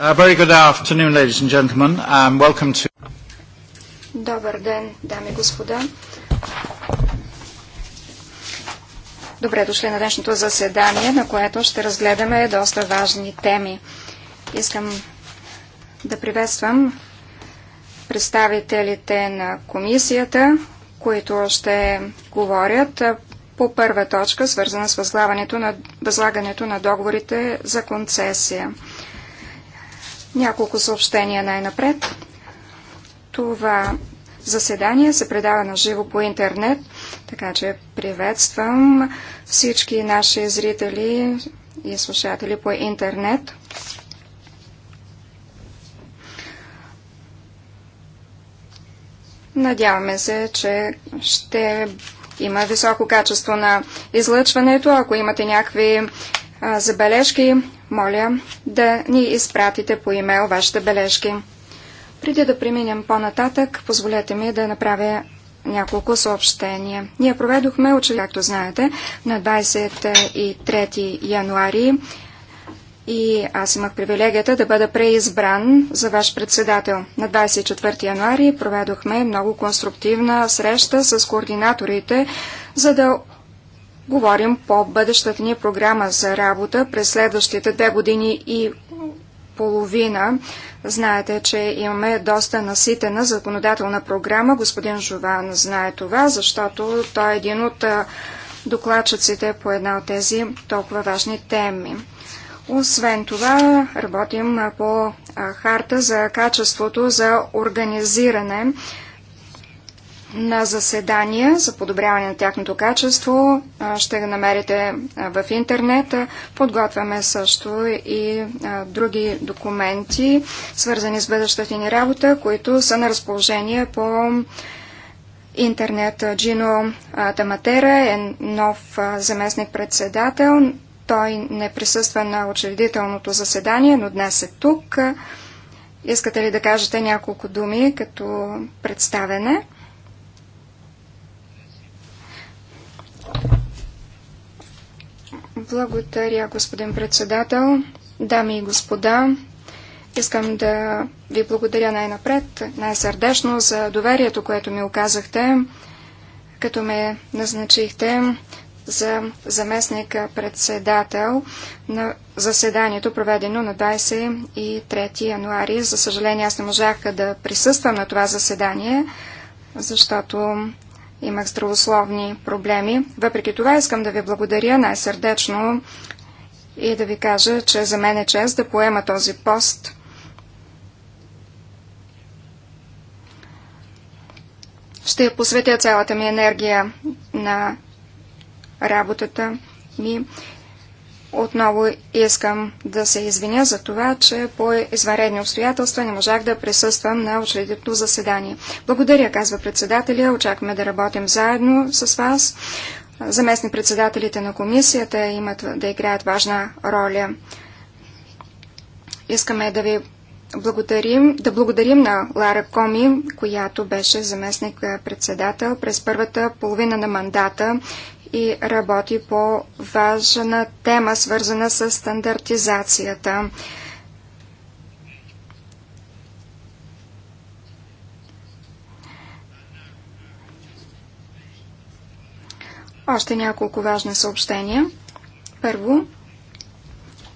Uh, to... Добър ден, дами и господа. Добре дошли на днешното заседание, на което ще разгледаме доста важни теми. Искам да приветствам представителите на комисията, които ще говорят по първа точка, свързана с възлагането на, възлагането на договорите за концесия. Няколко съобщения най-напред. Това заседание се предава на живо по интернет, така че приветствам всички наши зрители и слушатели по интернет. Надяваме се, че ще има високо качество на излъчването. Ако имате някакви забележки, моля да ни изпратите по имейл вашите бележки. Преди да преминем по-нататък, позволете ми да направя няколко съобщения. Ние проведохме както знаете, на 23 януари и аз имах привилегията да бъда преизбран за ваш председател. На 24 януари проведохме много конструктивна среща с координаторите, за да говорим по бъдещата ни програма за работа през следващите две години и половина. Знаете, че имаме доста наситена законодателна програма. Господин Жован знае това, защото той е един от докладчиците по една от тези толкова важни теми. Освен това, работим по харта за качеството за организиране на заседания за подобряване на тяхното качество. Ще го намерите в интернет. Подготвяме също и други документи, свързани с бъдещата ни работа, които са на разположение по интернет. Джино Таматера е нов заместник-председател. Той не присъства на учредителното заседание, но днес е тук. Искате ли да кажете няколко думи като представене? Благодаря, господин председател. Дами и господа, искам да ви благодаря най-напред, най-сърдечно за доверието, което ми оказахте, като ме назначихте за заместника председател на заседанието, проведено на 23 януари. За съжаление, аз не можах да присъствам на това заседание, защото имах здравословни проблеми. Въпреки това искам да ви благодаря най-сърдечно и да ви кажа, че за мен е чест да поема този пост. Ще посветя цялата ми енергия на работата ми отново искам да се извиня за това, че по изваредни обстоятелства не можах да присъствам на учредителното заседание. Благодаря, казва председателя. Очакваме да работим заедно с вас. Заместни председателите на комисията имат да играят важна роля. Искаме да ви благодарим, да благодарим на Лара Коми, която беше заместник председател през първата половина на мандата и работи по важна тема, свързана с стандартизацията. Още няколко важни съобщения. Първо,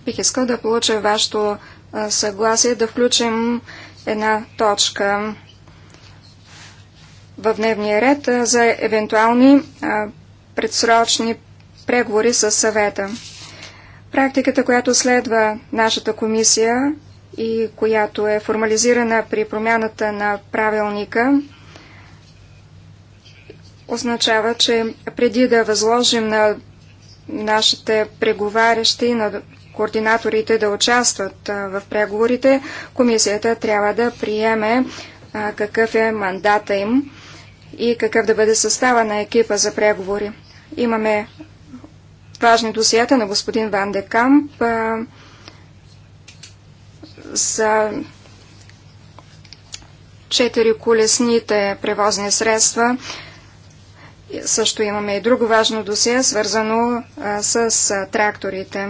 бих искал да получа вашето съгласие да включим една точка в дневния ред за евентуални предсрочни преговори с съвета. Практиката, която следва нашата комисия и която е формализирана при промяната на правилника, означава, че преди да възложим на нашите преговарящи, на координаторите да участват в преговорите, комисията трябва да приеме какъв е мандата им и какъв да бъде състава на екипа за преговори. Имаме важни досията на господин Ван де Камп а, за четири колесните превозни средства. Също имаме и друго важно досие, свързано а, с а, тракторите.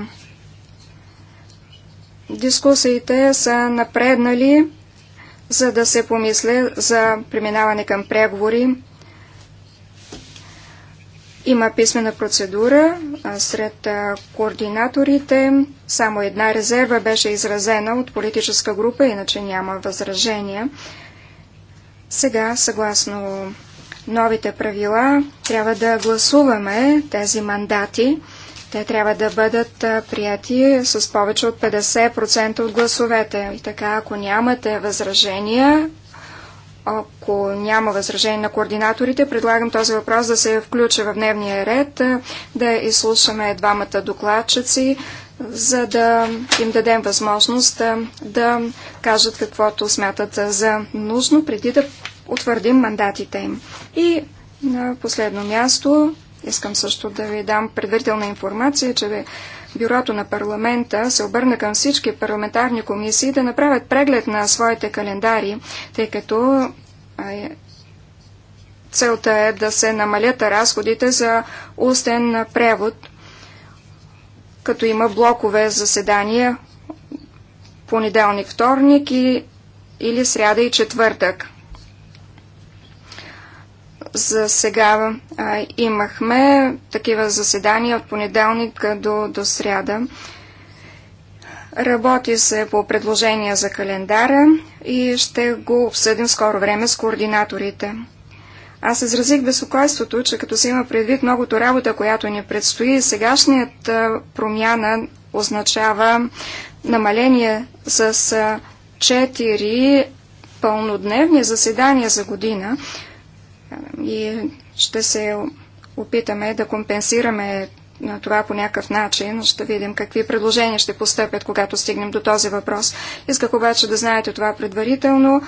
Дискусиите са напреднали, за да се помисли за преминаване към преговори има писмена процедура сред координаторите. Само една резерва беше изразена от политическа група, иначе няма възражения. Сега, съгласно новите правила, трябва да гласуваме тези мандати. Те трябва да бъдат прияти с повече от 50% от гласовете. И така, ако нямате възражения, ако няма възражение на координаторите, предлагам този въпрос да се включи в дневния ред, да изслушаме двамата докладчици, за да им дадем възможност да кажат каквото смятат за нужно, преди да утвърдим мандатите им. И на последно място искам също да ви дам предварителна информация, че бюрото на парламента се обърна към всички парламентарни комисии да направят преглед на своите календари, тъй като е, целта е да се намалят разходите за устен превод, като има блокове заседания понеделник, вторник или сряда и четвъртък. За сега а, имахме такива заседания от понеделник до, до сряда. Работи се по предложения за календара и ще го обсъдим скоро време с координаторите. Аз изразих безпокойството, че като се има предвид многото работа, която ни предстои, сегашният промяна означава намаление с 4 пълнодневни заседания за година, и ще се опитаме да компенсираме на това по някакъв начин. Ще видим какви предложения ще постъпят, когато стигнем до този въпрос. Исках обаче да знаете това предварително.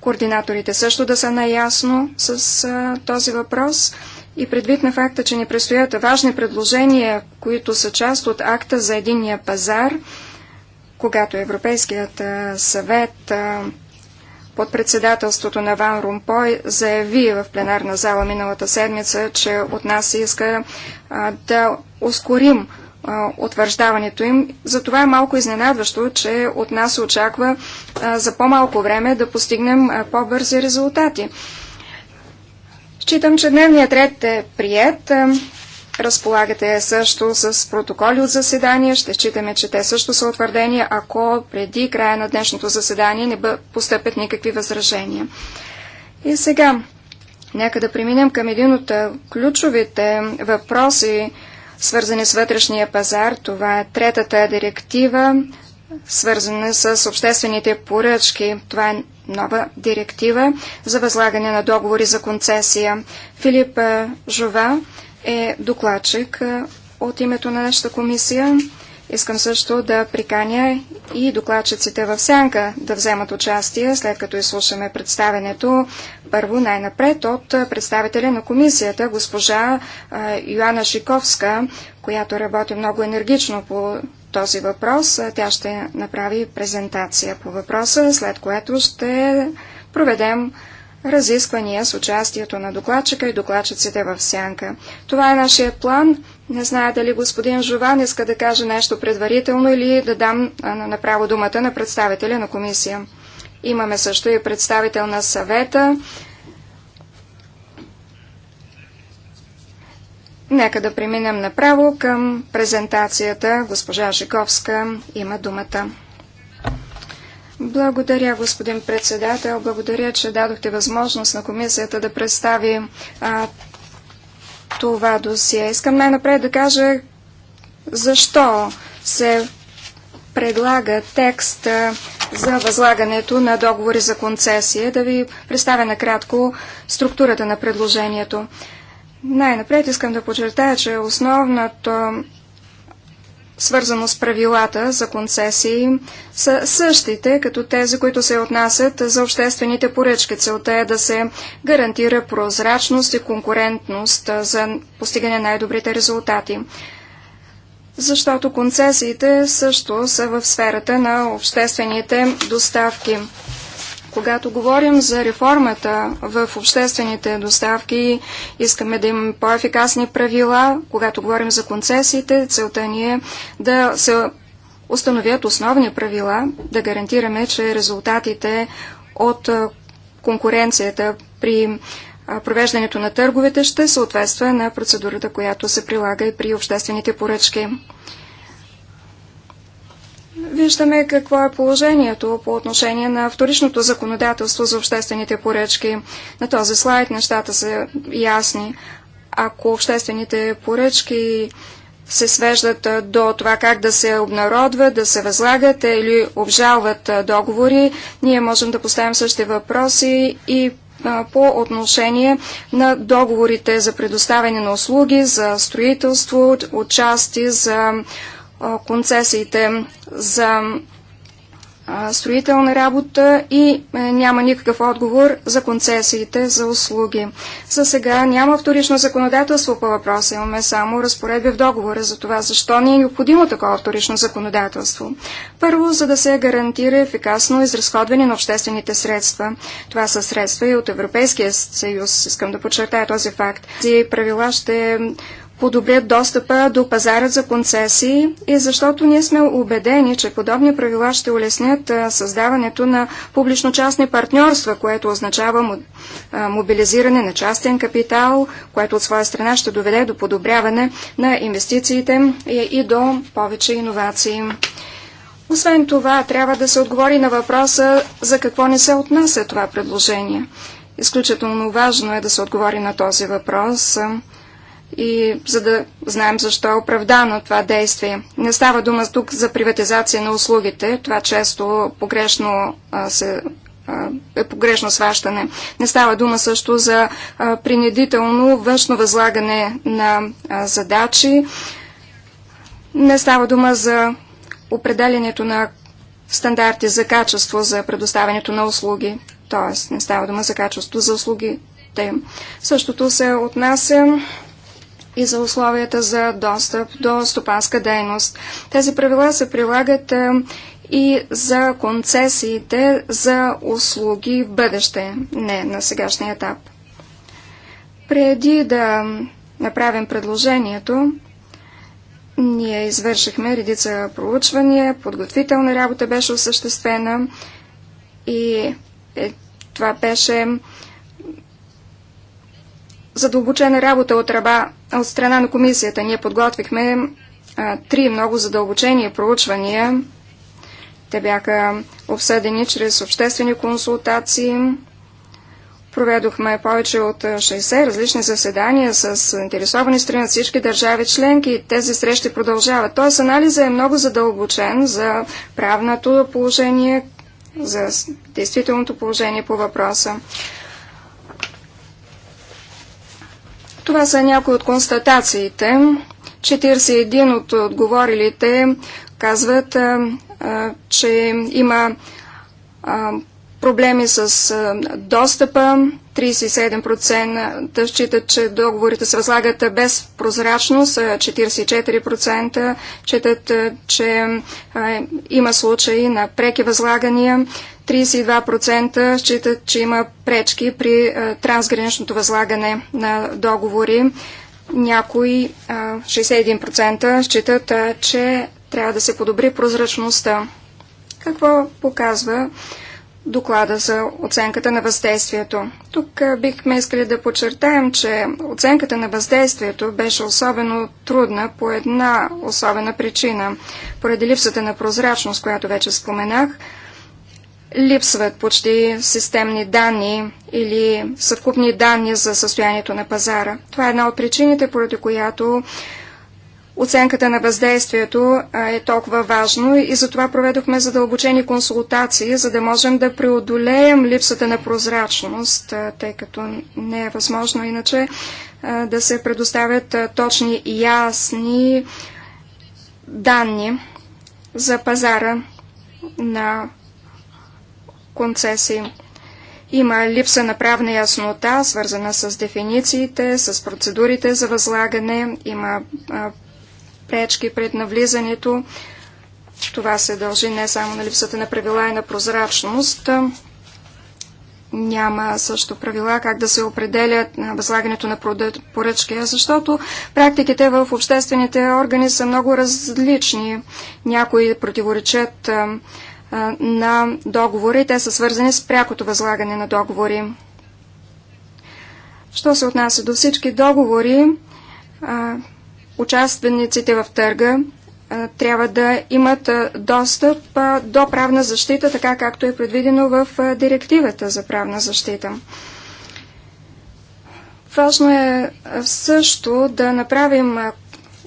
Координаторите също да са наясно с а, този въпрос. И предвид на факта, че ни предстоят важни предложения, които са част от акта за единния пазар, когато Европейският а, съвет а, под председателството на Ван Румпой заяви в пленарна зала миналата седмица, че от нас се иска а, да ускорим а, утвърждаването им. Затова е малко изненадващо, че от нас се очаква а, за по-малко време да постигнем по-бързи резултати. Считам, че дневният ред е прият. Разполагате също с протоколи от заседания. Ще считаме, че те също са утвърдени, ако преди края на днешното заседание не постъпят никакви възражения. И сега, нека да преминем към един от ключовите въпроси, свързани с вътрешния пазар. Това е третата директива, свързана с обществените поръчки. Това е нова директива за възлагане на договори за концесия. Филип Жова е докладчик от името на нашата комисия. Искам също да приканя и докладчиците в сянка да вземат участие, след като изслушаме представенето първо най-напред от представителя на комисията, госпожа Йоанна Шиковска, която работи много енергично по този въпрос. Тя ще направи презентация по въпроса, след което ще проведем разисквания с участието на докладчика и докладчиците в сянка. Това е нашия план. Не знае дали господин Жован иска да каже нещо предварително или да дам направо думата на представителя на комисия. Имаме също и представител на съвета. Нека да преминем направо към презентацията. Госпожа Жиковска има думата. Благодаря, господин председател. Благодаря, че дадохте възможност на комисията да представи а, това досие. Искам най-напред да кажа защо се предлага текст за възлагането на договори за концесия. Да ви представя накратко структурата на предложението. Най-напред искам да подчертая, че основната свързано с правилата за концесии, са същите, като тези, които се отнасят за обществените поръчки. Целта е да се гарантира прозрачност и конкурентност за постигане най-добрите резултати. Защото концесиите също са в сферата на обществените доставки. Когато говорим за реформата в обществените доставки, искаме да имаме по-ефикасни правила. Когато говорим за концесиите, целта ни е да се установят основни правила, да гарантираме, че резултатите от конкуренцията при провеждането на търговете ще съответства на процедурата, която се прилага и при обществените поръчки. Виждаме какво е положението по отношение на вторичното законодателство за обществените поръчки. На този слайд нещата са ясни. Ако обществените поръчки се свеждат до това как да се обнародват, да се възлагат или обжалват договори, ние можем да поставим същите въпроси и по отношение на договорите за предоставяне на услуги, за строителство, отчасти, за концесиите за строителна работа и е, няма никакъв отговор за концесиите за услуги. За сега няма вторично законодателство по въпроса, имаме само разпоредби в договора за това, защо ни е необходимо такова вторично законодателство. Първо, за да се гарантира ефикасно изразходване на обществените средства. Това са средства и от Европейския съюз, искам да подчертая този факт. Тези правила ще подобрят достъпа до пазара за концесии и защото ние сме убедени, че подобни правила ще улеснят създаването на публично-частни партньорства, което означава мобилизиране на частен капитал, което от своя страна ще доведе до подобряване на инвестициите и до повече иновации. Освен това, трябва да се отговори на въпроса за какво не се отнася това предложение. Изключително важно е да се отговори на този въпрос и за да знаем защо е оправдано това действие. Не става дума тук за приватизация на услугите, това често погрешно се е погрешно сващане. Не става дума също за принудително външно възлагане на задачи. Не става дума за определенето на стандарти за качество за предоставянето на услуги. Тоест, не става дума за качество за услугите. Същото се отнася и за условията за достъп до стопанска дейност. Тези правила се прилагат и за концесиите за услуги в бъдеще, не на сегашния етап. Преди да направим предложението, ние извършихме редица проучвания, подготвителна работа беше осъществена и е, това беше задълбочена работа от, раба, от страна на комисията. Ние подготвихме а, три много задълбочени проучвания. Те бяха обсъдени чрез обществени консултации. Проведохме повече от 60 различни заседания с интересовани страни от всички държави членки. Тези срещи продължават. Тоест анализа е много задълбочен за правното положение, за действителното положение по въпроса. Това са някои от констатациите. 41 от отговорилите казват, че има проблеми с достъпа. 37% считат, че договорите се възлагат без прозрачност. 44% считат, че има случаи на преки възлагания. 32% считат, че има пречки при трансграничното възлагане на договори. Някои 61% считат, че трябва да се подобри прозрачността. Какво показва доклада за оценката на въздействието? Тук бихме искали да подчертаем, че оценката на въздействието беше особено трудна по една особена причина. Поради липсата на прозрачност, която вече споменах, липсват почти системни данни или съвкупни данни за състоянието на пазара. Това е една от причините, поради която оценката на въздействието е толкова важно и затова проведохме задълбочени консултации, за да можем да преодолеем липсата на прозрачност, тъй като не е възможно иначе да се предоставят точни и ясни данни за пазара на концесии. Има липса на правна яснота, свързана с дефинициите, с процедурите за възлагане, има а, пречки пред навлизането. Това се дължи не само на липсата на правила и на прозрачност. Няма също правила как да се определят на възлагането на поръчки, защото практиките в обществените органи са много различни. Някои противоречат а, на договори. Те са свързани с прякото възлагане на договори. Що се отнася до всички договори, участвениците в търга трябва да имат достъп до правна защита, така както е предвидено в директивата за правна защита. Важно е също да направим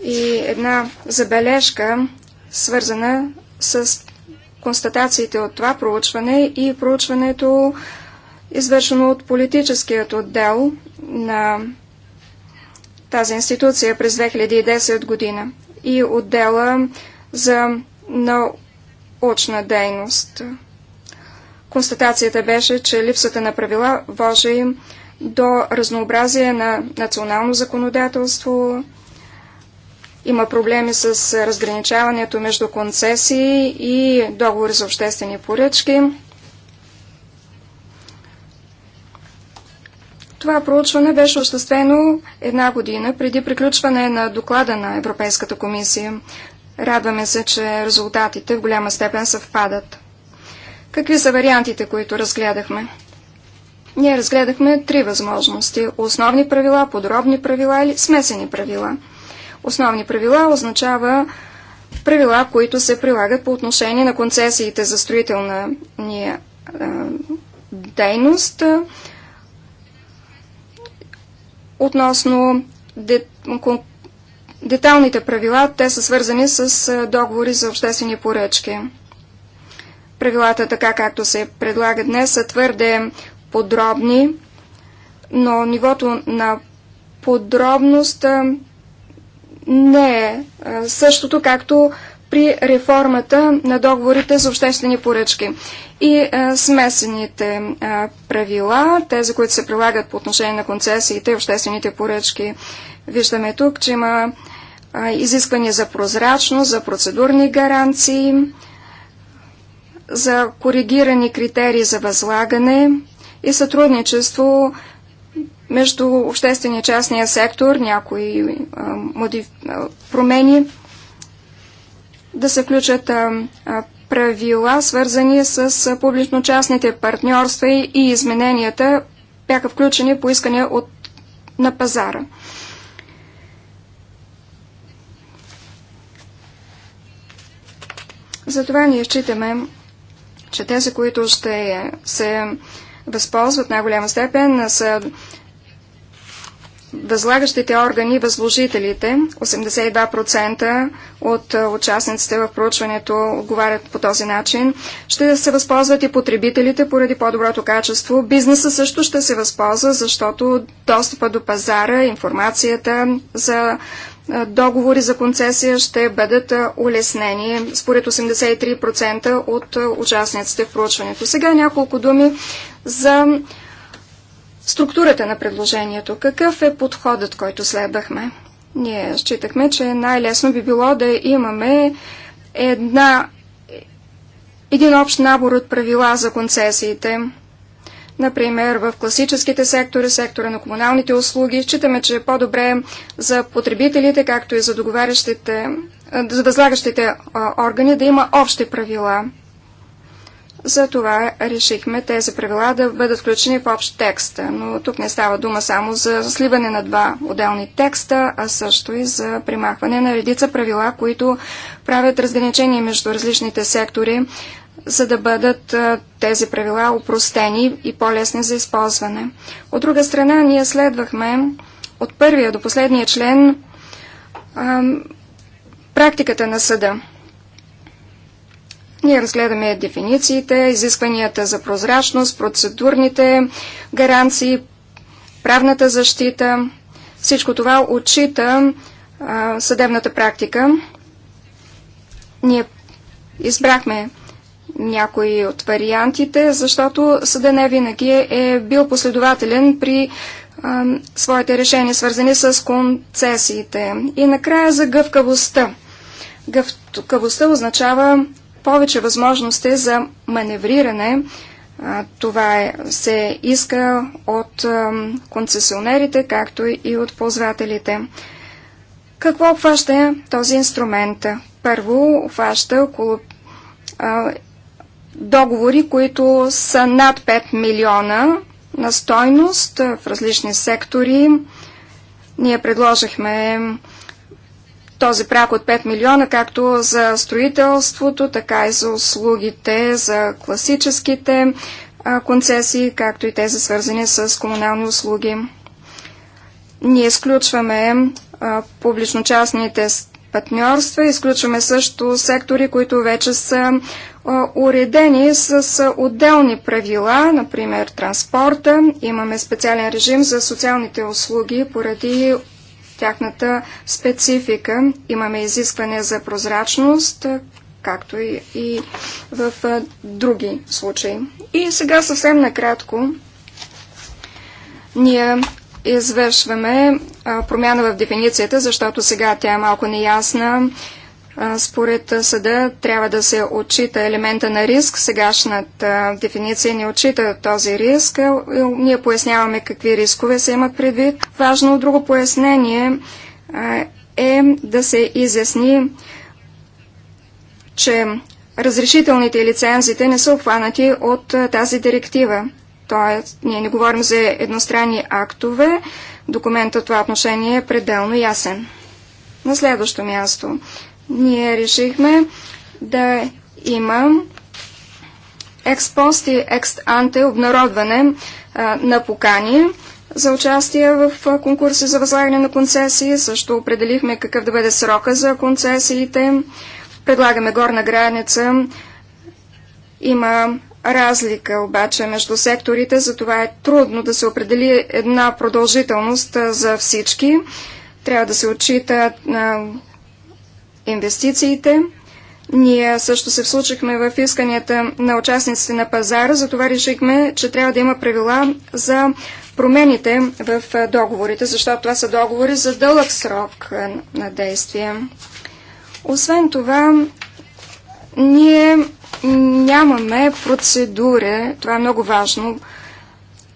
и една забележка, свързана с констатациите от това проучване и проучването, извършено от политическият отдел на тази институция през 2010 година и отдела за научна дейност. Констатацията беше, че липсата на правила вожи до разнообразие на национално законодателство, има проблеми с разграничаването между концесии и договори за обществени поръчки. Това проучване беше осъществено една година преди приключване на доклада на Европейската комисия. Радваме се, че резултатите в голяма степен съвпадат. Какви са вариантите, които разгледахме? Ние разгледахме три възможности – основни правила, подробни правила или смесени правила – Основни правила означава правила, които се прилагат по отношение на концесиите за строителна е, дейност е, относно деталните правила. Те са свързани с е, договори за обществени поръчки. Правилата, така както се предлага днес, са твърде подробни, но нивото на подробност не е същото, както при реформата на договорите за обществени поръчки. И а, смесените а, правила, тези, които се прилагат по отношение на концесиите и обществените поръчки, виждаме тук, че има а, изисквания за прозрачност, за процедурни гаранции, за коригирани критерии за възлагане и сътрудничество между обществения и частния сектор, някои а, модиф... промени, да се включат а, а, правила, свързани с публично-частните партньорства и, и измененията бяха включени по искане от, на пазара. Затова ние считаме, че тези, които ще се възползват най-голяма степен, са възлагащите органи и възложителите, 82% от участниците в проучването отговарят по този начин, ще се възползват и потребителите поради по-доброто качество. Бизнеса също ще се възползва, защото достъпа до пазара, информацията за договори за концесия ще бъдат улеснени според 83% от участниците в проучването. Сега няколко думи за структурата на предложението. Какъв е подходът, който следвахме? Ние считахме, че най-лесно би било да имаме една, един общ набор от правила за концесиите. Например, в класическите сектори, сектора на комуналните услуги, считаме, че е по-добре за потребителите, както и за договарящите, за възлагащите органи да има общи правила. Затова решихме тези правила да бъдат включени в общ текст. Но тук не става дума само за сливане на два отделни текста, а също и за примахване на редица правила, които правят разграничение между различните сектори, за да бъдат тези правила упростени и по-лесни за използване. От друга страна, ние следвахме от първия до последния член практиката на съда. Ние разгледаме дефинициите, изискванията за прозрачност, процедурните гаранции, правната защита. Всичко това отчита а, съдебната практика. Ние избрахме някои от вариантите, защото съда не винаги е бил последователен при а, своите решения, свързани с концесиите. И накрая за гъвкавостта. Гъвкавостта означава повече възможности за маневриране. Това е, се иска от концесионерите, както и от ползвателите. Какво обхваща този инструмент? Първо, обхваща около договори, които са над 5 милиона на стойност в различни сектори. Ние предложихме този прак от 5 милиона, както за строителството, така и за услугите, за класическите а, концесии, както и тези свързани с комунални услуги. Ние изключваме публично-частните партньорства, изключваме също сектори, които вече са а, уредени с, с отделни правила, например транспорта. Имаме специален режим за социалните услуги поради тяхната специфика. Имаме изискване за прозрачност, както и, и в а, други случаи. И сега съвсем накратко ние извършваме а, промяна в дефиницията, защото сега тя е малко неясна. Според съда трябва да се отчита елемента на риск. Сегашната дефиниция не отчита този риск. Ние поясняваме какви рискове се имат предвид. Важно друго пояснение е да се изясни, че разрешителните и лицензите не са обхванати от тази директива. Тоест, ние не говорим за едностранни актове. Документът това отношение е пределно ясен. На следващо място ние решихме да има експост и екст-анте обнародване а, на покани за участие в конкурси за възлагане на концесии. Също определихме какъв да бъде срока за концесиите. Предлагаме горна граница. Има разлика обаче между секторите, затова е трудно да се определи една продължителност за всички. Трябва да се отчита инвестициите. Ние също се вслучихме в исканията на участниците на пазара, затова решихме, че трябва да има правила за промените в договорите, защото това са договори за дълъг срок на действие. Освен това, ние нямаме процедури, това е много важно,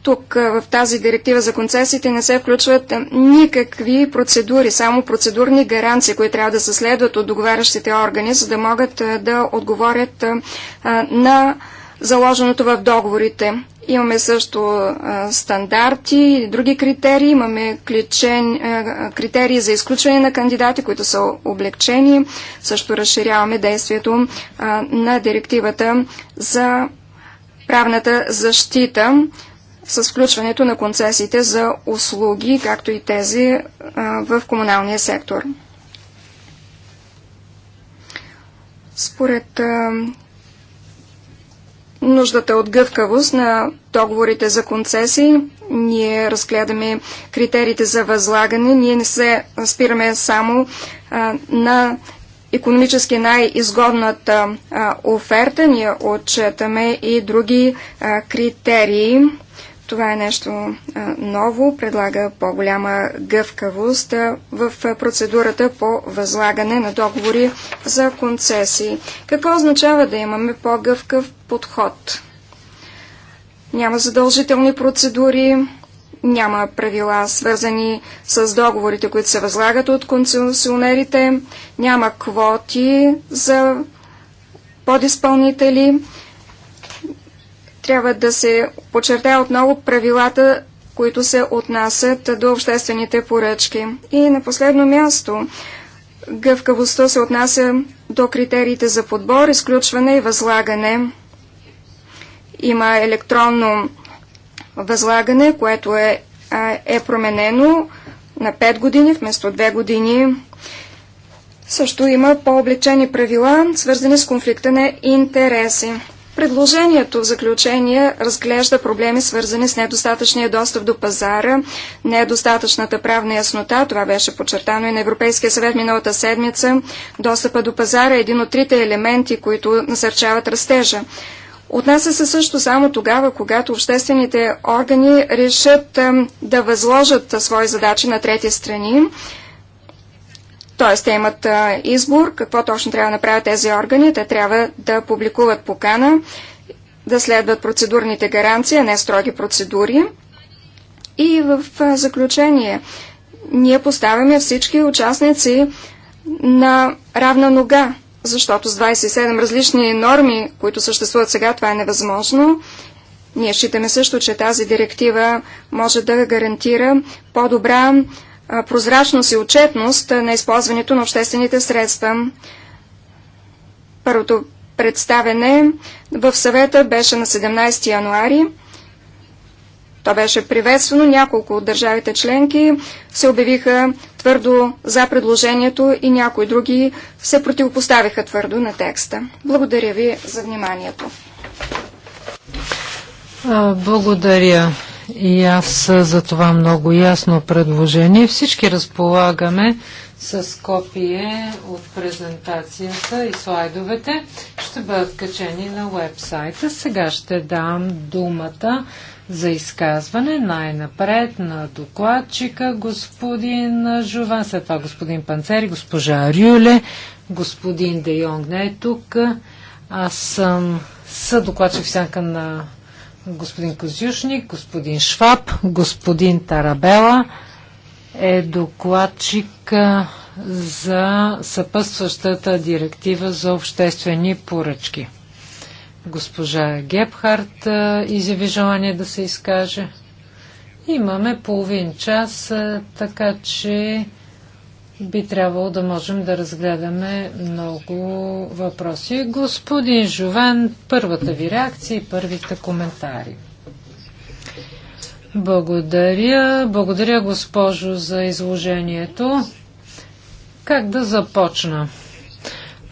тук в тази директива за концесиите не се включват никакви процедури, само процедурни гаранции, които трябва да се следват от договарящите органи, за да могат да отговорят на заложеното в договорите. Имаме също стандарти и други критерии. Имаме кличен, критерии за изключване на кандидати, които са облегчени. Също разширяваме действието на директивата за правната защита с включването на концесиите за услуги, както и тези в комуналния сектор. Според нуждата от гъвкавост на договорите за концесии, ние разгледаме критериите за възлагане, ние не се спираме само на економически най-изгодната оферта, ние отчетаме и други критерии това е нещо ново, предлага по-голяма гъвкавост в процедурата по възлагане на договори за концесии. Какво означава да имаме по-гъвкав подход? Няма задължителни процедури, няма правила свързани с договорите, които се възлагат от концесионерите, няма квоти за подизпълнители, трябва да се подчертая отново правилата, които се отнасят до обществените поръчки. И на последно място, гъвкавостта се отнася до критериите за подбор, изключване и възлагане. Има електронно възлагане, което е, е променено на 5 години вместо 2 години. Също има по-облечени правила, свързани с конфликта на интереси. Предложението в заключение разглежда проблеми свързани с недостатъчния достъп до пазара, недостатъчната правна яснота, това беше подчертано и на Европейския съвет миналата седмица. Достъпа до пазара е един от трите елементи, които насърчават растежа. Отнася се също само тогава, когато обществените органи решат да възложат свои задачи на трети страни. Т.е. те имат избор какво точно трябва да направят тези органи. Те трябва да публикуват покана, да следват процедурните гаранции, а не строги процедури. И в заключение, ние поставяме всички участници на равна нога, защото с 27 различни норми, които съществуват сега, това е невъзможно. Ние считаме също, че тази директива може да гарантира по-добра прозрачност и отчетност на използването на обществените средства. Първото представене в съвета беше на 17 януари. То беше приветствено. Няколко от държавите членки се обявиха твърдо за предложението и някои други се противопоставиха твърдо на текста. Благодаря ви за вниманието. Благодаря и аз за това много ясно предложение. Всички разполагаме с копие от презентацията и слайдовете. Ще бъдат качени на вебсайта. Сега ще дам думата за изказване най-напред на докладчика господин Жован, след това господин Панцери, госпожа Рюле, господин Де Йонг не е тук. Аз съм съдокладчик сянка на господин Козюшник, господин Шваб, господин Тарабела е докладчик за съпътстващата директива за обществени поръчки. Госпожа Гепхарт изяви желание да се изкаже. Имаме половин час, така че би трябвало да можем да разгледаме много въпроси. Господин Жован, първата ви реакция и първите коментари. Благодаря. Благодаря, госпожо, за изложението. Как да започна?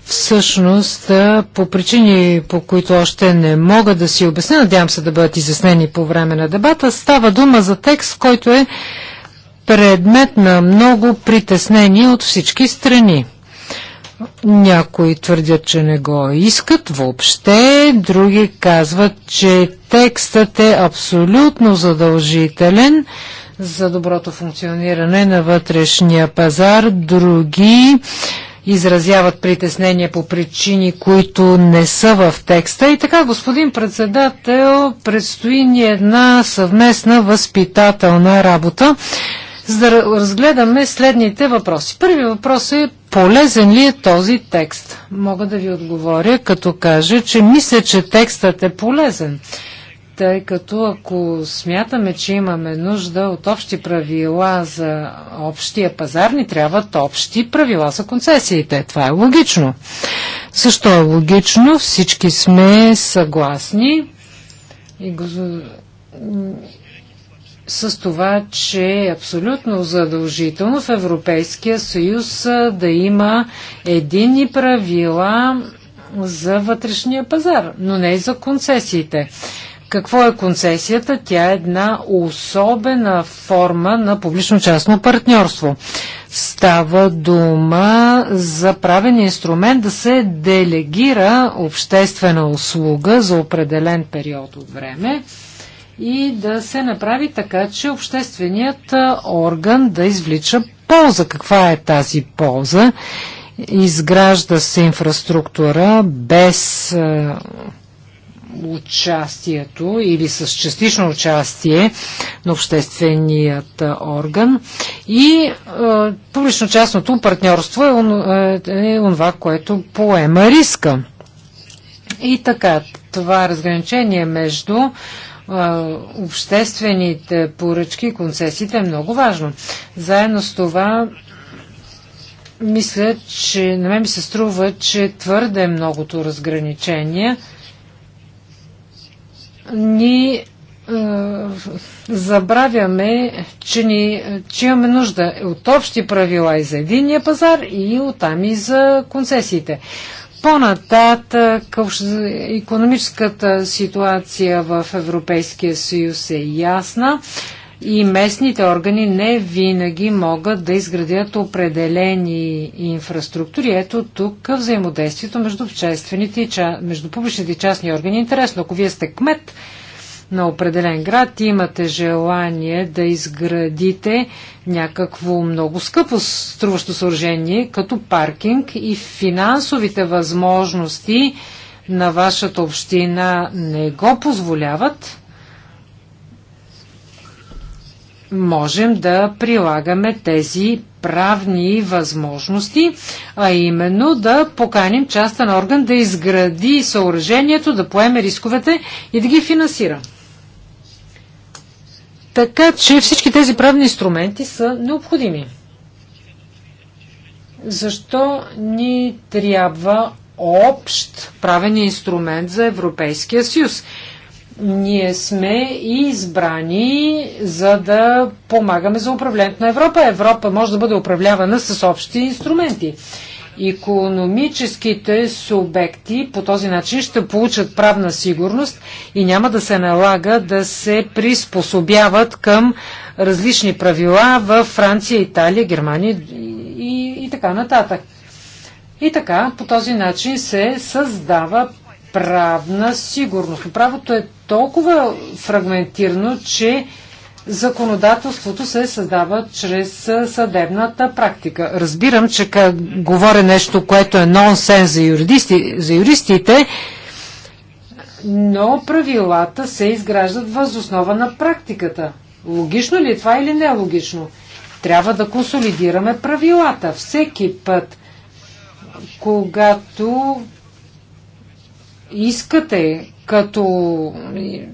Всъщност, по причини, по които още не мога да си обясня, надявам се да бъдат изяснени по време на дебата, става дума за текст, който е предмет на много притеснение от всички страни. Някои твърдят, че не го искат въобще, други казват, че текстът е абсолютно задължителен за доброто функциониране на вътрешния пазар, други изразяват притеснение по причини, които не са в текста. И така, господин председател, предстои ни една съвместна възпитателна работа за да разгледаме следните въпроси. Първи въпрос е полезен ли е този текст? Мога да ви отговоря, като кажа, че мисля, че текстът е полезен. Тъй като ако смятаме, че имаме нужда от общи правила за общия пазар, ни трябват общи правила за концесиите. Това е логично. Също е логично, всички сме съгласни и с това, че е абсолютно задължително в Европейския съюз да има едини правила за вътрешния пазар, но не и за концесиите. Какво е концесията? Тя е една особена форма на публично-частно партньорство. Става дума за правен инструмент да се делегира обществена услуга за определен период от време и да се направи така, че общественият орган да извлича полза. Каква е тази полза? Изгражда се инфраструктура без участието или с частично участие на общественият орган и е, публично-частното партньорство е, е, е това, което поема риска. И така, това разграничение между обществените поръчки, концесиите е много важно. Заедно с това мисля, че на мен ми се струва, че твърде е многото разграничение ни е, забравяме, че, ни, че имаме нужда от общи правила и за единния пазар и оттам и за концесиите. По-нататък економическата ситуация в Европейския съюз е ясна и местните органи не винаги могат да изградят определени инфраструктури. Ето тук взаимодействието между, обществените и, между публичните и частни органи е интересно. Ако вие сте кмет, на определен град, имате желание да изградите някакво много скъпо струващо съоръжение, като паркинг и финансовите възможности на вашата община не го позволяват, можем да прилагаме тези правни възможности, а именно да поканим частен орган да изгради съоръжението, да поеме рисковете и да ги финансира. Така че всички тези правни инструменти са необходими. Защо ни трябва общ правен инструмент за Европейския съюз? Ние сме избрани за да помагаме за управлението на Европа. Европа може да бъде управлявана с общи инструменти. Икономическите субекти по този начин ще получат правна сигурност и няма да се налага да се приспособяват към различни правила в Франция, Италия, Германия и, и така нататък. И така, по този начин се създава правна сигурност. Правото е толкова фрагментирано, че законодателството се създава чрез съдебната практика. Разбирам, че говоря нещо, което е нонсенс за, юристи, за юристите, но правилата се изграждат възоснова на практиката. Логично ли е това или не е логично? Трябва да консолидираме правилата. Всеки път, когато искате като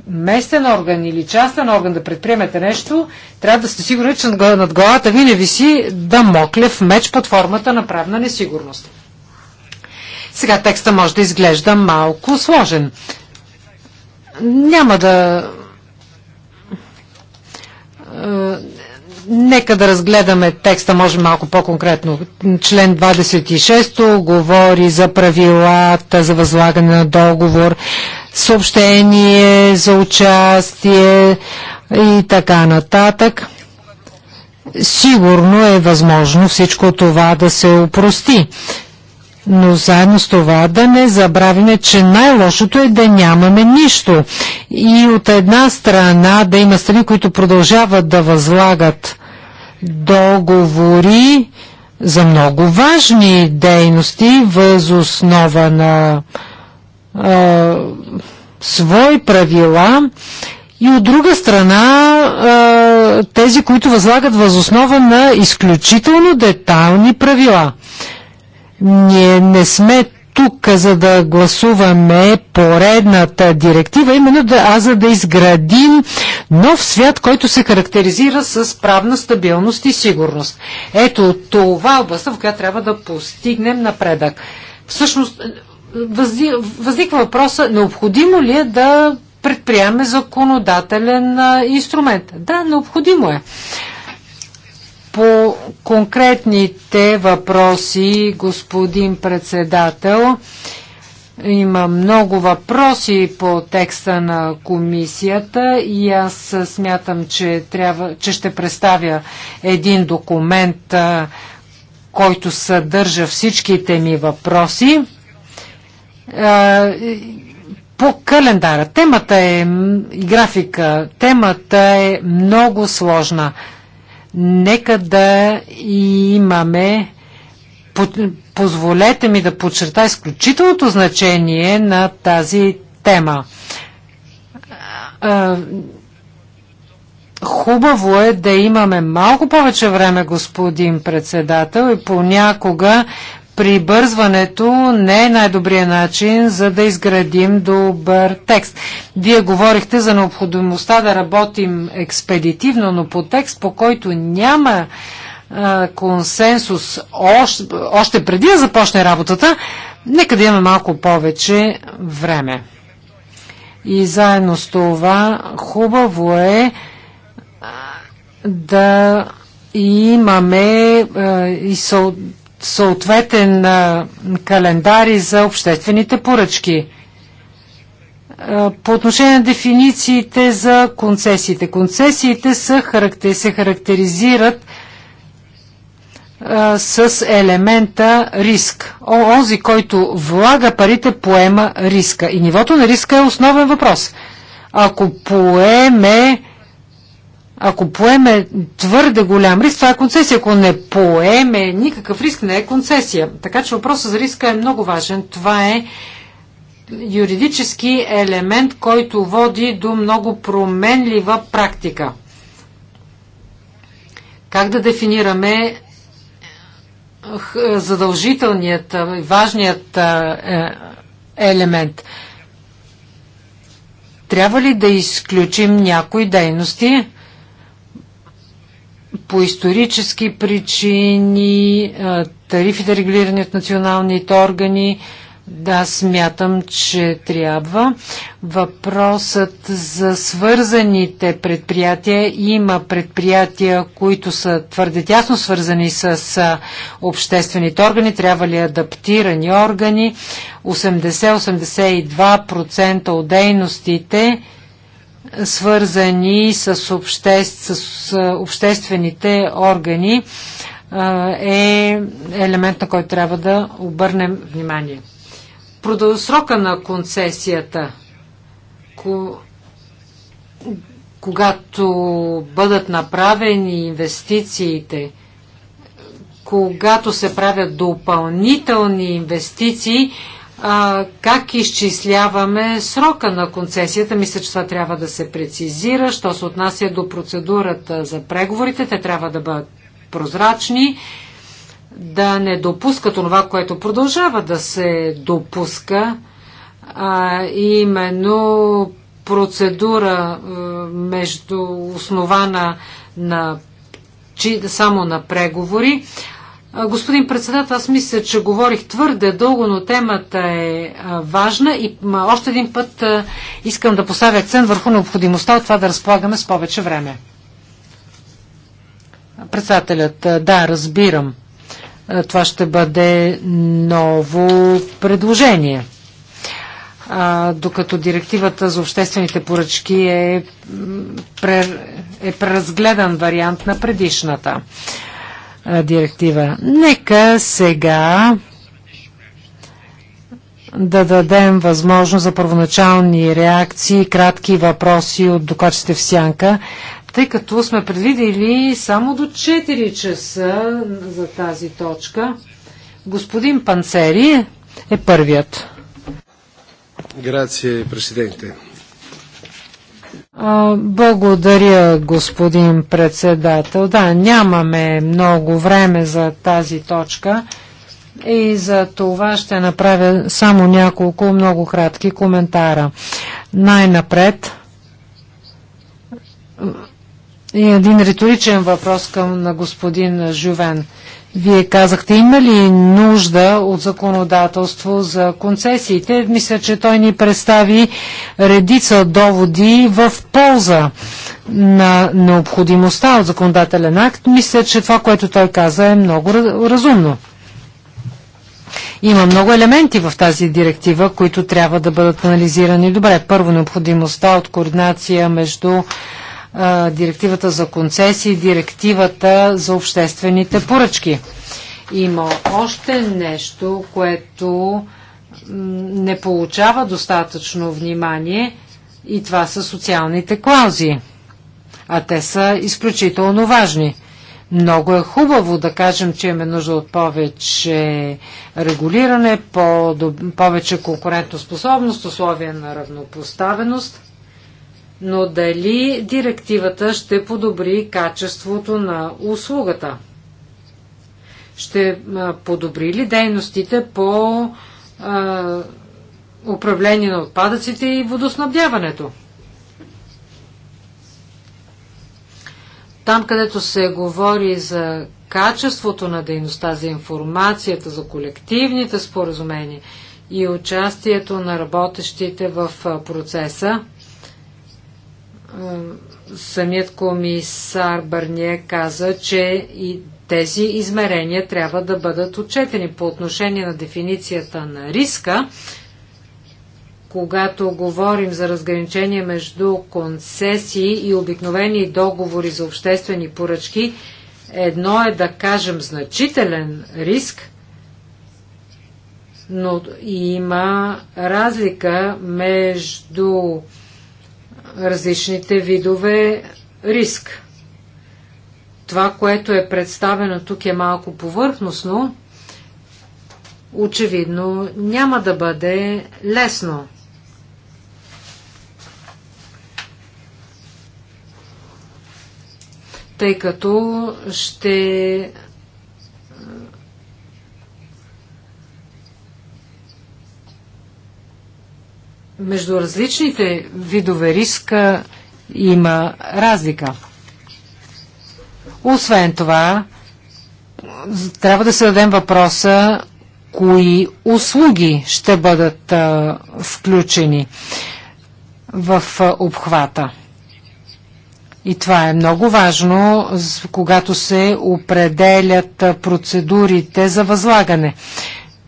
местен орган или частен орган да предприемете нещо, трябва да сте сигурни, че над главата ви не виси да мокле в меч под формата на правна несигурност. Сега текста може да изглежда малко сложен. Няма да Нека да разгледаме текста, може малко по-конкретно. Член 26 говори за правилата за възлагане на договор, съобщение за участие и така нататък. Сигурно е възможно всичко това да се упрости. Но заедно с това да не забравяме, че най-лошото е да нямаме нищо. И от една страна да има страни, които продължават да възлагат договори за много важни дейности въз основа на е, свои правила и от друга страна е, тези, които възлагат възоснова на изключително детайлни правила. Ние не сме тук, за да гласуваме поредната директива, именно да, а за да изградим нов свят, който се характеризира с правна стабилност и сигурност. Ето това е областта, в която трябва да постигнем напредък. Всъщност, възниква въпроса, необходимо ли е да предприеме законодателен инструмент? Да, необходимо е по конкретните въпроси, господин председател. Има много въпроси по текста на комисията и аз смятам, че, трябва, че ще представя един документ, който съдържа всичките ми въпроси. По календара. Темата е и графика. Темата е много сложна. Нека да имаме позволете ми да подчерта изключителното значение на тази тема. Хубаво е да имаме малко повече време, господин председател, и понякога прибързването не е най-добрият начин за да изградим добър текст. Вие говорихте за необходимостта да работим експедитивно, но по текст, по който няма консенсус още, още преди да започне работата, нека да имаме малко повече време. И заедно с това хубаво е да имаме и съответен календари за обществените поръчки. По отношение на дефинициите за концесиите. Концесиите са, се характеризират а, с елемента риск. Онзи, който влага парите, поема риска. И нивото на риска е основен въпрос. Ако поеме ако поеме твърде голям риск, това е концесия. Ако не поеме никакъв риск, не е концесия. Така че въпросът за риска е много важен. Това е юридически елемент, който води до много променлива практика. Как да дефинираме е, е, задължителният, е, важният елемент? Трябва ли да изключим някои дейности? по исторически причини, тарифите регулирани от националните органи, да, смятам, че трябва. Въпросът за свързаните предприятия има предприятия, които са твърде тясно свързани с обществените органи. Трябва ли адаптирани органи? 80-82% от дейностите свързани с, обще... с обществените органи, е елемент, на който трябва да обърнем внимание. Продълсрока на концесията, когато бъдат направени инвестициите, когато се правят допълнителни инвестиции, а, как изчисляваме срока на концесията. Мисля, че това трябва да се прецизира. Що се отнася до процедурата за преговорите, те трябва да бъдат прозрачни, да не допускат това, което продължава да се допуска, а, именно процедура а, между основана на, на, само на преговори, Господин председател, аз мисля, че говорих твърде дълго, но темата е важна и още един път искам да поставя акцент върху необходимостта от това да разполагаме с повече време. Председателят, да, разбирам. Това ще бъде ново предложение. Докато директивата за обществените поръчки е, е преразгледан вариант на предишната директива. Нека сега да дадем възможност за първоначални реакции, кратки въпроси от докладчите в сянка, тъй като сме предвидели само до 4 часа за тази точка. Господин Панцери е първият. Грация, президенте. Благодаря, господин председател. Да, нямаме много време за тази точка и за това ще направя само няколко много кратки коментара. Най-напред И един риторичен въпрос към на господин Жювен. Вие казахте, има ли нужда от законодателство за концесиите? Мисля, че той ни представи редица доводи в полза на необходимостта от законодателен акт. Мисля, че това, което той каза, е много разумно. Има много елементи в тази директива, които трябва да бъдат анализирани добре. Първо, необходимостта от координация между директивата за концесии, директивата за обществените поръчки. Има още нещо, което не получава достатъчно внимание и това са социалните клаузи. А те са изключително важни. Много е хубаво да кажем, че имаме нужда от повече регулиране, по повече конкурентоспособност, условия на равнопоставеност но дали директивата ще подобри качеството на услугата? Ще подобри ли дейностите по а, управление на отпадъците и водоснабдяването? Там, където се говори за качеството на дейността, за информацията, за колективните споразумения и участието на работещите в процеса, самият комисар Бърние каза, че и тези измерения трябва да бъдат отчетени по отношение на дефиницията на риска. Когато говорим за разграничение между концесии и обикновени договори за обществени поръчки, едно е да кажем значителен риск, но има разлика между различните видове риск. Това, което е представено тук е малко повърхностно. Очевидно няма да бъде лесно. Тъй като ще между различните видове риска има разлика. Освен това, трябва да се дадем въпроса кои услуги ще бъдат а, включени в а, обхвата. И това е много важно, когато се определят процедурите за възлагане.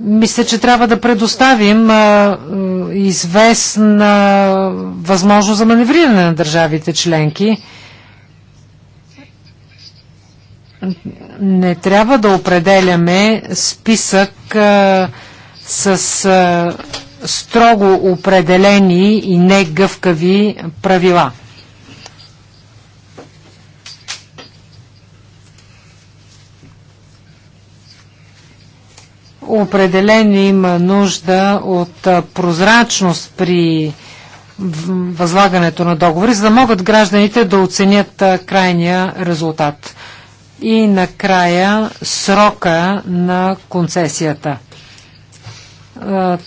Мисля, че трябва да предоставим а, известна възможност за маневриране на държавите членки. Не трябва да определяме списък а, с а, строго определени и негъвкави правила. Определено има нужда от прозрачност при възлагането на договори, за да могат гражданите да оценят крайния резултат. И накрая срока на концесията.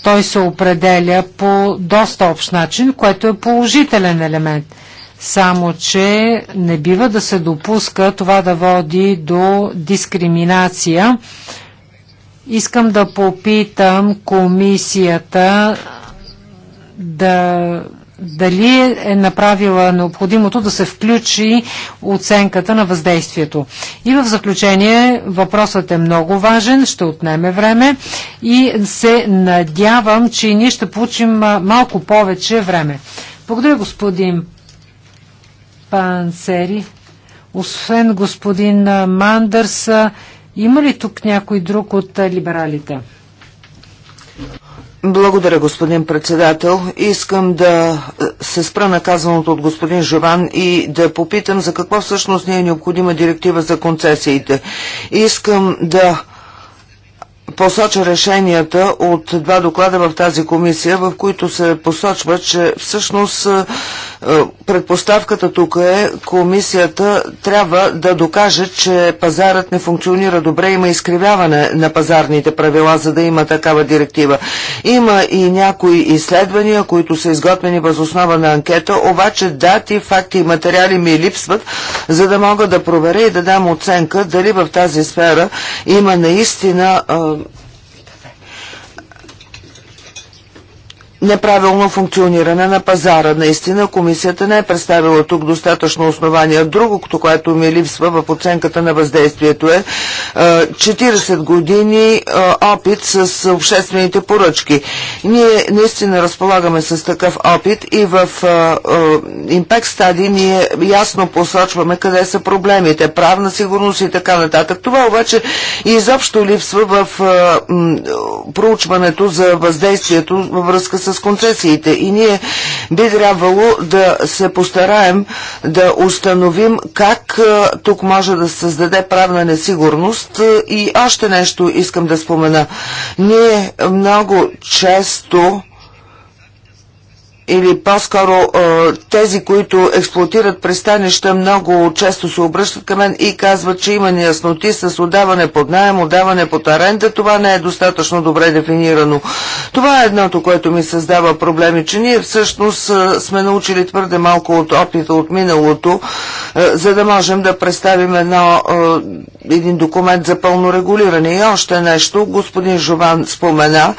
Той се определя по доста общ начин, което е положителен елемент. Само, че не бива да се допуска това да води до дискриминация Искам да попитам комисията да, дали е направила необходимото да се включи оценката на въздействието. И в заключение въпросът е много важен, ще отнеме време и се надявам, че ние ще получим малко повече време. Благодаря господин Пансери. Освен господин Мандърс, има ли тук някой друг от либералите? Благодаря, господин председател. Искам да се спра на казаното от господин Жован и да попитам за какво всъщност не е необходима директива за концесиите. Искам да посоча решенията от два доклада в тази комисия, в които се посочва, че всъщност е, предпоставката тук е, комисията трябва да докаже, че пазарът не функционира добре, има изкривяване на пазарните правила, за да има такава директива. Има и някои изследвания, които са изготвени въз основа на анкета, обаче дати, факти и материали ми липсват, за да мога да проверя и да дам оценка дали в тази сфера има наистина е, неправилно функциониране на пазара. Наистина комисията не е представила тук достатъчно основания. Другото, което ми липсва в оценката на въздействието е 40 години опит с обществените поръчки. Ние наистина разполагаме с такъв опит и в Impact Study ние ясно посочваме къде са проблемите, правна сигурност и така нататък. Това обаче изобщо липсва в проучването за въздействието във връзка с с концесиите и ние би трябвало да се постараем да установим как е, тук може да създаде правна несигурност е, и още нещо искам да спомена. Ние много често или по-скоро е, тези, които експлуатират пристанища, много често се обръщат към мен и казват, че има неясноти с отдаване под найем, отдаване под аренда. Това не е достатъчно добре дефинирано. Това е едното, което ми създава проблеми, че ние всъщност е, сме научили твърде малко от опита от миналото, е, за да можем да представим едно, един документ за пълно регулиране. И още нещо, господин Жован спомена,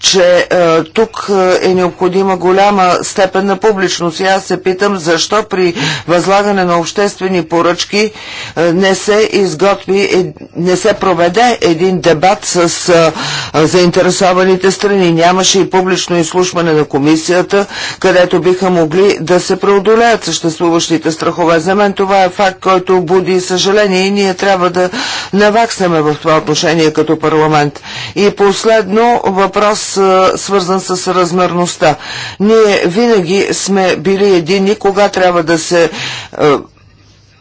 че тук е необходима голяма степен на публичност. И аз се питам защо при възлагане на обществени поръчки е, не се изготви, не се проведе един дебат с е, заинтересованите страни. Нямаше и публично изслушване на комисията, където биха могли да се преодолеят съществуващите страхове. За мен това е факт, който буди съжаление и ние трябва да наваксаме в това отношение като парламент. И последно въпрос, е, свързан с размерността. Ние винаги сме били едини, кога трябва да се е,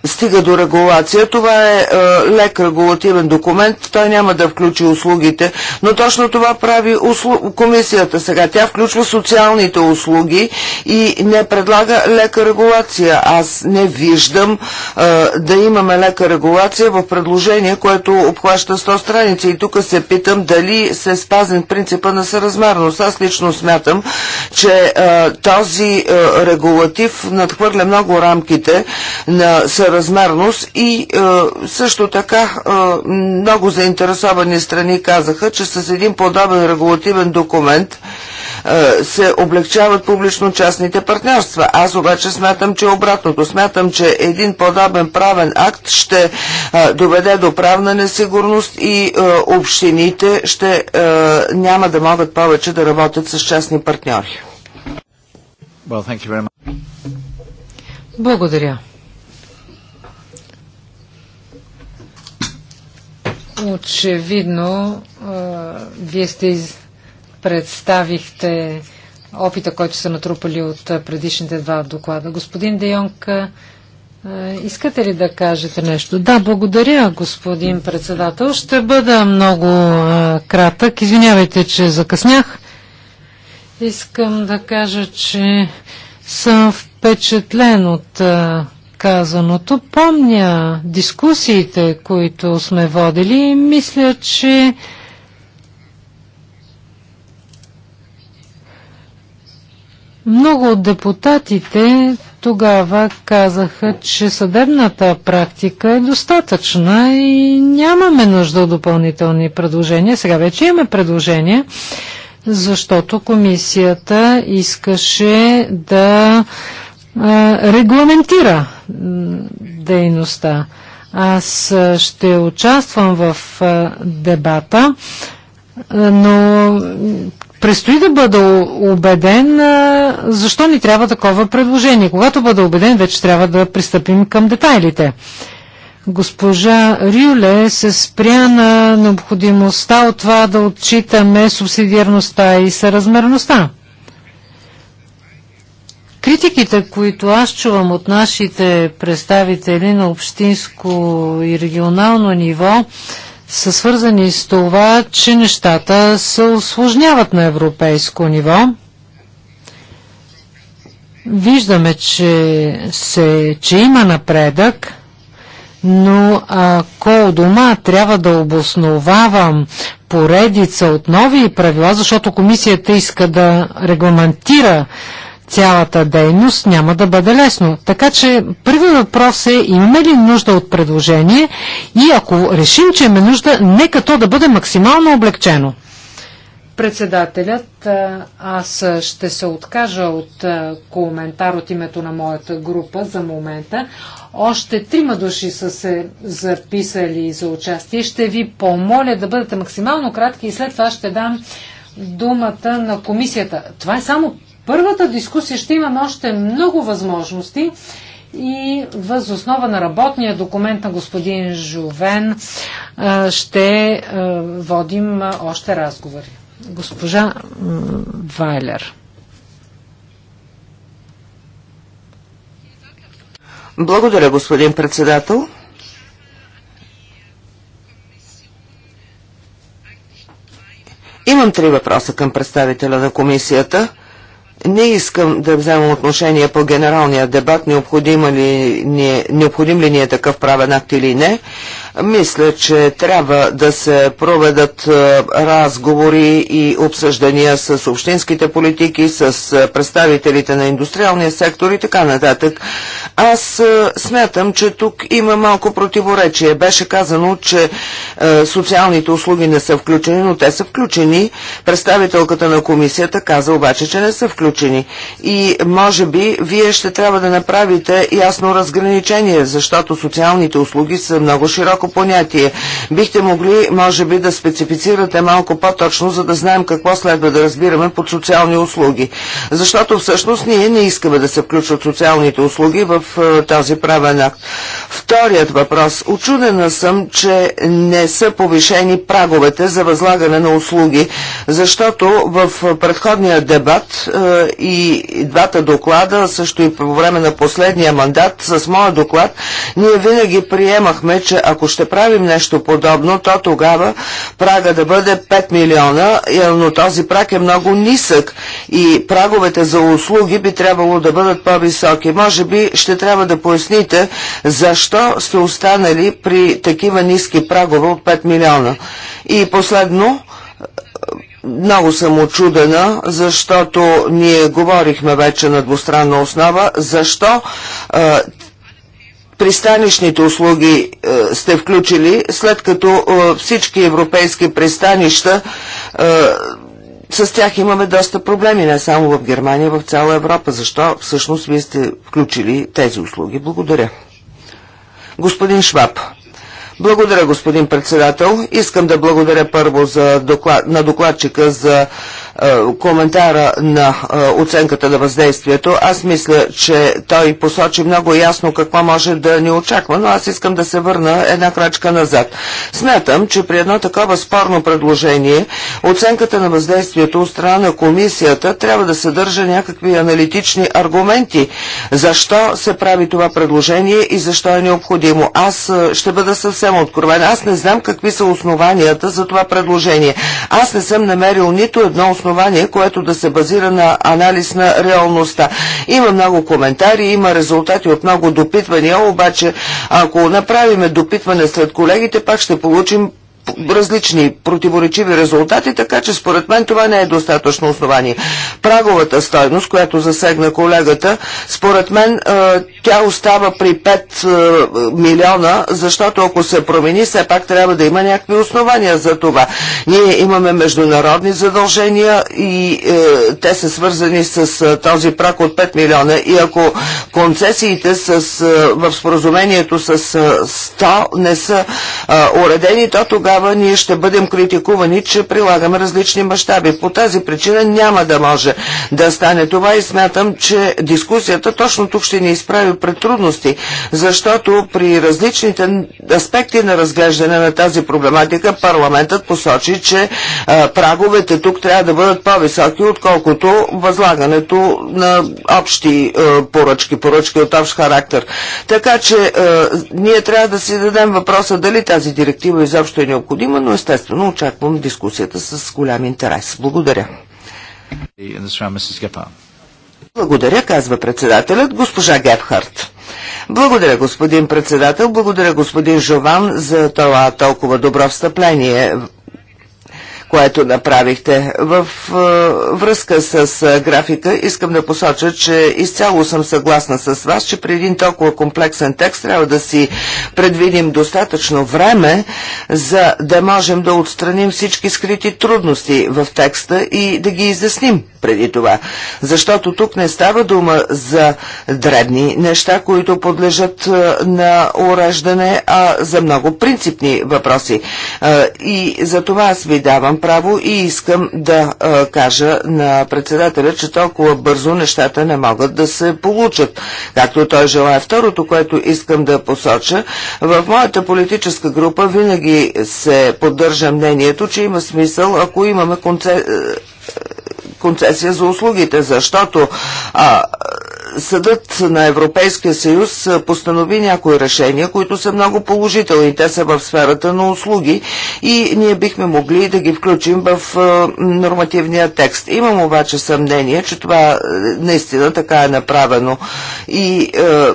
стига до регулация. Това е, е лек регулативен документ, той няма да включи услугите, но точно това прави услу... комисията сега. Тя включва социалните услуги и не предлага лека регулация. Аз не виждам е, да имаме лека регулация в предложение, което обхваща 100 страници. И тук се питам дали се спазен принципа на съразмерност. Аз лично смятам, че е, този е, регулатив надхвърля много рамките на съразмерност съразмерност и е, също така е, много заинтересовани страни казаха, че с един подобен регулативен документ е, се облегчават публично-частните партньорства. Аз обаче смятам, че обратното. Смятам, че един подобен правен акт ще е, доведе до правна несигурност и е, общините ще е, няма да могат повече да работят с частни партньори. Well, thank you very much. Благодаря. Очевидно, вие сте представихте опита, който са натрупали от предишните два доклада. Господин Де Йонг, искате ли да кажете нещо? Да, благодаря, господин председател. Ще бъда много кратък. Извинявайте, че закъснях. Искам да кажа, че съм впечатлен от казаното. Помня дискусиите, които сме водили и мисля, че много от депутатите тогава казаха, че съдебната практика е достатъчна и нямаме нужда от допълнителни предложения. Сега вече имаме предложения, защото комисията искаше да регламентира дейността. Аз ще участвам в дебата, но предстои да бъда убеден защо ни трябва такова предложение. Когато бъда убеден, вече трябва да пристъпим към детайлите. Госпожа Рюле се спря на необходимостта от това да отчитаме субсидиарността и съразмерността. Критиките, които аз чувам от нашите представители на общинско и регионално ниво, са свързани с това, че нещата се осложняват на европейско ниво. Виждаме, че, се, че има напредък, но ако дома трябва да обосновавам поредица от нови правила, защото комисията иска да регламентира цялата дейност, няма да бъде лесно. Така че първи въпрос е имаме ли нужда от предложение и ако решим, че имаме нужда, нека то да бъде максимално облегчено. Председателят, аз ще се откажа от коментар от името на моята група за момента. Още трима души са се записали за участие. Ще ви помоля да бъдете максимално кратки и след това ще дам думата на комисията. Това е само първата дискусия ще имаме още много възможности и въз основа на работния документ на господин Жовен ще водим още разговори. Госпожа Вайлер. Благодаря, господин председател. Имам три въпроса към представителя на комисията – не искам да вземам отношение по генералния дебат, необходим ли, ни, е- необходим ли ни е такъв правен акт или не. Мисля, че трябва да се проведат е, разговори и обсъждания с общинските политики, с е, представителите на индустриалния сектор и така нататък. Аз смятам, че тук има малко противоречие. Беше казано, че социалните услуги не са включени, но те са включени. Представителката на комисията каза обаче, че не са включени изключени. И може би вие ще трябва да направите ясно разграничение, защото социалните услуги са много широко понятие. Бихте могли, може би, да специфицирате малко по-точно, за да знаем какво следва да разбираме под социални услуги. Защото всъщност ние не искаме да се включват социалните услуги в е, този правен акт. Вторият въпрос. Очудена съм, че не са повишени праговете за възлагане на услуги, защото в е, предходния дебат е, и двата доклада, също и по време на последния мандат, с моя доклад, ние винаги приемахме, че ако ще правим нещо подобно, то тогава прага да бъде 5 милиона, е, но този праг е много нисък и праговете за услуги би трябвало да бъдат по-високи. Може би ще трябва да поясните защо сте останали при такива ниски прагове от 5 милиона. И последно, много съм очудена, защото ние говорихме вече на двустранна основа, защо а, пристанищните услуги а, сте включили, след като а, всички европейски пристанища а, с тях имаме доста проблеми, не само в Германия, в цяла Европа. Защо всъщност вие сте включили тези услуги? Благодаря. Господин Шваб. Благодаря, господин председател. Искам да благодаря първо за доклад, на докладчика за е, коментара на е, оценката на въздействието. Аз мисля, че той посочи много ясно какво може да ни очаква, но аз искам да се върна една крачка назад. Смятам, че при едно такова спорно предложение оценката на въздействието от страна на комисията трябва да съдържа някакви аналитични аргументи. Защо се прави това предложение и защо е необходимо? Аз е, ще бъда съвсем откровен. Аз не знам какви са основанията за това предложение. Аз не съм намерил нито едно основание основание, което да се базира на анализ на реалността. Има много коментари, има резултати от много допитвания, обаче ако направиме допитване след колегите, пак ще получим различни противоречиви резултати, така че според мен това не е достатъчно основание. Праговата стойност, която засегна колегата, според мен тя остава при 5 милиона, защото ако се промени, все пак трябва да има някакви основания за това. Ние имаме международни задължения и е, те са свързани с е, този прак от 5 милиона и ако концесиите с, е, в споразумението с 100 не са уредени, то тогава тогава ние ще бъдем критикувани, че прилагаме различни мащаби. По тази причина няма да може да стане това и смятам, че дискусията точно тук ще ни изправи пред трудности, защото при различните аспекти на разглеждане на тази проблематика парламентът посочи, че праговете тук трябва да бъдат по-високи, отколкото възлагането на общи поръчки, поръчки от общ характер. Така че ние трябва да си дадем въпроса дали тази директива изобщо е необходима необходима, но естествено очаквам дискусията с голям интерес. Благодаря. Благодаря, казва председателят, госпожа Гебхарт. Благодаря, господин председател, благодаря, господин Жован, за това толкова добро встъпление което направихте. В връзка с графика искам да посоча, че изцяло съм съгласна с вас, че при един толкова комплексен текст трябва да си предвидим достатъчно време, за да можем да отстраним всички скрити трудности в текста и да ги изясним преди това. Защото тук не става дума за дребни неща, които подлежат на уреждане, а за много принципни въпроси. И за това аз ви давам право и искам да а, кажа на председателя, че толкова бързо нещата не могат да се получат, както той желая. Второто, което искам да посоча, в моята политическа група винаги се поддържа мнението, че има смисъл, ако имаме концепция концесия за услугите, защото а, Съдът на Европейския съюз постанови някои решения, които са много положителни. Те са в сферата на услуги и ние бихме могли да ги включим в нормативния текст. Имам обаче съмнение, че това наистина така е направено. И е,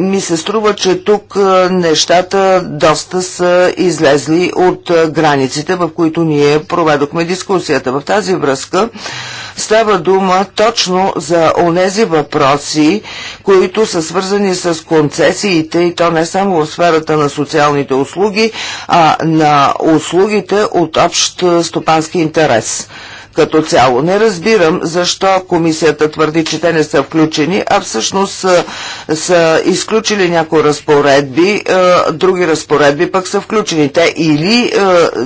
ми се струва, че тук нещата доста са излезли от границите, в които ние проведохме дискусията. В тази връзка Става дума точно за онези въпроси, които са свързани с концесиите и то не само в сферата на социалните услуги, а на услугите от общ стопански интерес като цяло. Не разбирам защо комисията твърди, че те не са включени, а всъщност са, са изключили някои разпоредби, други разпоредби пък са включени. Те или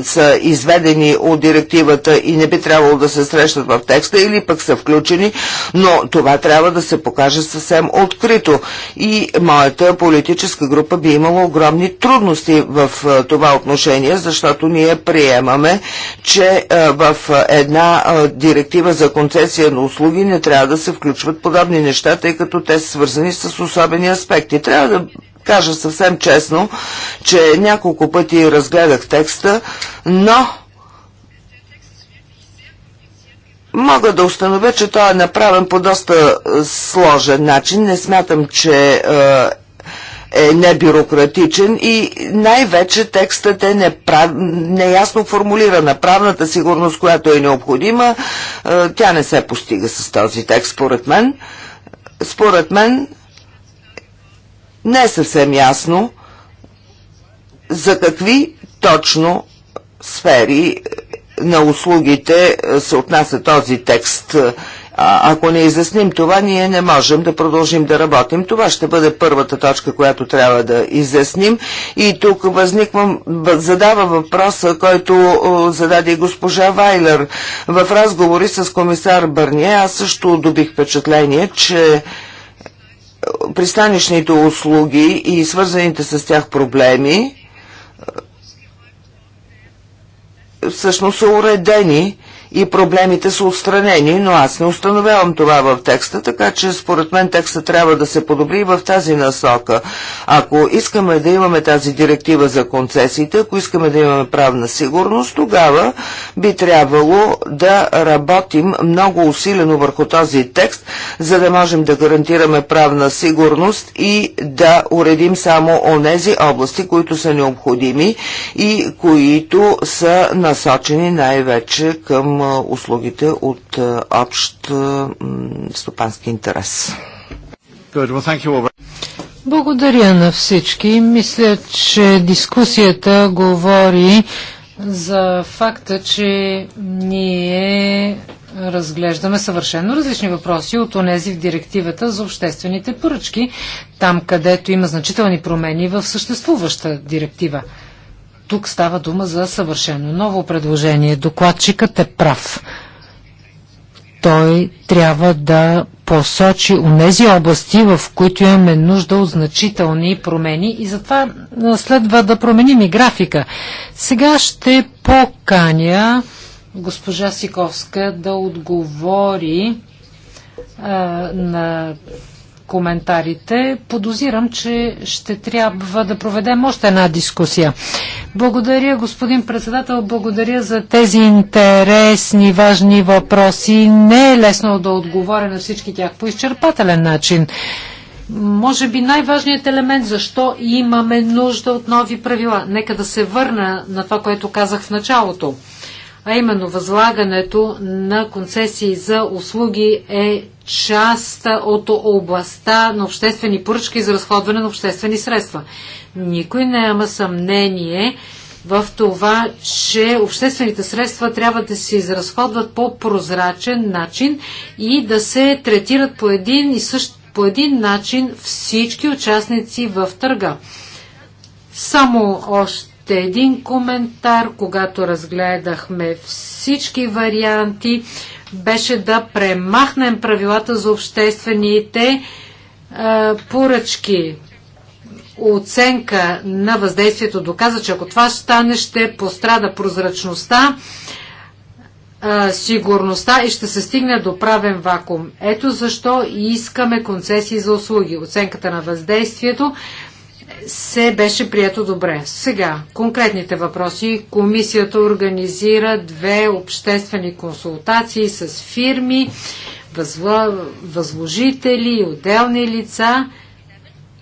са изведени от директивата и не би трябвало да се срещат в текста, или пък са включени, но това трябва да се покаже съвсем открито. И моята политическа група би имала огромни трудности в това отношение, защото ние приемаме, че в една директива за концесия на услуги не трябва да се включват подобни неща, тъй като те са свързани с особени аспекти. Трябва да кажа съвсем честно, че няколко пъти разгледах текста, но Мога да установя, че той е направен по доста сложен начин. Не смятам, че е небюрократичен и най-вече текстът е неправ... неясно формулирана. Правната сигурност, която е необходима, е, тя не се постига с този текст, според мен. Според мен не е съвсем ясно за какви точно сфери на услугите се отнася този текст. Е, а, ако не изясним това, ние не можем да продължим да работим. Това ще бъде първата точка, която трябва да изясним. И тук възниквам, задава въпроса, който зададе госпожа Вайлер. В разговори с комисар Бърния аз също добих впечатление, че пристанищните услуги и свързаните с тях проблеми всъщност са уредени и проблемите са отстранени, но аз не установявам това в текста, така че според мен текста трябва да се подобри в тази насока. Ако искаме да имаме тази директива за концесиите, ако искаме да имаме правна сигурност, тогава би трябвало да работим много усилено върху този текст, за да можем да гарантираме правна сигурност и да уредим само онези области, които са необходими и които са насочени най-вече към услугите от е, общ е, стопански интерес. Благодаря на всички. Мисля, че дискусията говори за факта, че ние разглеждаме съвършено различни въпроси от онези в директивата за обществените поръчки, там където има значителни промени в съществуваща директива тук става дума за съвършено ново предложение. Докладчикът е прав. Той трябва да посочи онези области, в които имаме нужда от значителни промени и затова следва да променим и графика. Сега ще поканя госпожа Сиковска да отговори а, на коментарите. Подозирам, че ще трябва да проведем още една дискусия. Благодаря, господин председател, благодаря за тези интересни, важни въпроси. Не е лесно да отговоря на всички тях по изчерпателен начин. Може би най-важният елемент, защо имаме нужда от нови правила. Нека да се върна на това, което казах в началото а именно възлагането на концесии за услуги е част от областта на обществени поръчки за разходване на обществени средства. Никой не има съмнение в това, че обществените средства трябва да се изразходват по прозрачен начин и да се третират по един и същ по един начин всички участници в търга. Само още още един коментар, когато разгледахме всички варианти, беше да премахнем правилата за обществените а, е, поръчки. Оценка на въздействието доказа, че ако това стане, ще пострада прозрачността, а, е, сигурността и ще се стигне до правен вакуум. Ето защо искаме концесии за услуги. Оценката на въздействието се беше прието добре. Сега, конкретните въпроси. Комисията организира две обществени консултации с фирми, възложители и отделни лица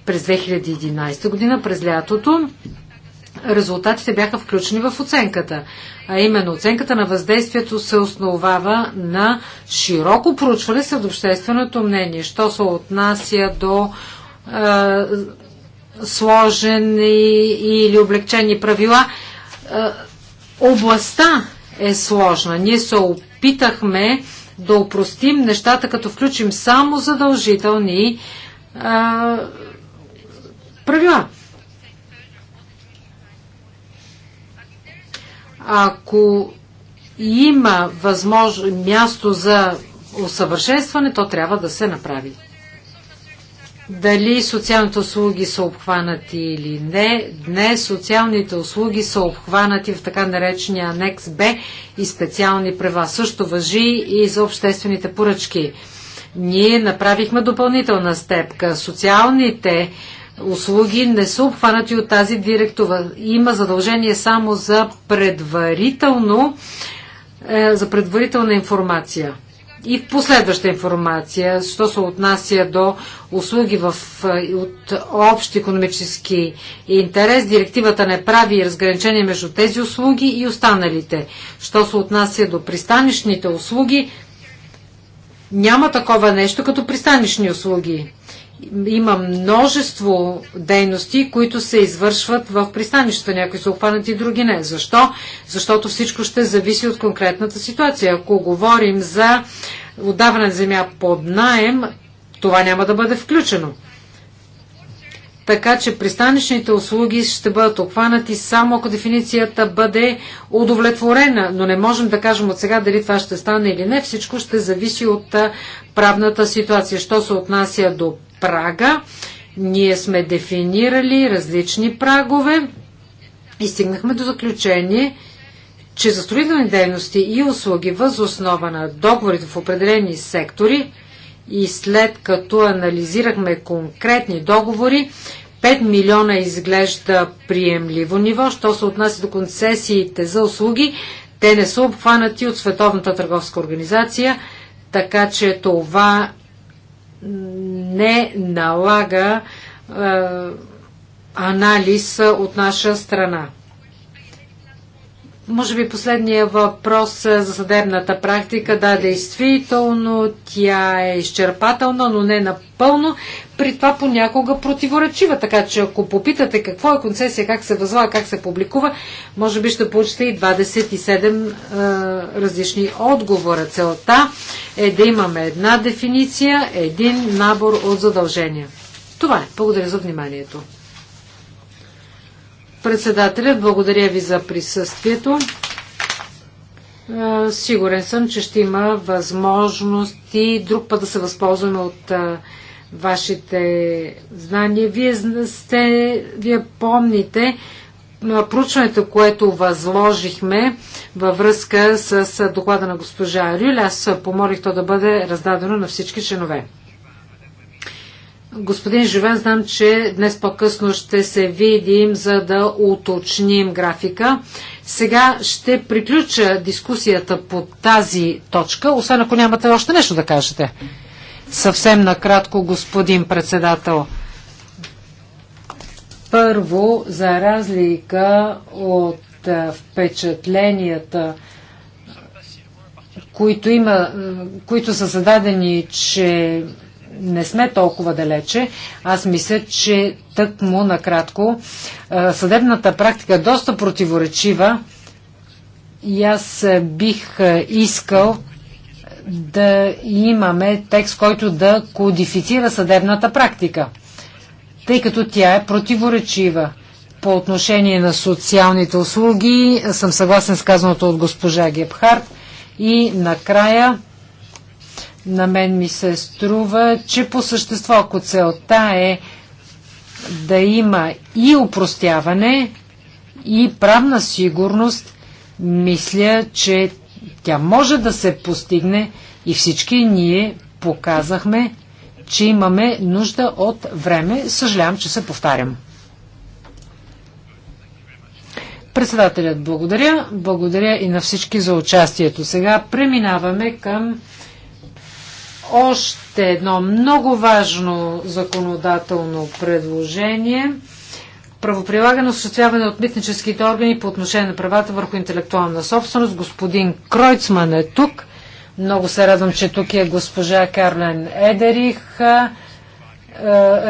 през 2011 година, през лятото. Резултатите бяха включени в оценката. А именно оценката на въздействието се основава на широко проучване с общественото мнение, що се отнася до сложени или облегчени правила. Е, областта е сложна. Ние се опитахме да упростим нещата, като включим само задължителни е, правила. Ако има възможно място за усъвършенстване, то трябва да се направи. Дали социалните услуги са обхванати или не, днес социалните услуги са обхванати в така наречения анекс Б и специални права. Също въжи и за обществените поръчки. Ние направихме допълнителна степка. Социалните услуги не са обхванати от тази директива. Има задължение само за предварително е, за предварителна информация и последваща информация, що се отнася до услуги в, е, от общ економически интерес. Директивата не прави разграничение между тези услуги и останалите. Що се отнася до пристанищните услуги, няма такова нещо като пристанищни услуги има множество дейности, които се извършват в пристанищата. Някои са обхванати, други не. Защо? Защото всичко ще зависи от конкретната ситуация. Ако говорим за отдаване на земя под найем, това няма да бъде включено. Така че пристанищните услуги ще бъдат обхванати само ако дефиницията бъде удовлетворена, но не можем да кажем от сега дали това ще стане или не. Всичко ще зависи от правната ситуация. Що се отнася до прага. Ние сме дефинирали различни прагове и стигнахме до заключение, че за строителни дейности и услуги въз основа на договорите в определени сектори и след като анализирахме конкретни договори, 5 милиона изглежда приемливо ниво. Що се отнася до концесиите за услуги, те не са обхванати от Световната търговска организация, така че това не налага е, анализ от наша страна. Може би последния въпрос е, за съдебната практика. Да, действително, тя е изчерпателна, но не напълно. При това понякога противоречива. Така че ако попитате какво е концесия, как се възлага, как се публикува, може би ще получите и 27 е, различни отговора. Целта е да имаме една дефиниция, един набор от задължения. Това е. Благодаря за вниманието. Председателят, благодаря ви за присъствието. Сигурен съм, че ще има възможност и друг път да се възползваме от вашите знания. Вие, сте, вие помните проучването, което възложихме във връзка с доклада на госпожа Рюля. Аз помолих то да бъде раздадено на всички членове. Господин Живен, знам, че днес по-късно ще се видим, за да уточним графика. Сега ще приключа дискусията по тази точка, освен ако нямате още нещо да кажете. Съвсем накратко, господин председател. Първо, за разлика от впечатленията, които, има, които са зададени, че не сме толкова далече. Аз мисля, че тък му накратко е, съдебната практика е доста противоречива и аз е, бих е, искал да имаме текст, който да кодифицира съдебната практика, тъй като тя е противоречива. По отношение на социалните услуги съм съгласен с казаното от госпожа Гебхарт. И накрая на мен ми се струва, че по същество, ако целта е да има и упростяване, и правна сигурност, мисля, че тя може да се постигне и всички ние показахме, че имаме нужда от време. Съжалявам, че се повтарям. Председателят благодаря. Благодаря и на всички за участието. Сега преминаваме към още едно много важно законодателно предложение правоприлагане, осъществяване от митническите органи по отношение на правата върху интелектуална собственост. Господин Кройцман е тук. Много се радвам, че тук е госпожа Карлен Едерих. Е,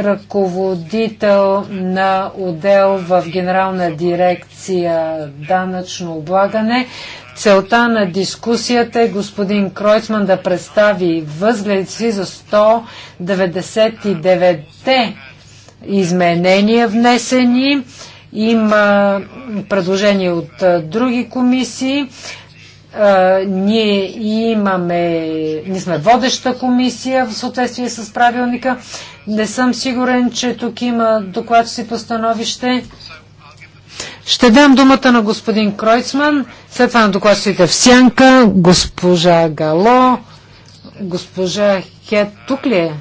ръководител на отдел в Генерална дирекция данъчно облагане. Целта на дискусията е господин Кройцман да представи възгледи за 199-те изменения внесени. Има предложения от е, други комисии ние имаме, ние сме водеща комисия в съответствие с правилника. Не съм сигурен, че тук има доклад си постановище. Ще дам думата на господин Кройцман, след това на докладчиците в Сянка, госпожа Гало, госпожа Хет, тук ли е?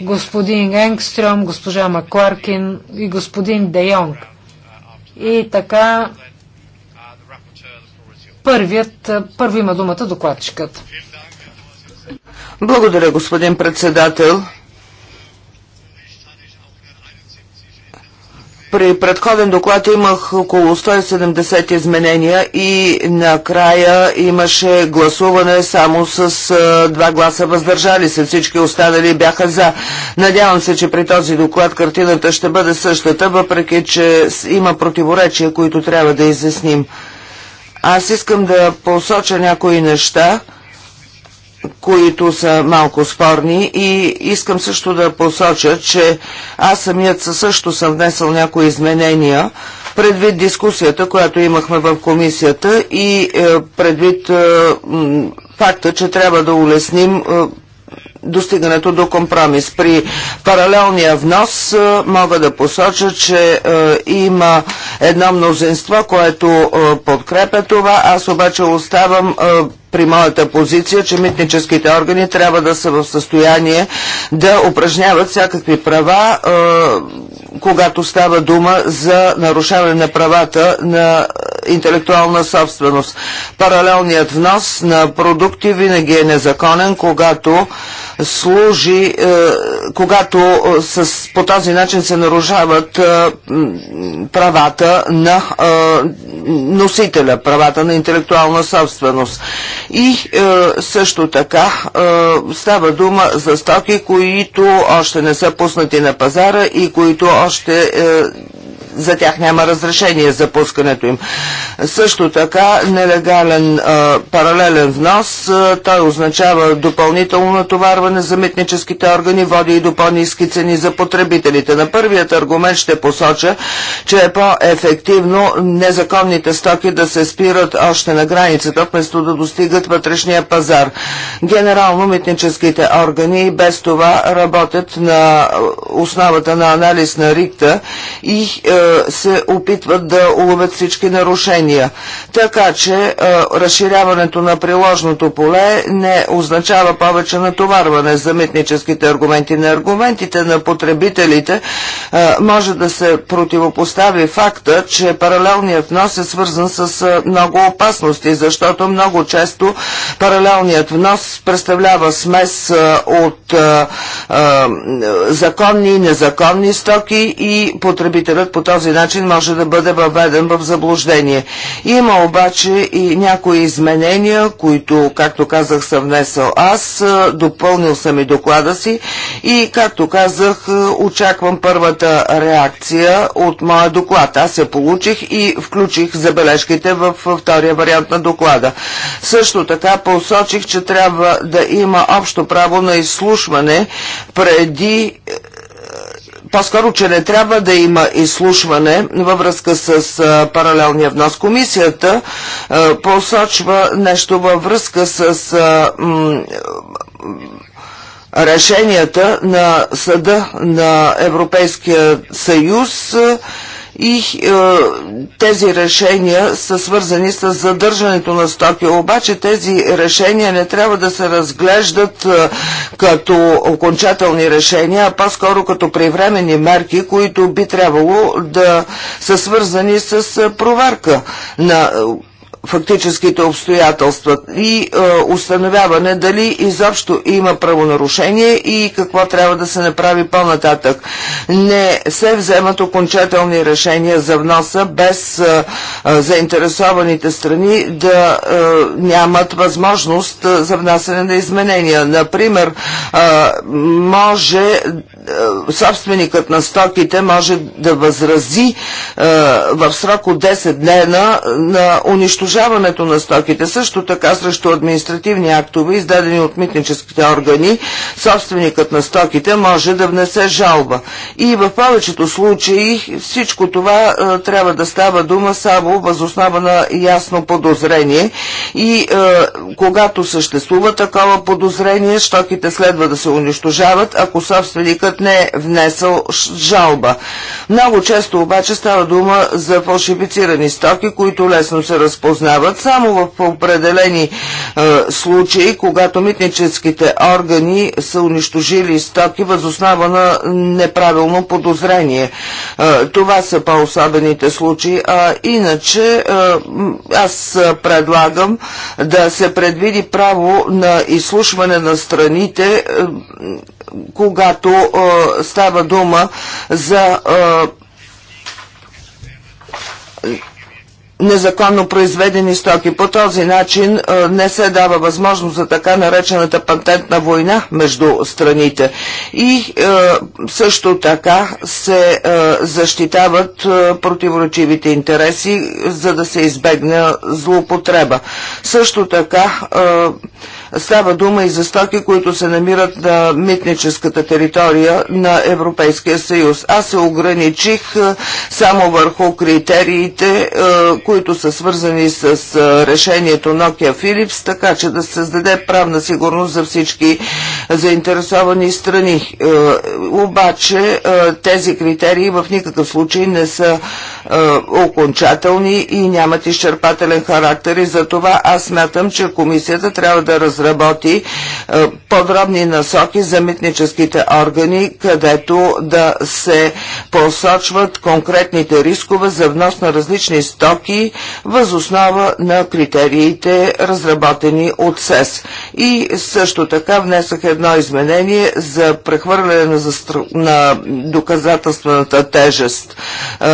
Господин Енгстрем, госпожа Макларкин и господин Де Йонг. И така Първият, е, първо има думата докладчикът. Благодаря, господин председател. При предходен доклад имах около 170 изменения и накрая имаше гласуване само с е, два гласа въздържали се. Всички останали бяха за. Надявам се, че при този доклад картината ще бъде същата, въпреки че има противоречия, които трябва да изясним. Аз искам да посоча някои неща, които са малко спорни и искам също да посоча, че аз самият също съм внесъл някои изменения предвид дискусията, която имахме в комисията и е, предвид е, факта, че трябва да улесним е, достигането до компромис. При паралелния внос е, мога да посоча, че е, има едно мнозинство, което е, подкрепя това. Аз обаче оставам при моята позиция, че митническите органи трябва да са в състояние да упражняват всякакви права когато става дума за нарушаване на правата на интелектуална собственост. Паралелният внос на продукти винаги е незаконен, когато служи, е, когато е, с, по този начин се нарушават е, правата на носителя, правата на интелектуална собственост. И също така става дума за стоки, които още не са пуснати на пазара и които още е, за тях няма разрешение за пускането им. Също така, нелегален а, паралелен внос, а, той означава допълнително натоварване за митническите органи, води и до по-низки цени за потребителите. На първият аргумент ще посоча, че е по-ефективно незаконните стоки да се спират още на границата, вместо да достигат вътрешния пазар. Генерално митническите органи без това работят на основата на анализ на рикта и е, се опитват да уловят всички нарушения. Така че разширяването на приложното поле не означава повече натоварване за митническите аргументи. На аргументите на потребителите може да се противопостави факта, че паралелният внос е свързан с много опасности, защото много често паралелният внос представлява смес от законни и незаконни стоки и потребителят по този този начин може да бъде въведен в заблуждение. Има обаче и някои изменения, които, както казах, съм внесъл аз, допълнил съм и доклада си и, както казах, очаквам първата реакция от моя доклад. Аз я получих и включих забележките в втория вариант на доклада. Също така посочих, че трябва да има общо право на изслушване преди по-скоро, че не трябва да има изслушване във връзка с а, паралелния внос. Комисията а, посочва нещо във връзка с а, м, решенията на Съда на Европейския съюз. А, и е, тези решения са свързани с задържането на стоки. Обаче тези решения не трябва да се разглеждат е, като окончателни решения, а по-скоро като привремени мерки, които би трябвало да са свързани с е, проверка на е, фактическите обстоятелства и е, установяване дали изобщо има правонарушение и какво трябва да се направи по-нататък. Не се вземат окончателни решения за вноса без е, е, заинтересованите страни да е, нямат възможност е, за внасяне на изменения. Например, е, може е, собственикът на стоките може да възрази е, в срок от 10 дена на унищожаването на стоките. Също така срещу административни актове, издадени от митническите органи, собственикът на стоките може да внесе жалба. И в повечето случаи всичко това е, трябва да става дума само възоснова на ясно подозрение. И когато съществува такова подозрение, стоките следва да се унищожават, ако собственикът съдът не е внесъл жалба. Много често обаче става дума за фалшифицирани стоки, които лесно се разпознават само в определени е, случаи, когато митническите органи са унищожили стоки възоснова на неправилно подозрение. Е, това са по-особените случаи, а иначе е, аз предлагам да се предвиди право на изслушване на страните, е, когато е, става дума за незаконно произведени стоки. По този начин не се дава възможност за така наречената патентна война между страните. И също така се защитават противоречивите интереси, за да се избегне злоупотреба. Също така Става дума и за стоки, които се намират на митническата територия на Европейския съюз. Аз се ограничих е, само върху критериите, е, които са свързани с е, решението Nokia Philips, така че да създаде правна сигурност за всички заинтересовани страни. Обаче тези критерии в никакъв случай не са е, окончателни и нямат изчерпателен характер и за това аз смятам, че комисията трябва да разработи е, подробни насоки за митническите органи, където да се посочват конкретните рискове за внос на различни стоки възоснова на критериите, разработени от СЕС. И също така внесах едно изменение за прехвърляне на, застр... на доказателствената тежест е,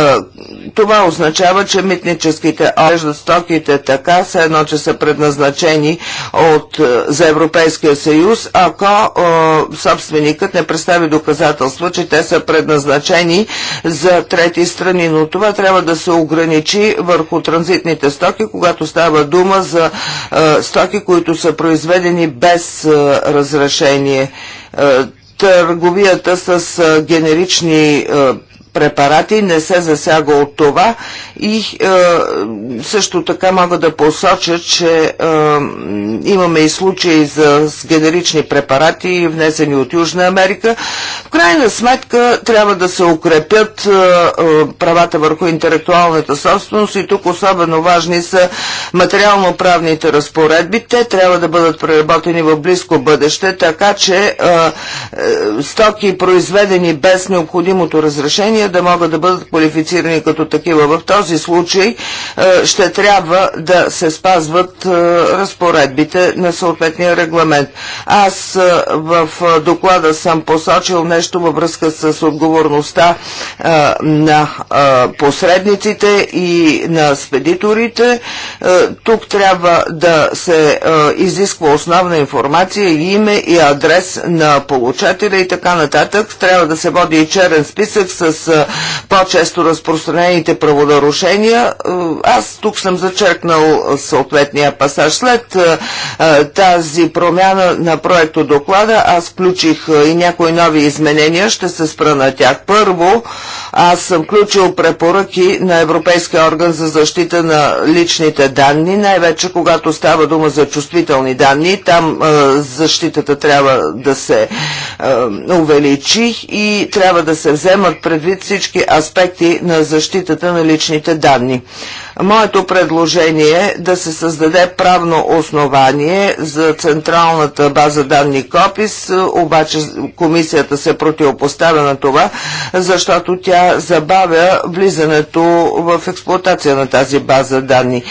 това означава, че митническите ореждат стоките така, все едно, че са предназначени от, е, за Европейския съюз, ако о, е, собственикът не представи доказателства, че те са предназначени за трети страни. Но това трябва да се ограничи върху транзитните стоки, когато става дума за о, е, стоки, които са произведени без о, разрешение. търговията с генерични препарати не се засяга от това и е, също така мога да посоча, че е, имаме и случаи за генерични препарати, внесени от Южна Америка. В крайна сметка трябва да се укрепят е, е, правата върху интелектуалната собственост и тук особено важни са материално-правните разпоредби. Те трябва да бъдат преработени в близко бъдеще, така че е, е, стоки произведени без необходимото разрешение решения да могат да бъдат квалифицирани като такива. В този случай е, ще трябва да се спазват е, разпоредбите на съответния регламент. Аз е, в доклада съм посочил нещо във връзка с отговорността на посредниците и на спедиторите. Тук трябва да се изисква основна информация, и име и адрес на получателя и така нататък. Трябва да се води и черен списък с са по-често разпространените правонарушения. Е, аз тук съм зачеркнал съответния пасаж. След е, е, тази промяна на проекто доклада аз включих и някои нови изменения. Ще се спра на тях. Първо, аз съм включил препоръки на Европейския орган за защита на личните данни, най-вече когато става дума за чувствителни данни. Там защитата трябва да се увеличи и трябва да се вземат предвид всички аспекти на защитата на личните данни. Моето предложение е да се създаде правно основание за централната база данни КОПИС, обаче комисията се противопоставя на това, защото тя забавя влизането в експлуатация на тази база данни.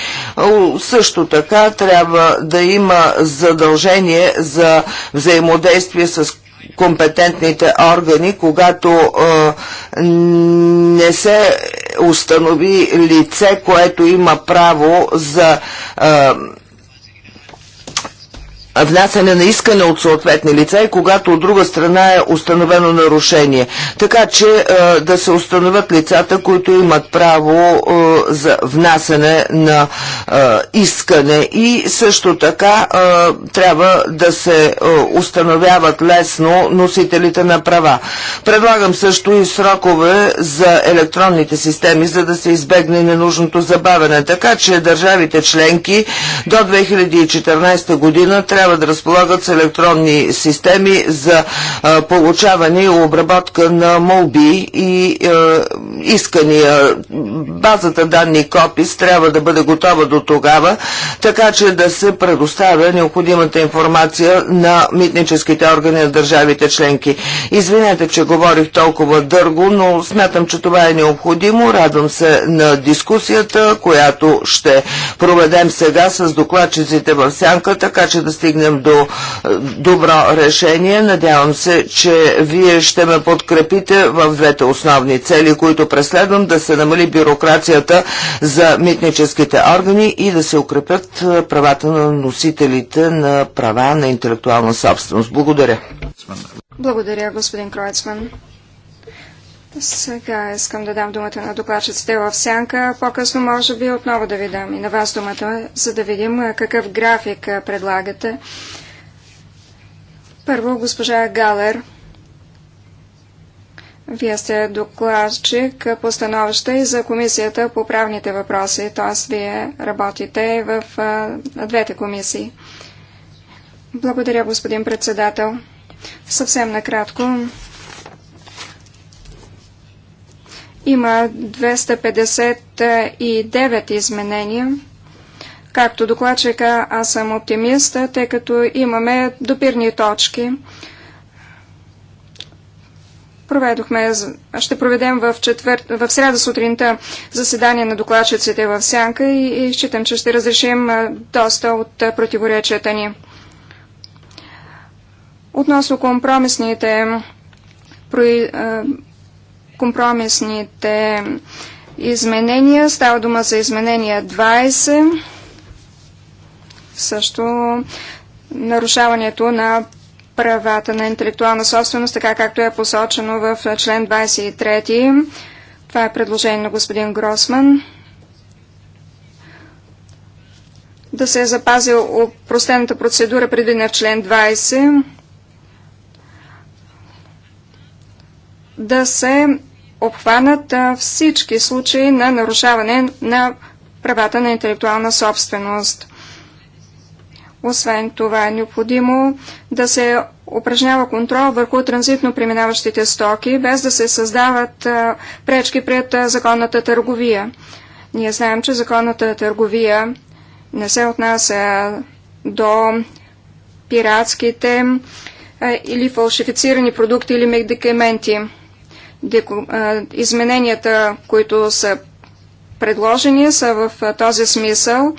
Също така трябва да има задължение за взаимодействие с компетентните органи, когато не се установи лице, което има право за внасяне на искане от съответни лица и когато от друга страна е установено нарушение. Така че е, да се установят лицата, които имат право е, за внасяне на е, искане и също така е, трябва да се е, установяват лесно носителите на права. Предлагам също и срокове за електронните системи, за да се избегне ненужното забавене. Така че държавите членки до 2014 година трябва трябва да разполагат с електронни системи за получаване и обработка на молби и искания. Базата данни КОПИС трябва да бъде готова до тогава, така че да се предоставя необходимата информация на митническите органи на държавите членки. Извинете, че говорих толкова дърго, но смятам, че това е необходимо. Радвам се на дискусията, която ще проведем сега с докладчиците в сянка, така че да стигнем стигнем до добро решение. Надявам се, че вие ще ме подкрепите в двете основни цели, които преследвам, да се намали бюрокрацията за митническите органи и да се укрепят правата на носителите на права на интелектуална собственост. Благодаря. Благодаря, господин Кройцман. Сега искам да дам думата на докладчиците в сянка. По-късно може би отново да ви дам и на вас думата, за да видим какъв график предлагате. Първо, госпожа Галер. Вие сте докладчик по становище и за комисията по правните въпроси, т.е. вие работите в а, двете комисии. Благодаря, господин председател. Съвсем накратко Има 259 изменения. Както докладчика, аз съм оптимист, тъй като имаме допирни точки. Проведохме, ще проведем в, четвър... в среда сутринта заседание на докладчиците в Сянка и, и считам, че ще разрешим доста от противоречията ни. Относно компромисните компромисните изменения. Става дума за изменения 20. Също нарушаването на правата на интелектуална собственост, така както е посочено в член 23. Това е предложение на господин Гросман. Да се е запази простената процедура предвидена в член 20. Да се обхванат всички случаи на нарушаване на правата на интелектуална собственост. Освен това е необходимо да се упражнява контрол върху транзитно преминаващите стоки, без да се създават пречки пред законната търговия. Ние знаем, че законната търговия не се отнася до пиратските или фалшифицирани продукти или медикаменти. Измененията, които са предложени, са в този смисъл.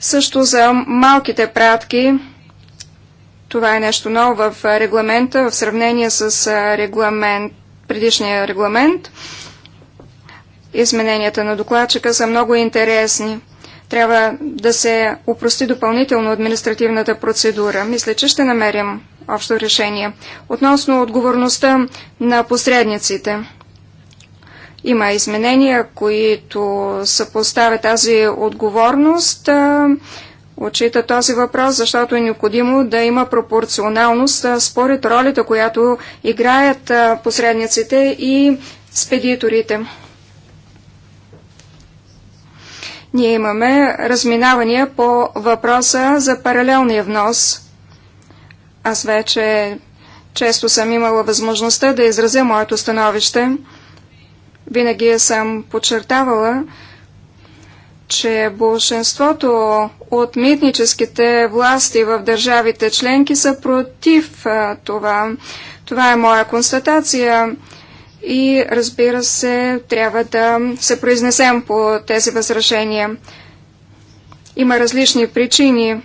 Също за малките пратки. Това е нещо ново в регламента в сравнение с регламент, предишния регламент. Измененията на докладчика са много интересни. Трябва да се упрости допълнително административната процедура. Мисля, че ще намерим общо решение. Относно отговорността на посредниците. Има изменения, които съпоставят тази отговорност. Отчита този въпрос, защото е необходимо да има пропорционалност според ролята, която играят посредниците и спедиторите. Ние имаме разминавания по въпроса за паралелния внос. Аз вече често съм имала възможността да изразя моето становище. Винаги съм подчертавала, че большинството от митническите власти в държавите членки са против това. Това е моя констатация и разбира се, трябва да се произнесем по тези възражения. Има различни причини.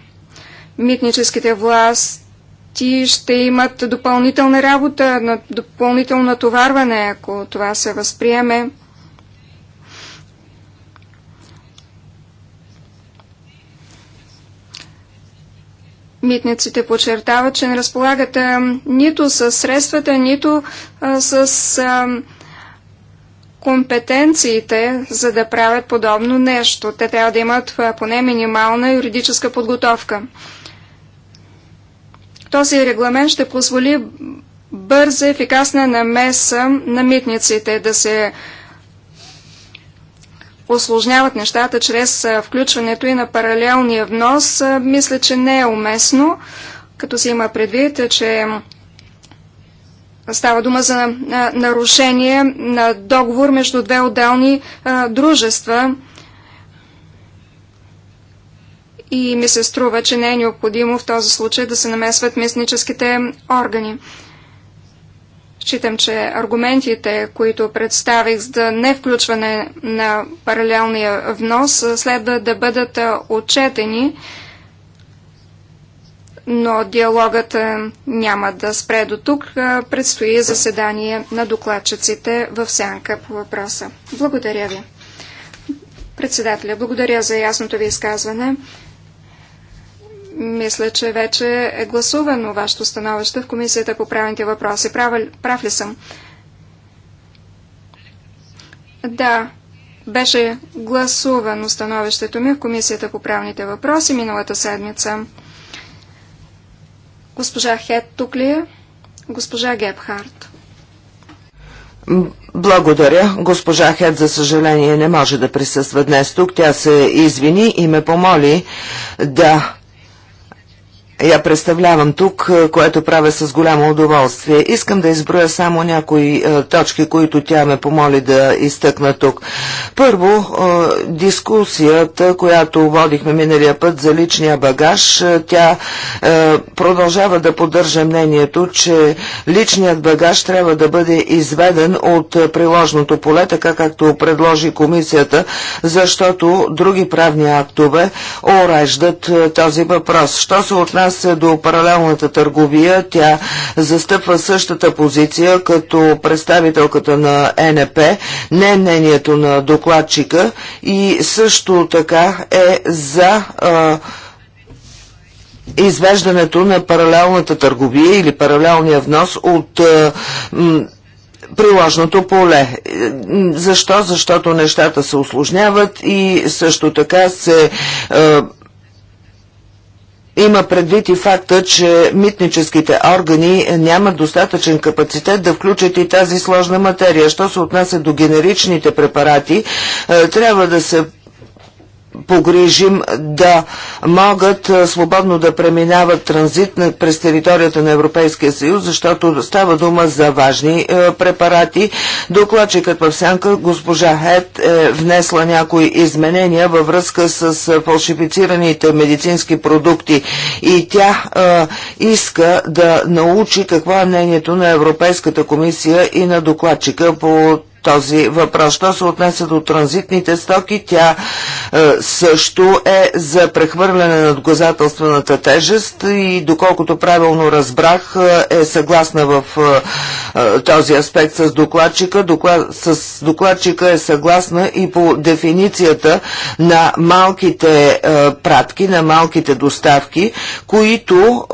Митническите власти ти ще имат допълнителна работа, допълнително натоварване, ако това се възприеме. Митниците подчертават, че не разполагат нито с средствата, нито с компетенциите, за да правят подобно нещо. Те трябва да имат поне минимална юридическа подготовка. Този регламент ще позволи бърза, ефикасна намеса на митниците да се осложняват нещата чрез включването и на паралелния внос, мисля, че не е уместно, като се има предвид, че става дума за нарушение на договор между две отделни дружества – и ми се струва, че не е необходимо в този случай да се намесват мистническите органи. Считам, че аргументите, които представих за не включване на паралелния внос, следва да бъдат отчетени, но диалогът няма да спре до тук. Предстои заседание на докладчиците в сянка по въпроса. Благодаря ви. Председателя, благодаря за ясното ви изказване. Мисля, че вече е гласувано вашето становище в Комисията по правните въпроси. Прав, прав ли съм? Да, беше гласувано становището ми в Комисията по правните въпроси миналата седмица. Госпожа Хет тук ли е? Госпожа Гебхарт. Благодаря. Госпожа Хед, за съжаление, не може да присъства днес тук. Тя се извини и ме помоли да я представлявам тук, е, което правя с голямо удоволствие. Искам да изброя само някои е, точки, които тя ме помоли да изтъкна тук. Първо, е, дискусията, която водихме миналия път за личния багаж, тя продължава да поддържа мнението, че личният багаж трябва да бъде изведен от приложното поле, така както предложи комисията, защото други правни актове уреждат този въпрос. Що се отнася отнася до паралелната търговия, тя застъпва същата позиция като представителката на НП, не мнението на докладчика и също така е за извеждането на паралелната търговия или паралелния внос от а, приложното поле. Защо? Защото нещата се осложняват и също така се е, има предвид и факта, че митническите органи нямат достатъчен капацитет да включат и тази сложна материя. Що се отнася до генеричните препарати, е, трябва да се погрежим да могат свободно да преминават транзит през територията на Европейския съюз, защото става дума за важни препарати. Докладчикът в сянка госпожа Хед е внесла някои изменения във връзка с фалшифицираните медицински продукти и тя е, иска да научи какво е мнението на Европейската комисия и на докладчика по този въпрос. Що се отнесе до транзитните стоки, тя е, също е за прехвърляне на доказателствената тежест и доколкото правилно разбрах, е, е съгласна в е, този аспект с докладчика. Доклад, с докладчика е съгласна и по дефиницията на малките пратки, на малките доставки, които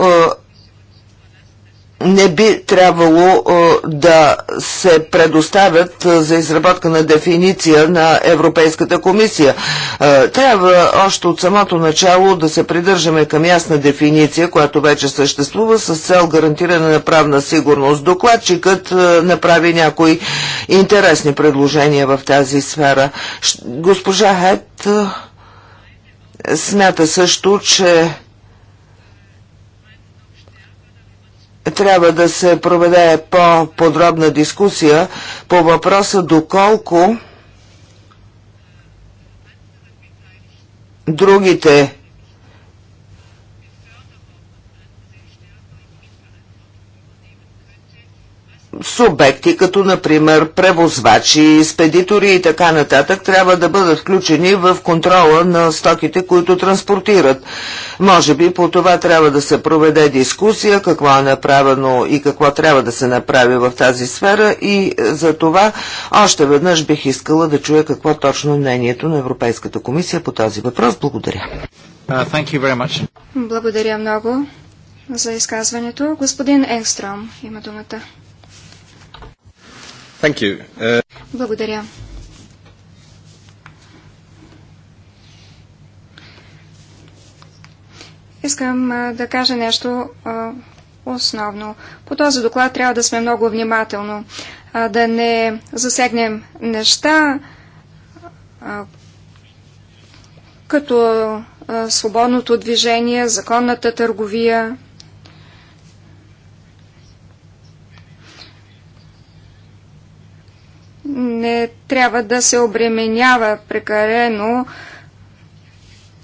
не би трябвало е, да се предоставят е, за изработка на дефиниция на Европейската комисия. Е, трябва още от самото начало да се придържаме към ясна дефиниция, която вече съществува с цел гарантиране на правна сигурност. Докладчикът направи някои интересни предложения в тази сфера. Госпожа Хет смята също, че трябва да се проведе по-подробна дискусия по въпроса доколко другите субекти, като например превозвачи, спедитори и така нататък, трябва да бъдат включени в контрола на стоките, които транспортират. Може би по това трябва да се проведе дискусия, какво е направено и какво трябва да се направи в тази сфера и е, за това още веднъж бих искала да чуя какво точно е мнението на Европейската комисия по този въпрос. Благодаря. Uh, Благодаря много за изказването. Господин Енгстром има думата. Uh, Благодаря. Искам да кажа нещо основно. По този доклад трябва да сме много внимателно, да не засегнем неща, като свободното движение, законната търговия, не трябва да се обременява прекалено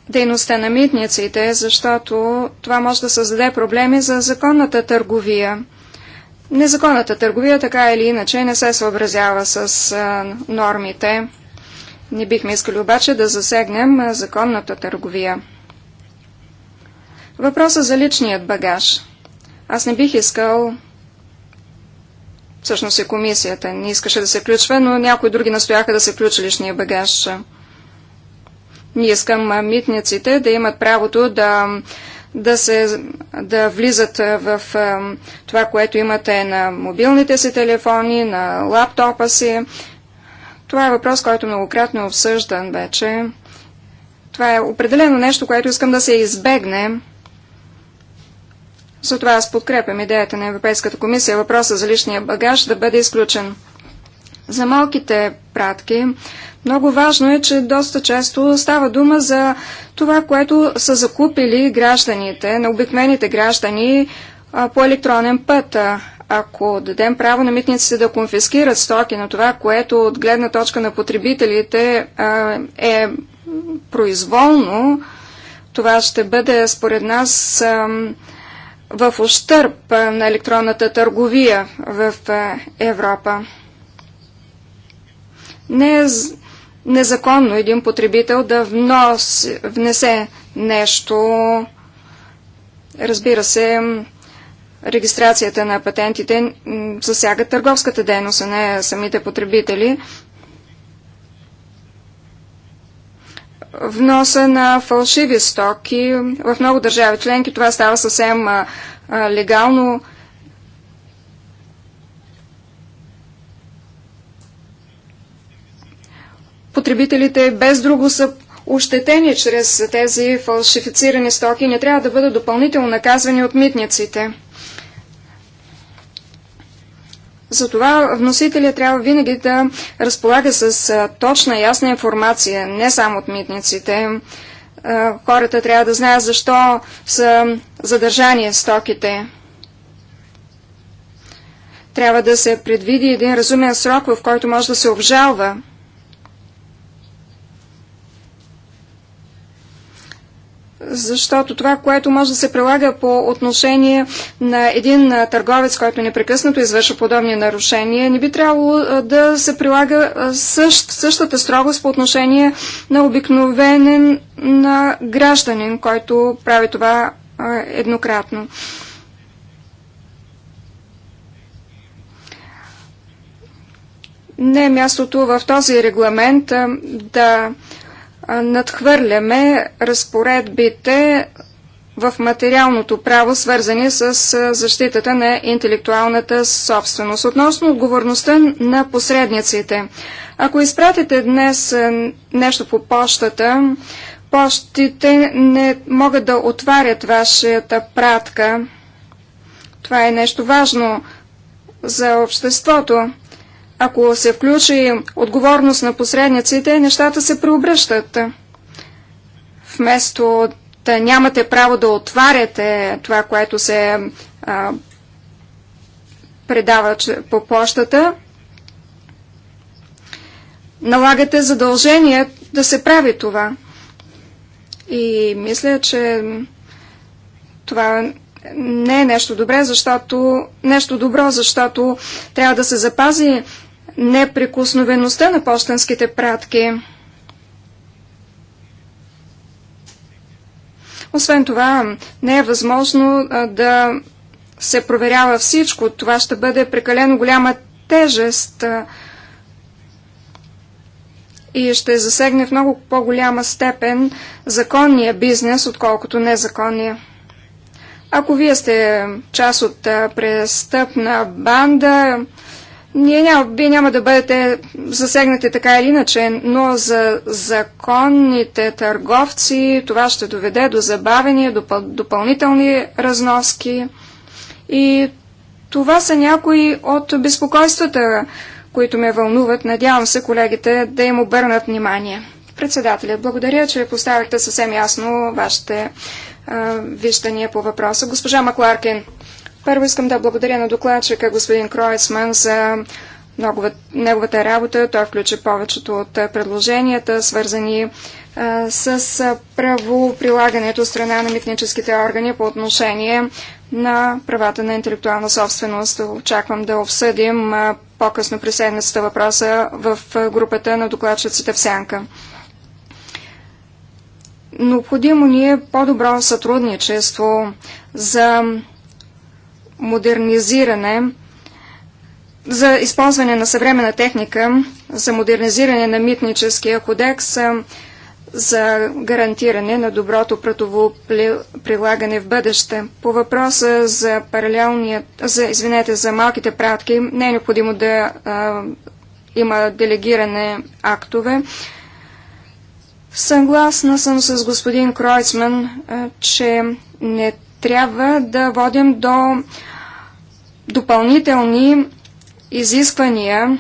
дейността на митниците, защото това може да създаде проблеми за законната търговия. Незаконната търговия така или иначе не се съобразява с а, нормите. Не бихме искали обаче да засегнем законната търговия. Въпроса за личният багаж. Аз не бих искал Всъщност и комисията не искаше да се включва, но някои други настояха да се включи лишния багаж. Ние искам митниците да имат правото да, да, се, да влизат в това, което имате на мобилните си телефони, на лаптопа си. Това е въпрос, който многократно е обсъждан вече. Това е определено нещо, което искам да се избегне. Затова аз подкрепям идеята на Европейската комисия въпроса за личния багаж да бъде изключен. За малките пратки много важно е, че доста често става дума за това, което са закупили гражданите, на обикновените граждани по електронен път. Ако дадем право на митниците да конфискират стоки на това, което от гледна точка на потребителите е произволно, това ще бъде според нас в ощърп на електронната търговия в Европа. Не е незаконно един потребител да внос, внесе нещо. Разбира се, регистрацията на патентите засяга търговската дейност, а не самите потребители, вноса на фалшиви стоки. В много държави членки това става съвсем а, а, легално. Потребителите без друго са ощетени чрез тези фалшифицирани стоки не трябва да бъдат допълнително наказвани от митниците. Затова вносителя трябва винаги да разполага с точна, и ясна информация, не само от митниците. Хората трябва да знаят защо са задържани стоките. Трябва да се предвиди един разумен срок, в който може да се обжалва защото това, което може да се прилага по отношение на един търговец, който непрекъснато извършва подобни нарушения, не би трябвало да се прилага същ, същата строгост по отношение на обикновенен на гражданин, който прави това еднократно. Не е мястото в този регламент да надхвърляме разпоредбите в материалното право, свързани с защитата на интелектуалната собственост. Относно отговорността на посредниците. Ако изпратите днес нещо по почтата, почтите не могат да отварят вашата пратка. Това е нещо важно за обществото. Ако се включи отговорност на посредниците, нещата се преобръщат. Вместо да нямате право да отваряте това, което се а, предава по почтата, налагате задължение да се прави това. И мисля, че това не е нещо добре, защото нещо добро, защото трябва да се запази неприкосновеността на почтенските пратки. Освен това, не е възможно да се проверява всичко. Това ще бъде прекалено голяма тежест и ще засегне в много по-голяма степен законния бизнес, отколкото незаконния. Ако вие сте част от престъпна банда ние няма, вие няма да бъдете засегнати така или иначе, но за законните търговци това ще доведе до забавения, допъл, допълнителни разноски. И това са някои от безпокойствата, които ме вълнуват. Надявам се колегите да им обърнат внимание. Председателя, благодаря, че поставихте съвсем ясно вашите а, виждания по въпроса. Госпожа Макларкин. Първо искам да благодаря на докладчика господин Кройцман за неговата работа. Той включи повечето от предложенията, свързани с правоприлагането страна на митническите органи по отношение на правата на интелектуална собственост. Очаквам да обсъдим по-късно при седмицата въпроса в групата на докладчиците в Сянка. Необходимо ни е по-добро сътрудничество за модернизиране, за използване на съвременна техника, за модернизиране на митническия кодекс, за гарантиране на доброто пратово прилагане в бъдеще. По въпроса за паралелния, за, извинете, за малките пратки, не е необходимо да а, има делегиране актове. Съгласна съм с господин Кройцман, а, че не трябва да водим до допълнителни изисквания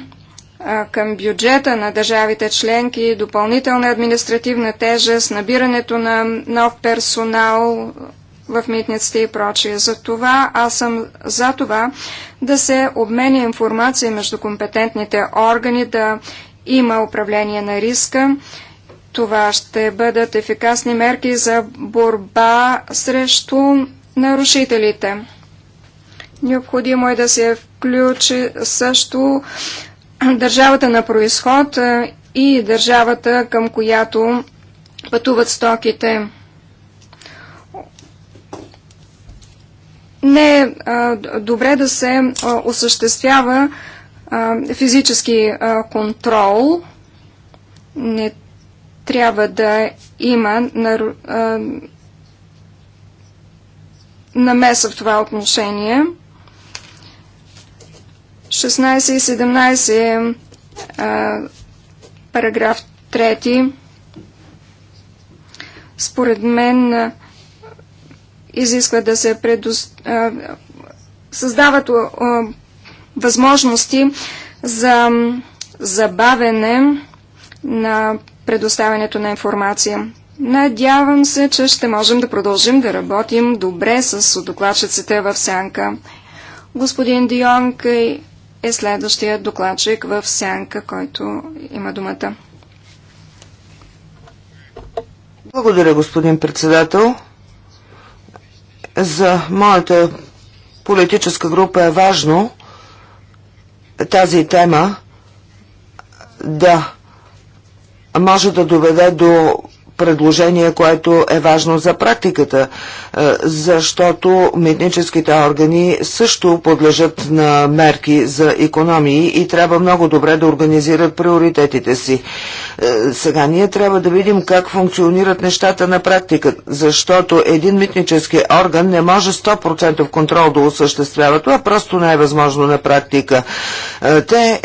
към бюджета на държавите членки, допълнителна административна тежест, набирането на нов персонал в митниците и прочие. За това аз съм за това да се обменя информация между компетентните органи, да има управление на риска, това ще бъдат ефикасни мерки за борба срещу нарушителите. Необходимо е да се включи също държавата на происход и държавата, към която пътуват стоките. Не е добре да се осъществява физически контрол. Не трябва да има намеса в това отношение. 16 и 17 е, а, параграф 3 според мен изисква да се предос... създават възможности за забавене на предоставянето на информация. Надявам се, че ще можем да продължим да работим добре с докладчиците в сянка. Господин Дионг е следващия докладчик в сянка, който има думата. Благодаря, господин председател. За моята политическа група е важно тази тема да може да доведе до предложение, което е важно за практиката, е, защото митническите органи също подлежат на мерки за економии и трябва много добре да организират приоритетите си. Е, сега ние трябва да видим как функционират нещата на практика, защото един митнически орган не може 100% контрол да осъществява. Това просто не е възможно на практика. Е, те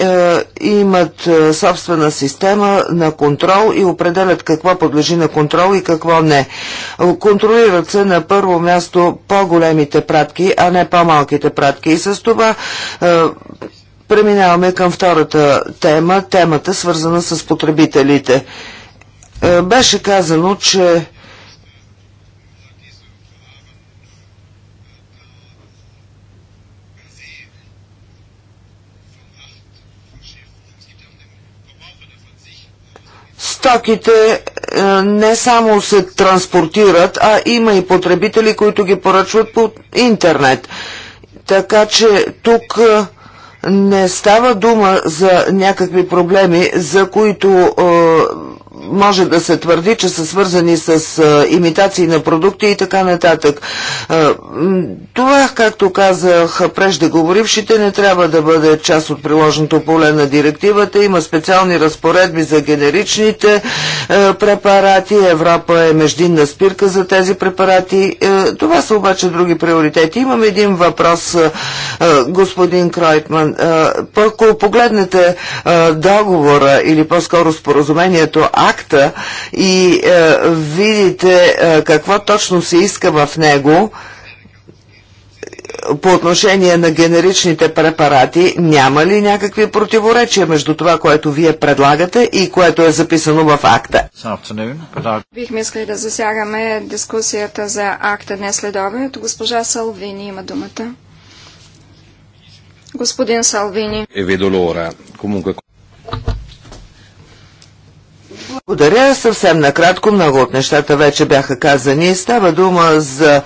имат собствена система на контрол и определят какво подлежи на контрол и какво не. Контролират се на първо място по-големите пратки, а не по-малките пратки. И с това е, преминаваме към втората тема, темата свързана с потребителите. Е, беше казано, че стоките е, не само се транспортират, а има и потребители, които ги поръчват по интернет. Така че тук е, не става дума за някакви проблеми, за които е, може да се твърди, че са свързани с имитации на продукти и така нататък. Това, както казах преждеговорившите, не трябва да бъде част от приложното поле на директивата. Има специални разпоредби за генеричните препарати. Европа е междинна спирка за тези препарати. Това са обаче други приоритети. Имам един въпрос, господин Кройтман. Ако погледнете договора или по-скоро споразумението АК, акта и е, видите е, какво точно се иска в него, по отношение на генеричните препарати, няма ли някакви противоречия между това, което вие предлагате и което е записано в акта? Бихме искали да засягаме дискусията за акта днес след обед. Госпожа Салвини има думата. Господин Салвини. Е ведолора. Комунка... Благодаря. Съвсем накратко много от нещата вече бяха казани. Става дума за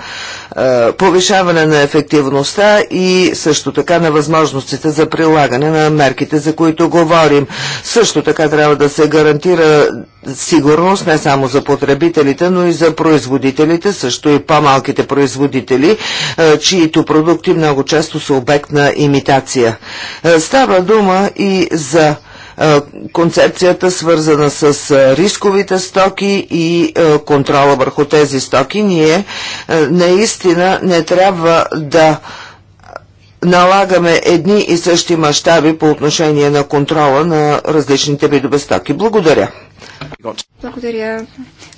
е, повишаване на ефективността и също така на възможностите за прилагане на мерките, за които говорим. Също така трябва да се гарантира сигурност не само за потребителите, но и за производителите, също и по-малките производители, е, чието продукти много често са обект на имитация. Е, става дума и за концепцията свързана с рисковите стоки и контрола върху тези стоки. Ние наистина не трябва да налагаме едни и същи мащаби по отношение на контрола на различните видове стоки. Благодаря. Благодаря.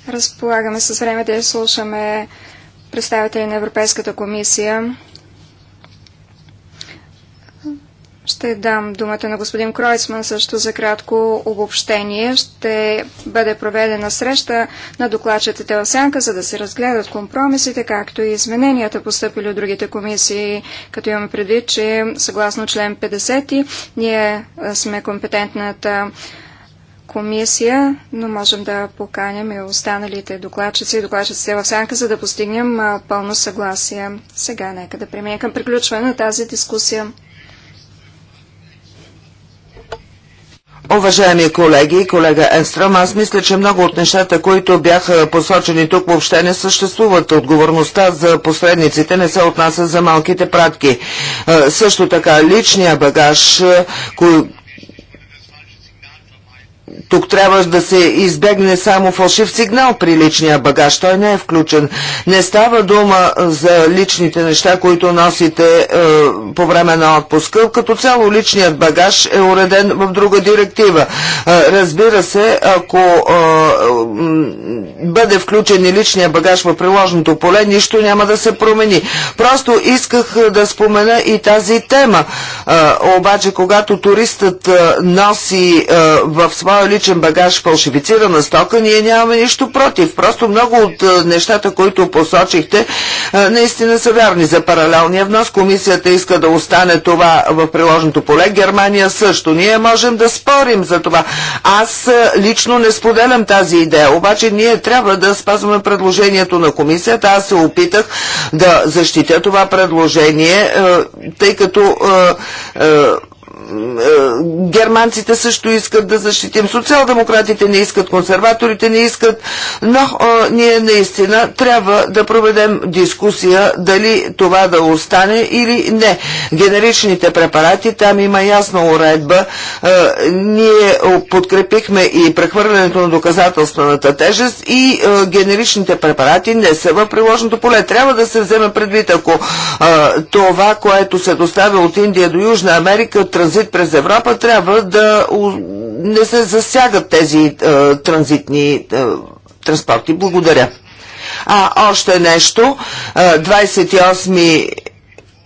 Разполагаме с време да слушаме представители на Европейската комисия. Ще дам думата на господин Кройцман също за кратко обобщение. Ще бъде проведена среща на докладчетите в сянка, за да се разгледат компромисите, както и измененията поступили от другите комисии, като имаме предвид, че съгласно член 50 ние сме компетентната комисия, но можем да поканим и останалите докладчици и докладчици в сянка, за да постигнем пълно съгласие. Сега нека да преминем към приключване на тази дискусия. Уважаеми колеги, колега Енстрам, аз мисля, че много от нещата, които бяха посочени тук, въобще не съществуват. Отговорността за посредниците не се отнася за малките пратки. Също така, личния багаж, тук трябва да се избегне само фалшив сигнал при личния багаж. Той не е включен. Не става дума за личните неща, които носите е, по време на отпуска. Като цяло личният багаж е уреден в друга директива. Е, разбира се, ако е, бъде включен и личния багаж в приложното поле, нищо няма да се промени. Просто исках е, да спомена и тази тема. Е, обаче, когато туристът е, носи е, в своя моя личен багаж фалшифицирана стока, ние нямаме нищо против. Просто много от е, нещата, които посочихте, е, наистина са вярни за паралелния внос. Комисията иска да остане това в приложното поле. Германия също. Ние можем да спорим за това. Аз е, лично не споделям тази идея, обаче ние трябва да спазваме предложението на комисията. Аз се опитах да защитя това предложение, тъй като е, германците също искат да защитим, социал-демократите не искат, консерваторите не искат, но а, е, ние наистина трябва да проведем дискусия дали това да остане или не. Генеричните препарати, там има ясна уредба. А, е, ние подкрепихме и прехвърлянето на доказателствената тежест и а, генеричните препарати не са в приложното поле. Трябва да се вземе предвид, ако а, това, което се доставя от Индия до Южна Америка, транзит през Европа, трябва да не се засягат тези е, транзитни е, транспорти. Благодаря. А още нещо. Е, 28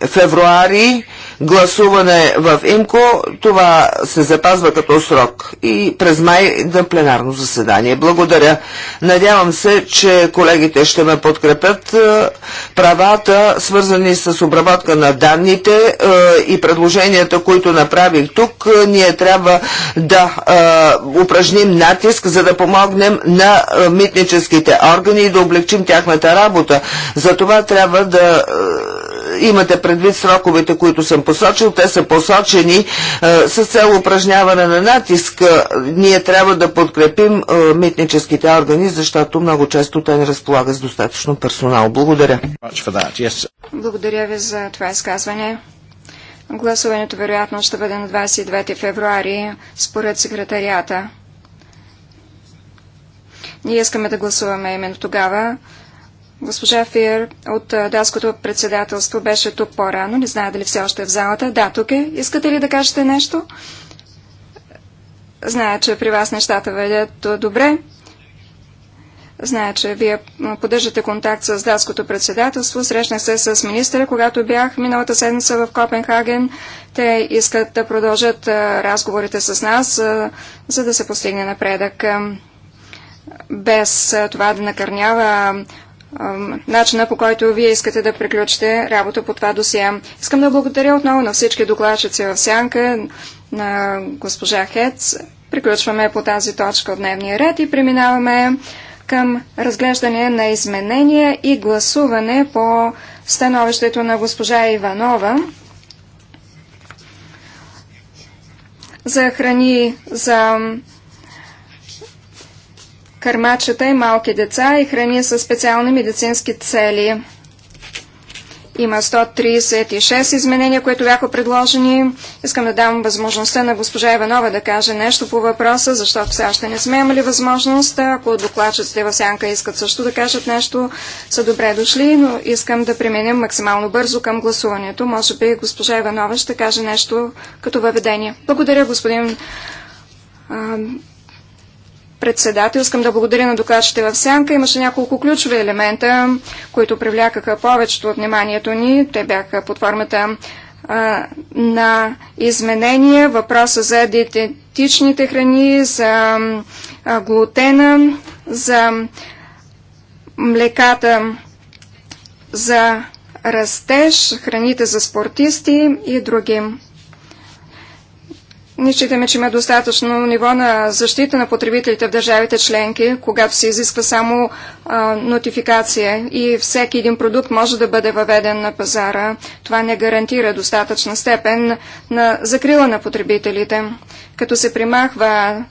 февруари гласуване в ИМКО, това се запазва като срок и през май на пленарно заседание. Благодаря. Надявам се, че колегите ще ме подкрепят. Е, правата, свързани с обработка на данните е, и предложенията, които направих тук, е, ние трябва да упражним натиск, за да помогнем на митническите органи и да облегчим тяхната работа. За това трябва да имате предвид сроковете, които съм посочил. Те са посочени е, с цел упражняване на натиск. Е, ние трябва да подкрепим е, митническите органи, защото много често те не разполагат с достатъчно персонал. Благодаря. Благодаря ви за това изказване. Гласуването вероятно ще бъде на 22 февруари според секретарията. Ние искаме да гласуваме именно тогава, Госпожа Фиер от датското председателство беше тук по-рано. Не знае дали все още е в залата. Да, тук е. Искате ли да кажете нещо? Зная, че при вас нещата ведят добре. Зная, че вие поддържате контакт с датското председателство. Срещнах се с министъра, когато бях миналата седмица в Копенхаген. Те искат да продължат разговорите с нас, за да се постигне напредък. Без това да накърнява начина по който вие искате да приключите работа по това досия. Искам да благодаря отново на всички докладчици в Сянка, на госпожа Хец. Приключваме по тази точка от дневния ред и преминаваме към разглеждане на изменения и гласуване по становището на госпожа Иванова за храни за кърмачета и малки деца и храни със специални медицински цели. Има 136 изменения, които бяха предложени. Искам да дам възможността на госпожа Иванова да каже нещо по въпроса, защото все още не сме имали възможност. Ако докладчиците в сянка искат също да кажат нещо, са добре дошли, но искам да преминем максимално бързо към гласуването. Може би госпожа Иванова ще каже нещо като въведение. Благодаря, господин председател. Искам да благодаря на докачите в Сянка. Имаше няколко ключови елемента, които привлякаха повечето от вниманието ни. Те бяха под формата а, на изменения, въпроса за диететичните храни, за а, глутена, за млеката за растеж, храните за спортисти и други. Ние считаме, че има достатъчно ниво на защита на потребителите в държавите членки, когато се изисква само а, нотификация и всеки един продукт може да бъде въведен на пазара. Това не гарантира достатъчна степен на закрила на потребителите. Като се примахва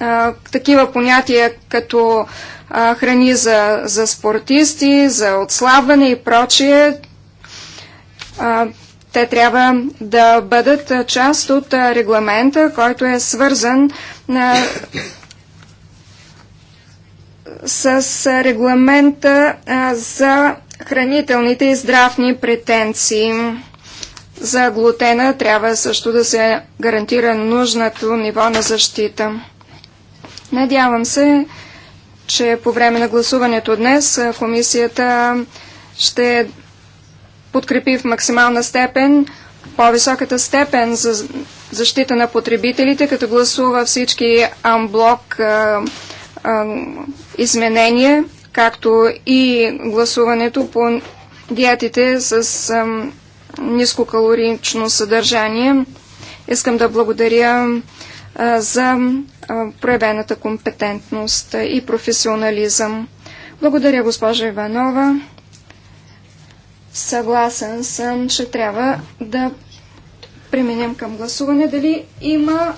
а, такива понятия като а, храни за, за спортисти, за отслабване и прочие, те трябва да бъдат част от регламента, който е свързан на... с регламента за хранителните и здравни претенции. За глутена трябва също да се гарантира нужното ниво на защита. Надявам се, че по време на гласуването днес комисията ще подкрепи в максимална степен по-високата степен за защита на потребителите, като гласува всички амблок а, а, изменения, както и гласуването по диетите с а, нискокалорично съдържание. Искам да благодаря а, за а, проявената компетентност и професионализъм. Благодаря, госпожа Иванова. Съгласен съм, че трябва да преминем към гласуване. Дали има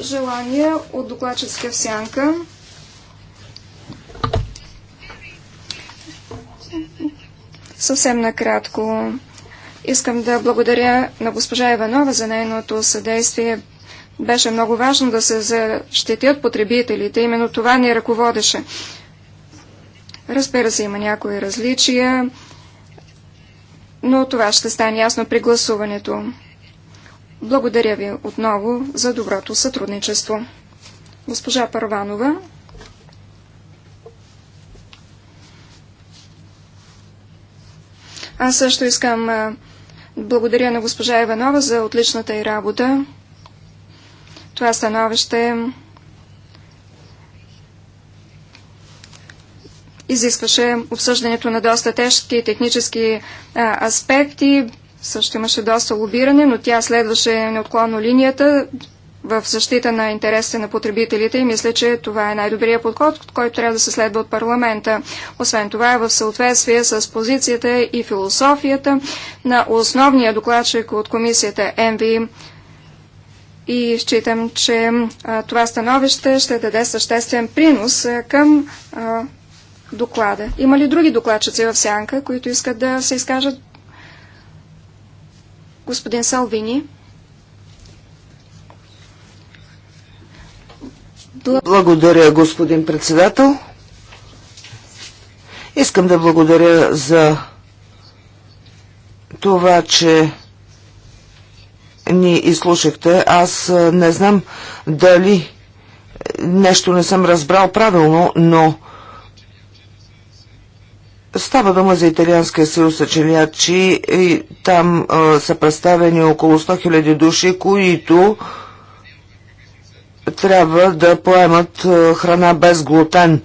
желание от докладческа сянка? Съвсем накратко. Искам да благодаря на госпожа Иванова за нейното съдействие. Беше много важно да се защитят потребителите. Именно това ни ръководеше. Разбира се, има някои различия, но това ще стане ясно при гласуването. Благодаря ви отново за доброто сътрудничество. Госпожа Парванова. Аз също искам благодаря на госпожа Иванова за отличната й работа. Това становище изискваше обсъждането на доста тежки технически а, аспекти. Също имаше доста лобиране, но тя следваше неотклонно линията в защита на интересите на потребителите и мисля, че това е най-добрият подход, който трябва да се следва от парламента. Освен това е в съответствие с позицията и философията на основния докладчик от комисията МВИ и считам, че а, това становище ще даде съществен принос а, към а, доклада. Има ли други докладчици в сянка, които искат да се изкажат? Господин Салвини. Благодаря, господин председател. Искам да благодаря за това, че ни изслушахте. Аз не знам дали е, нещо не съм разбрал правилно, но Става дума за Италианския съюз съчинячи и там а, са представени около 100 000 души, които трябва да поемат а, храна без глутен,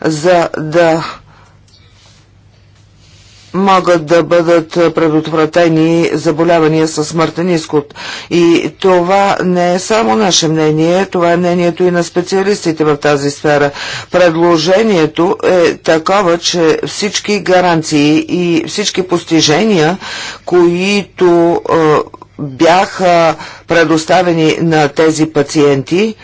за да могат да бъдат предотвратени заболявания със смъртен изход. И това не е само наше мнение, това е мнението и на специалистите в тази сфера. Предложението е такова, че всички гаранции и всички постижения, които е, бяха предоставени на тези пациенти, е,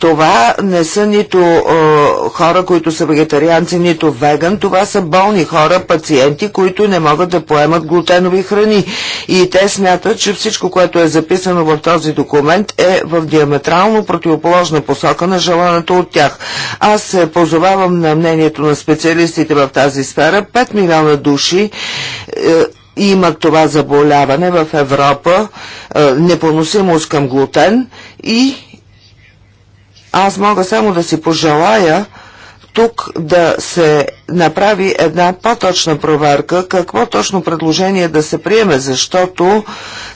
това не са нито е, хора, които са вегетарианци, нито веган. Това са болни хора, пациенти, които не могат да поемат глутенови храни. И те смятат, че всичко, което е записано в този документ е в диаметрално противоположна посока на желаното от тях. Аз се позовавам на мнението на специалистите в тази сфера. 5 милиона души е, имат това заболяване в Европа, е, непоносимост към глутен и аз мога само да си пожелая тук да се направи една по-точна проверка, какво точно предложение да се приеме, защото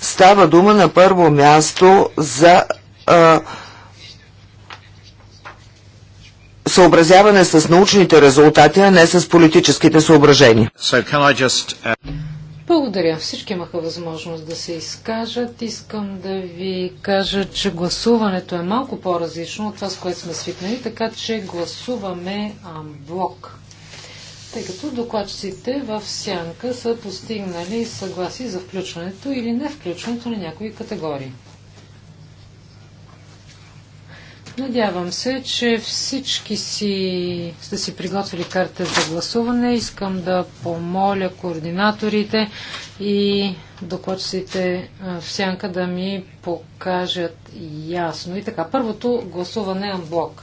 става дума на първо място за а, съобразяване с научните резултати, а не с политическите съображения. So uh, благодаря. Всички имаха възможност да се изкажат. Искам да ви кажа, че гласуването е малко по-различно от това, с което сме свикнали, така че гласуваме блок. Тъй като докладчиците в сянка са постигнали съгласи за включването или не включването на някои категории. Надявам се, че всички си сте си приготвили карта за гласуване. Искам да помоля координаторите и докладчиците в сянка да ми покажат ясно. И така, първото гласуване е блок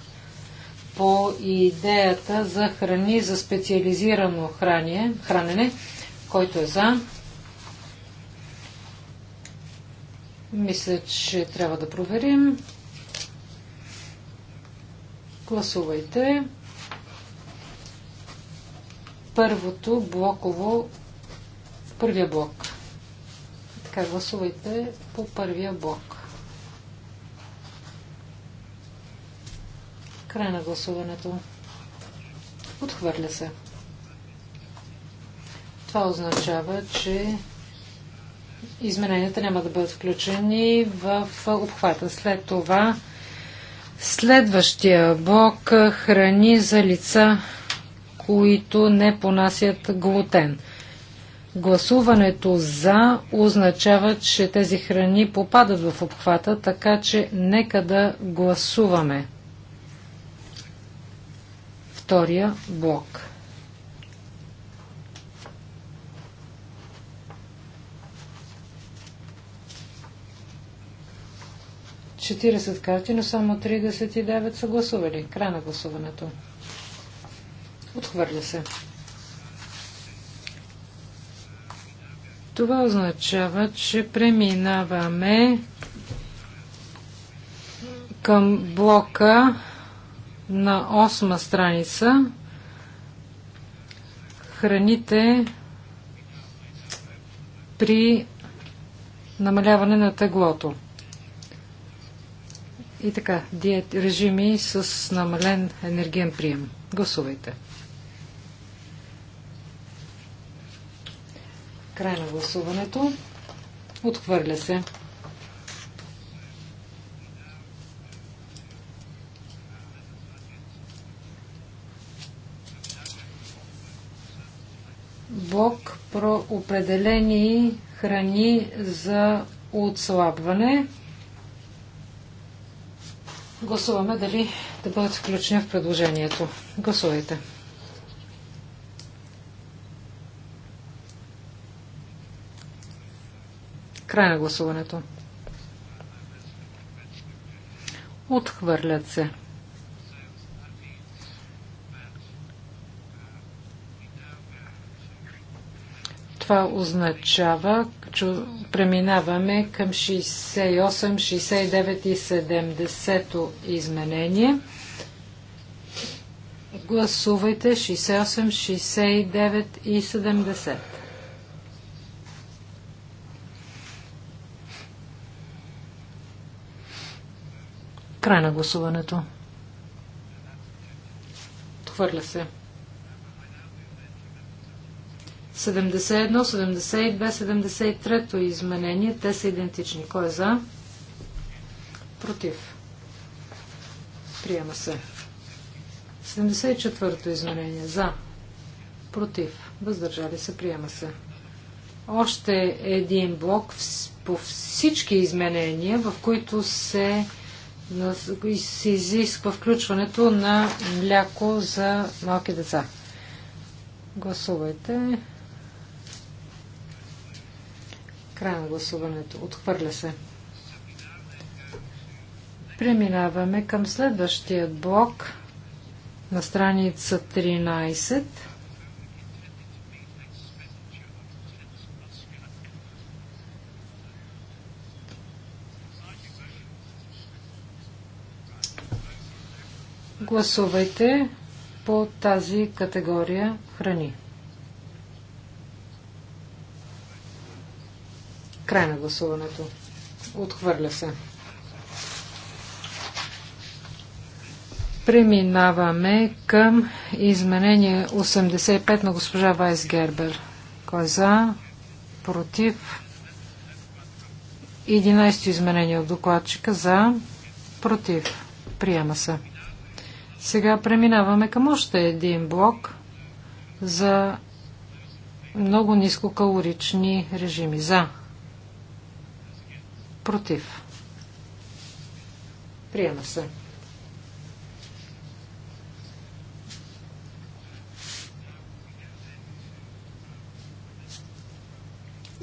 по идеята за храни за специализирано хране, хранене, който е за. Мисля, че трябва да проверим. Гласувайте. Първото блоково, първия блок. Така, гласувайте по първия блок. Край на гласуването. Отхвърля се. Това означава, че измененията няма да бъдат включени в обхвата. След това Следващия блок храни за лица, които не понасят глутен. Гласуването за означава, че тези храни попадат в обхвата, така че нека да гласуваме. Втория блок. 40 карти, но само 39 са гласували. Край на гласуването. Отхвърля се. Това означава, че преминаваме към блока на 8 страница храните при намаляване на теглото. И така, диет, режими с намален енергиен прием. Гласувайте. Край на гласуването. Отхвърля се. Блок про определени храни за отслабване. Гласуваме дали да бъдат включени в предложението. Гласувайте. Край на гласуването. Отхвърлят се. Това означава, че преминаваме към 68, 69 и 70 изменение. Гласувайте 68, 69 и 70. Край на гласуването. Отхвърля се. 71, 72, 73 изменение. Те са идентични. Кой е за? Против. Приема се. 74-то изменение. За. Против. Въздържали се. Приема се. Още един блок по всички изменения, в които се, се изисква включването на мляко за малки деца. Гласувайте. Край на гласуването. Отхвърля се. Преминаваме към следващия блок на страница 13. Гласувайте по тази категория храни. Край на гласуването. Отхвърля се. Преминаваме към изменение 85 на госпожа Вайс Гербер. Кой е за? Против? 11 изменение от докладчика за? Против? Приема се. Сега преминаваме към още един блок за много нискокалорични режими. За? Против. Приема се.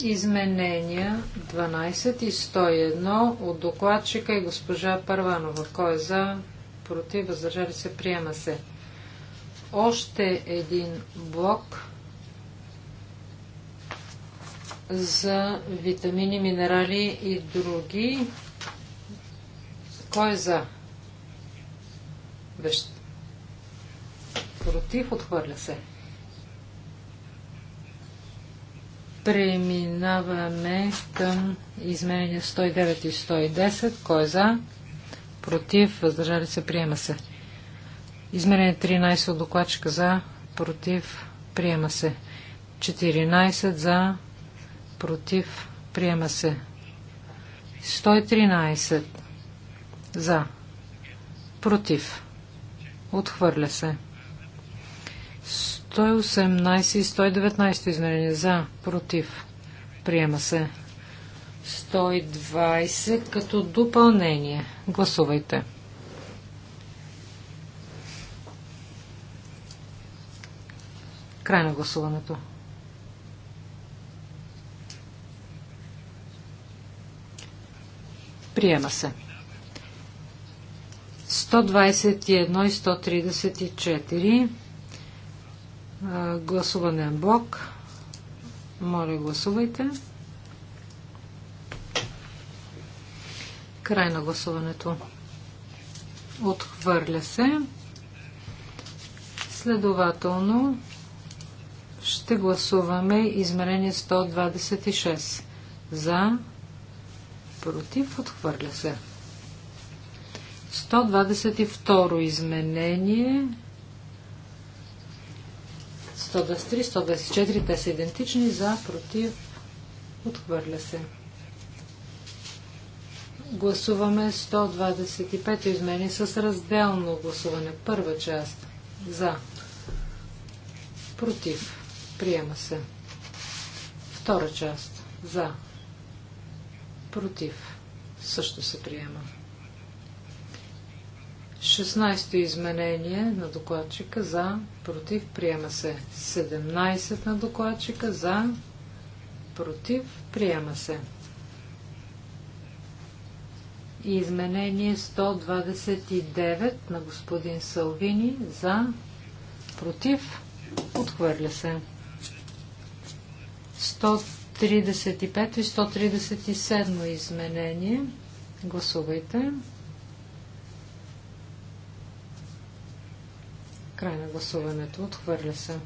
Изменения 12 и 101 от докладчика и госпожа Първанова. Кой е за? Против. Въздържали се. Приема се. Още един блок за витамини, минерали и други. Кой е за? Вещ... Против отхвърля се. Преминаваме към изменения 109 и 110. Кой е за? Против. Въздържали се. Приема се. Измерение 13 от докладчика за. Против. Приема се. 14 за против, приема се. 113 за, против, отхвърля се. 118 и 119 измерения за, против, приема се. 120 като допълнение. Гласувайте. Край на гласуването. Приема се. 121 и 134. Гласуване блок. Моля, гласувайте. Край на гласуването. Отхвърля се. Следователно ще гласуваме измерение 126. За, против, отхвърля се. 122 изменение. 123, 124, те са идентични, за, против, отхвърля се. Гласуваме 125 измени с разделно гласуване. Първа част. За. Против. Приема се. Втора част. За. Против. Също се приема. 16-то изменение на докладчика за, против, приема се. 17 на докладчика за, против, приема се. И изменение 129 на господин Салвини за, против, отхвърля се. 135 и 137 изменение. Гласувайте. Край на гласуването. Отхвърля се.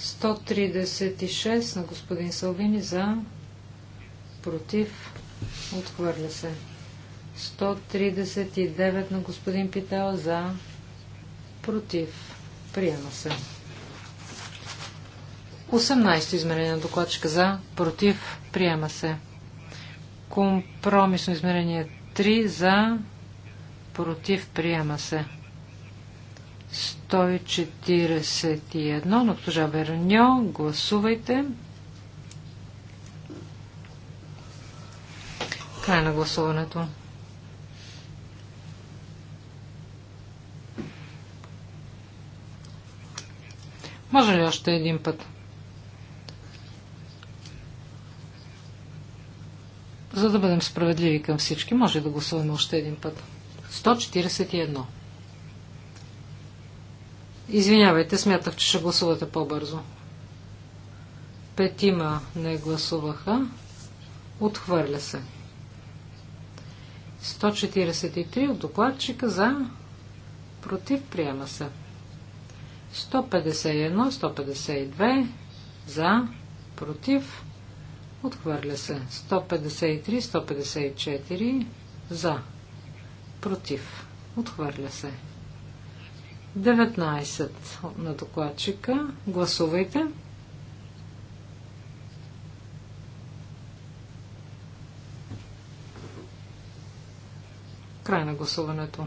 136 на господин Салвини за против. Отхвърля се. 139 на господин Питал за против. Приема се. 18 измерение на докладчика за, против, приема се. Компромисно измерение 3 за, против, приема се. 141 на госпожа Верньо. Гласувайте. Край на гласуването. Може ли още един път? За да бъдем справедливи към всички, може да гласуваме още един път. 141. Извинявайте, смятах, че ще гласувате по-бързо. Петима не гласуваха. Отхвърля се. 143 от докладчика за против приема се. 151, 152 за против Отхвърля се. 153, 154 за. Против. Отхвърля се. 19 на докладчика. Гласувайте. Край на гласуването.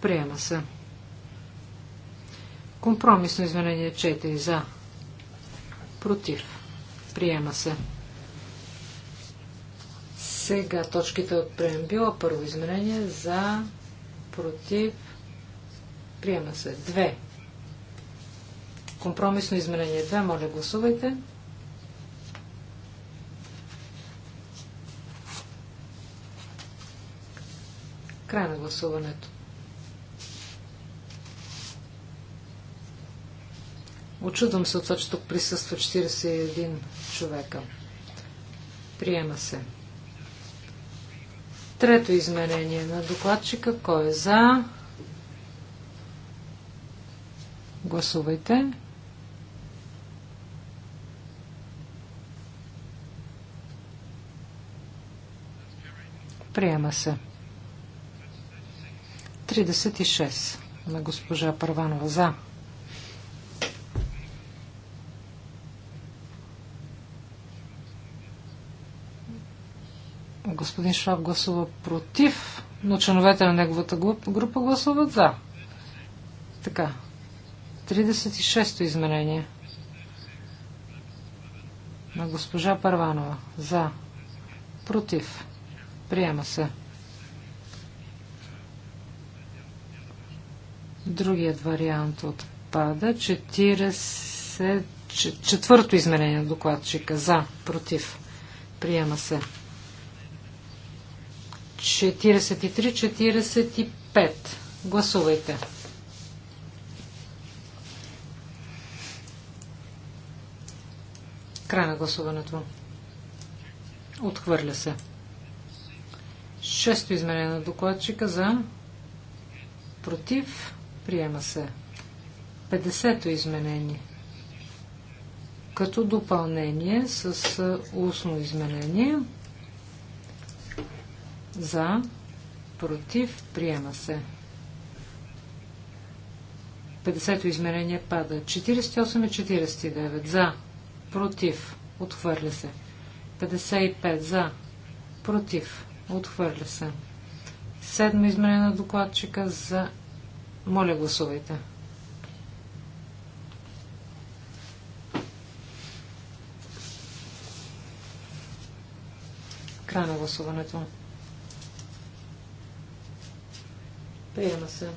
Приема се. Компромисно изменение 4 за. Против. Приема се. Сега точките от преембила. Първо изменение за, против, приема се. Две. Компромисно изменение Две, Моля, гласувайте. Край на гласуването. Очудвам се от това, че тук присъства 41 човека. Приема се. Трето изменение на докладчика. Кой е за? Гласувайте. Приема се. 36 на госпожа Първанова за. Господин Шваб гласува против, но членовете на неговата група гласуват за. Така. 36-то изменение на госпожа Парванова. За. Против. Приема се. Другият вариант отпада. 40... Четвърто изменение на докладчика. За. Против. Приема се. 43-45. Гласувайте. Край на гласуването. Отхвърля се. Шесто изменение на докладчика за против. Приема се. 50-то изменение. Като допълнение с устно изменение. За. Против. Приема се. 50-то измерение пада. 48 и 49. За. Против. Отхвърля се. 55. За. Против. Отхвърля се. Седмо измерение на докладчика за... Моля, гласувайте. Край на гласуването. Приема се.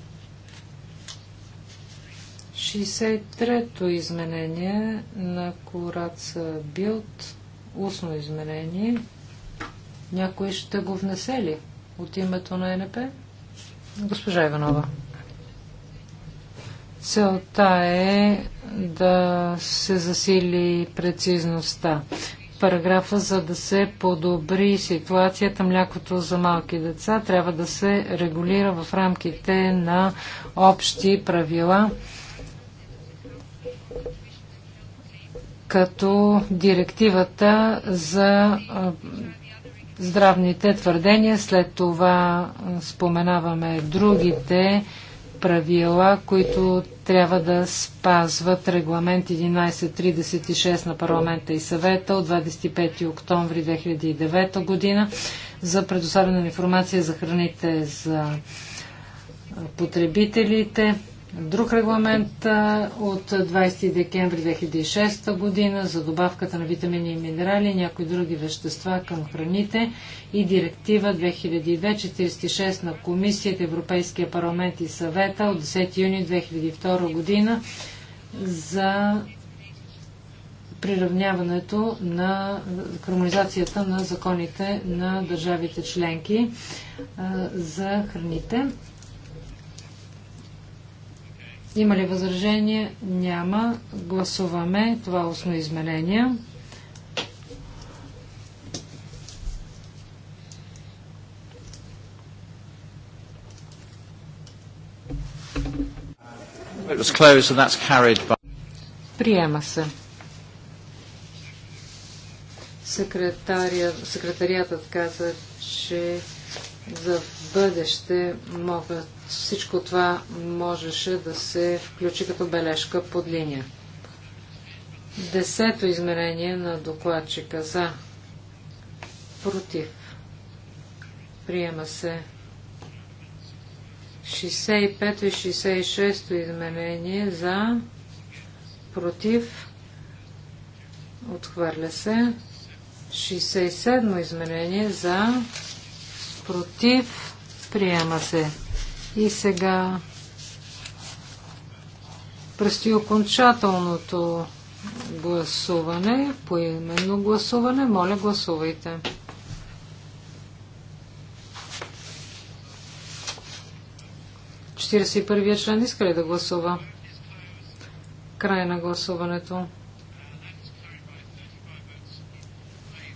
63-то изменение на Кораца Билд. Устно изменение. Някой ще го внесе ли от името на НП? Госпожа Иванова. Целта е да се засили прецизността параграфа, за да се подобри ситуацията. Млякото за малки деца трябва да се регулира в рамките на общи правила, като директивата за здравните твърдения. След това споменаваме другите правила, които трябва да спазват регламент 1136 на парламента и съвета от 25 октомври 2009 година за предоставяне на информация за храните за потребителите друг регламент от 20 декември 2006 година за добавката на витамини и минерали и някои други вещества към храните и директива 2002-46 на Комисията, Европейския парламент и съвета от 10 юни 2002 година за приравняването на хармонизацията на законите на държавите членки за храните. Има ли възражение? Няма. Гласуваме това устно изменение. Приема се. Секретарият каза, че за бъдеще могат, всичко това можеше да се включи като бележка под линия. Десето измерение на докладчика за против приема се 65 и 66 измерение за против отхвърля се 67 измерение за против Приема се. И сега Пръсти окончателното гласуване, поименно гласуване. Моля, гласувайте. Четиридесет и първият член иска ли да гласува? Край на гласуването.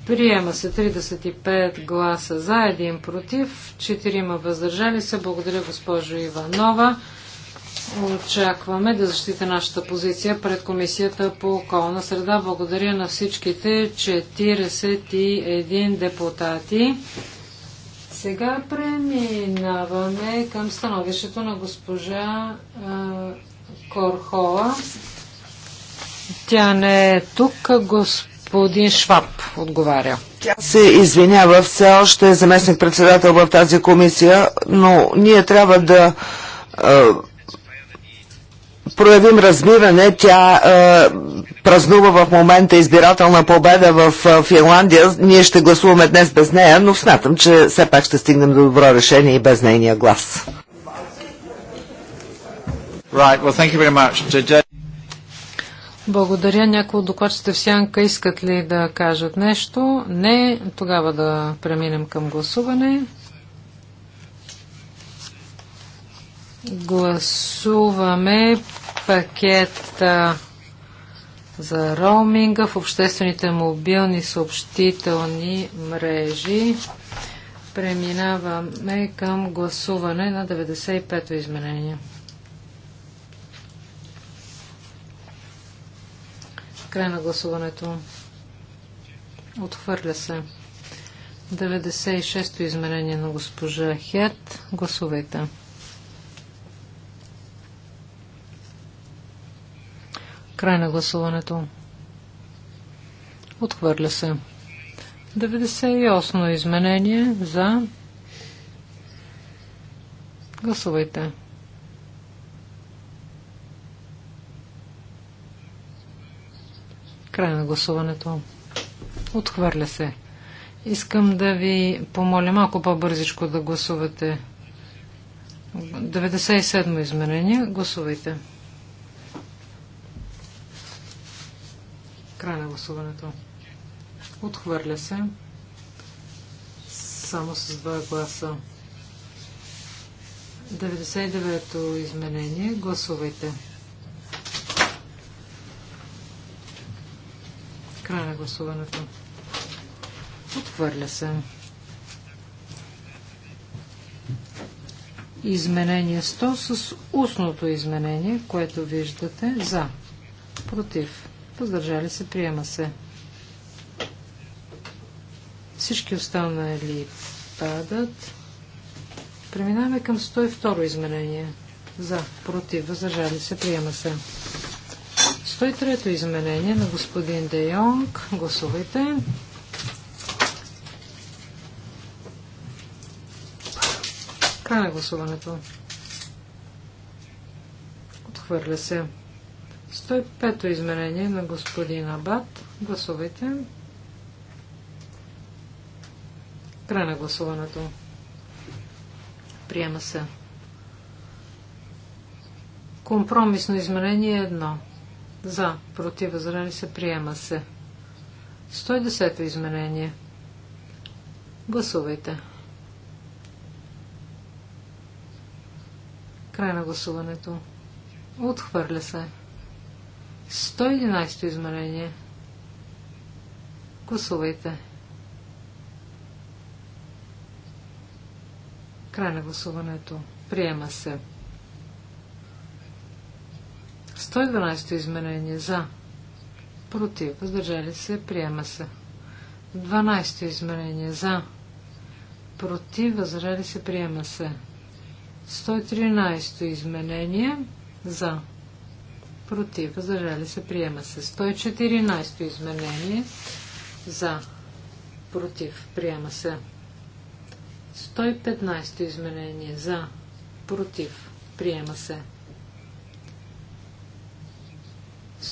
Приема се 35 гласа за, 1 против, 4 въздържали се. Благодаря, госпожо Иванова. Очакваме да защита нашата позиция пред Комисията по околна среда. Благодаря на всичките 41 депутати. Сега преминаваме към становището на госпожа Корхола. Тя не е тук. Госп... Господин Шваб отговаря. Тя се извинява, все още е заместник-председател в тази комисия, но ние трябва да е, проявим разбиране. Тя е, празнува в момента избирателна победа в е, Финландия. Ние ще гласуваме днес без нея, но смятам, че все пак ще стигнем до добро решение и без нейния глас. Right, well, thank you very much. Благодаря. Някои от докладчите в сянка искат ли да кажат нещо? Не. Тогава да преминем към гласуване. Гласуваме пакета за роуминга в обществените мобилни съобщителни мрежи. Преминаваме към гласуване на 95-то изменение. Край на гласуването. Отхвърля се. 96-то изменение на госпожа Хет. Гласувайте. Край на гласуването. Отхвърля се. 98 изменение за. Гласувайте. Край на гласуването. Отхвърля се. Искам да ви помоля малко по-бързичко да гласувате. 97 изменение. Гласувайте. Край на гласуването. Отхвърля се. Само с два гласа. 99-то изменение. Гласувайте. края на гласуването. Отхвърля се. Изменение 100 с устното изменение, което виждате за. Против. Въздържали се. Приема се. Всички останали падат. Преминаваме към 102 изменение. За. Против. Въздържали се. Приема се. 103-то изменение на господин Де Йонг. Гласувайте. Край на гласуването. Отхвърля се. 105-то изменение на господин Абат. Гласувайте. Край на гласуването. Приема се. Компромисно изменение 1. За. Против. възрани се. Приема се. 110 изменение. Гласувайте. Край на гласуването. Отхвърля се. 111 изменение. Гласувайте. Край на гласуването. Приема се. 112 изменение за. Против. Въздържали се. Приема се. 12 изменение за. Против. Въздържали се. Приема се. 113 изменение за. Против. Въздържали се. Приема се. 114 изменение за. Против. Приема се. 115 изменение за. Против. Приема се.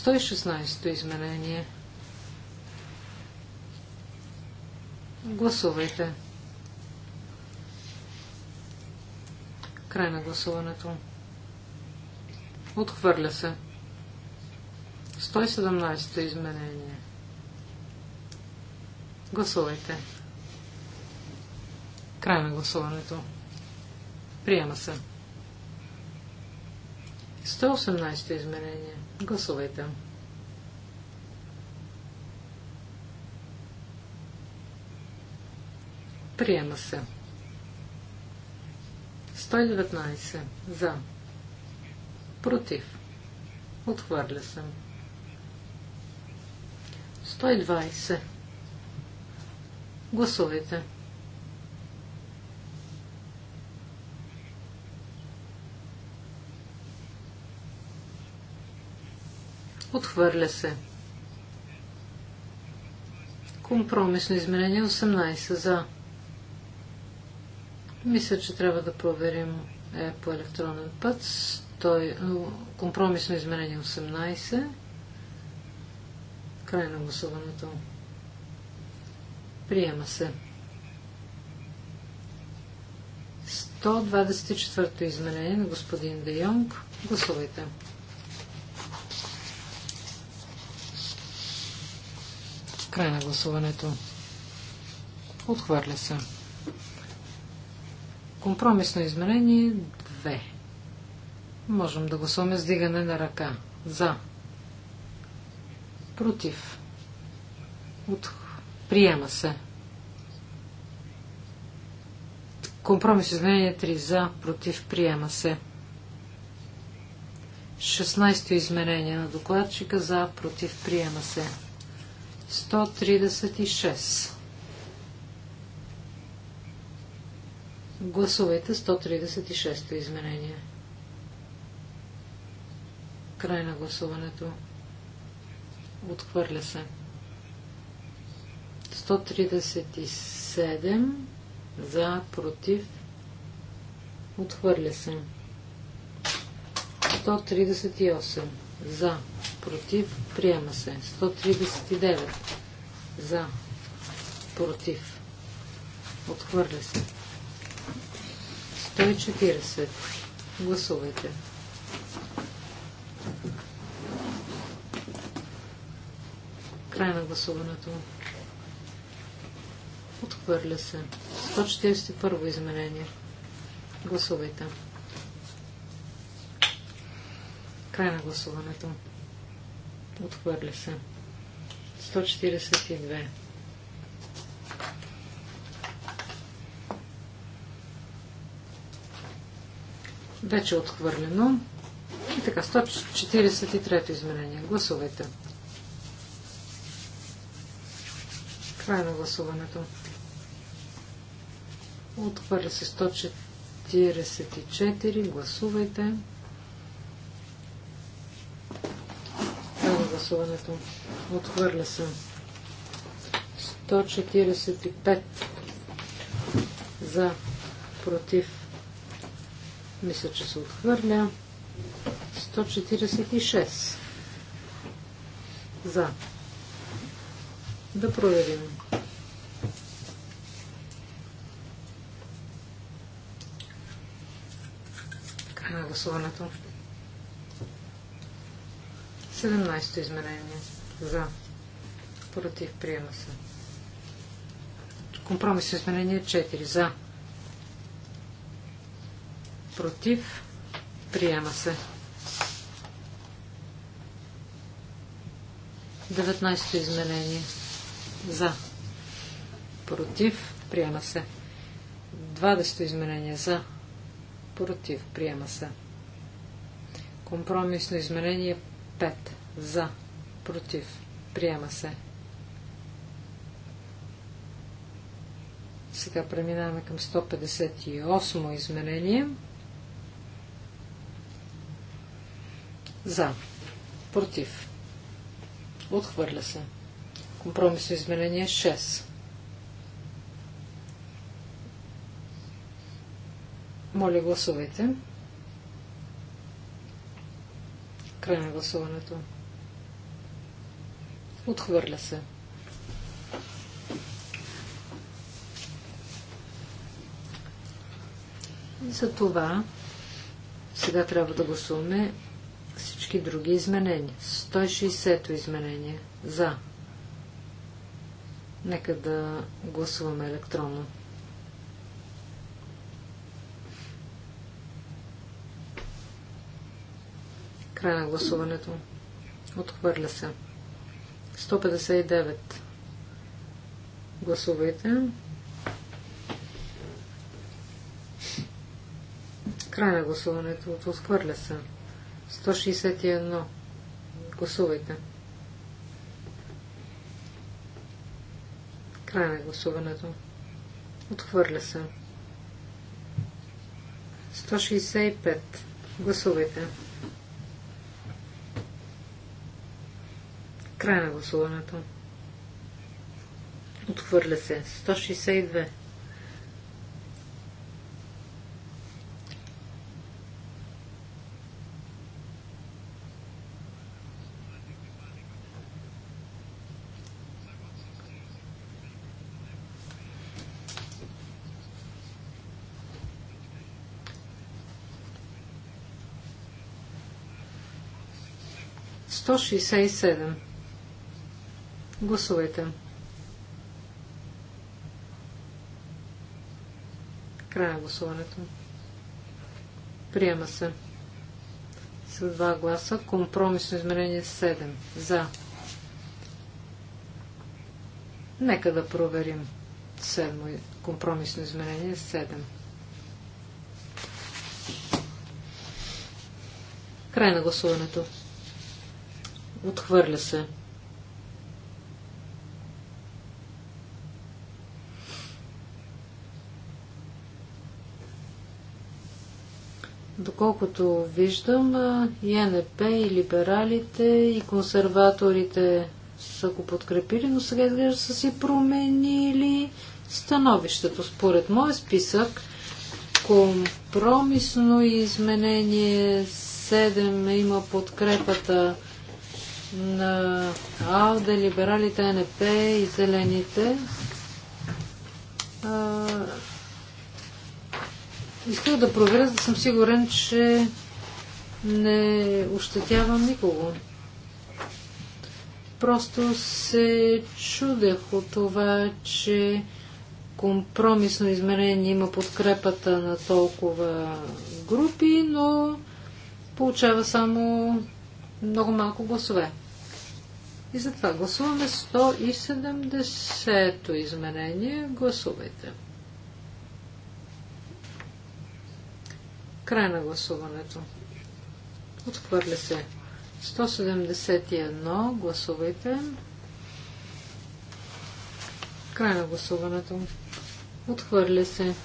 116-то изменение. Гласувайте. Край на гласуването. Отхвърля се. 117-то изменение. Гласувайте. Край на гласуването. Приема се. 118 то измерение. Гласувайте. Приема се. 119. За. Против. Отхвърля се. 120. Гласувайте. 120. Отхвърля се. Компромисно измерение 18 за. Мисля, че трябва да проверим е, по електронен път. Той, е, компромисно измерение 18. Край на гласуването. Приема се. 124-то изменение на господин Де Йонг. Гласувайте. Край на гласуването. Отхвърля се. Компромисно изменение 2. Можем да гласуваме с дигане на ръка. За. Против. От... Приема се. Компромис изменение 3. За. Против. Приема се. 16-то изменение на докладчика. За. Против. Приема се. 136. Гласувайте 136-то изменение. Край на гласуването. Отхвърля се. 137 за, против. Отхвърля се. 138. За. Против. Приема се. 139. За. Против. Отхвърля се. 140. Гласувайте. Край на гласуването. Отхвърля се. 141 изменение. Гласувайте. Гласувайте. Край на гласуването. Отхвърля се. 142. Вече е отхвърлено. И така, 143 изменение. Гласувайте. Край на гласуването. Отхвърля се 144. Гласувайте. Край гласуването. Отхвърля се. 145 за против. Мисля, че се отхвърля. 146 за. Да проверим. Край на гласуването. 17 изменение. За. Против. Приема се. Компромисно изменение 4. За. Против. Приема се. 19 изменение. За. Против. Приема се. 20 изменение. За. Против. Приема се. Компромисно изменение 5. За. Против. Приема се. Сега преминаваме към 158 изменение. За. Против. Отхвърля се. Компромисно изменение 6. Моля, гласувайте. Край на гласуването. Отхвърля се. И За това сега трябва да гласуваме всички други изменения. 160-то изменение. За. Нека да гласуваме електронно. Край на гласуването. Отхвърля се. 159. Гласувайте. Край на гласуването. Отхвърля се. 161. Гласувайте. Край на гласуването. Отхвърля се. 165. Гласувайте. Край на гласуването. Отхвърля се. 162. Сто Гласувайте. Край на гласуването. Приема се. С два гласа. Компромисно измерение 7. За. Нека да проверим. Седмо компромисно измерение 7. Край на гласуването. Отхвърля се. Доколкото виждам, ЕНП и либералите и консерваторите са го подкрепили, но сега изглежда са си променили становището. Според моя списък, компромисно изменение 7 е има подкрепата на АЛДЕ, либералите, НП и зелените. Исках да проверя, да съм сигурен, че не ощетявам никого. Просто се чудех от това, че компромисно измерение има подкрепата на толкова групи, но получава само много малко гласове. И затова гласуваме 170-то изменение. Гласувайте. Край на гласуването. Отхвърля се. 171. Гласувайте. Край на гласуването. Отхвърля се.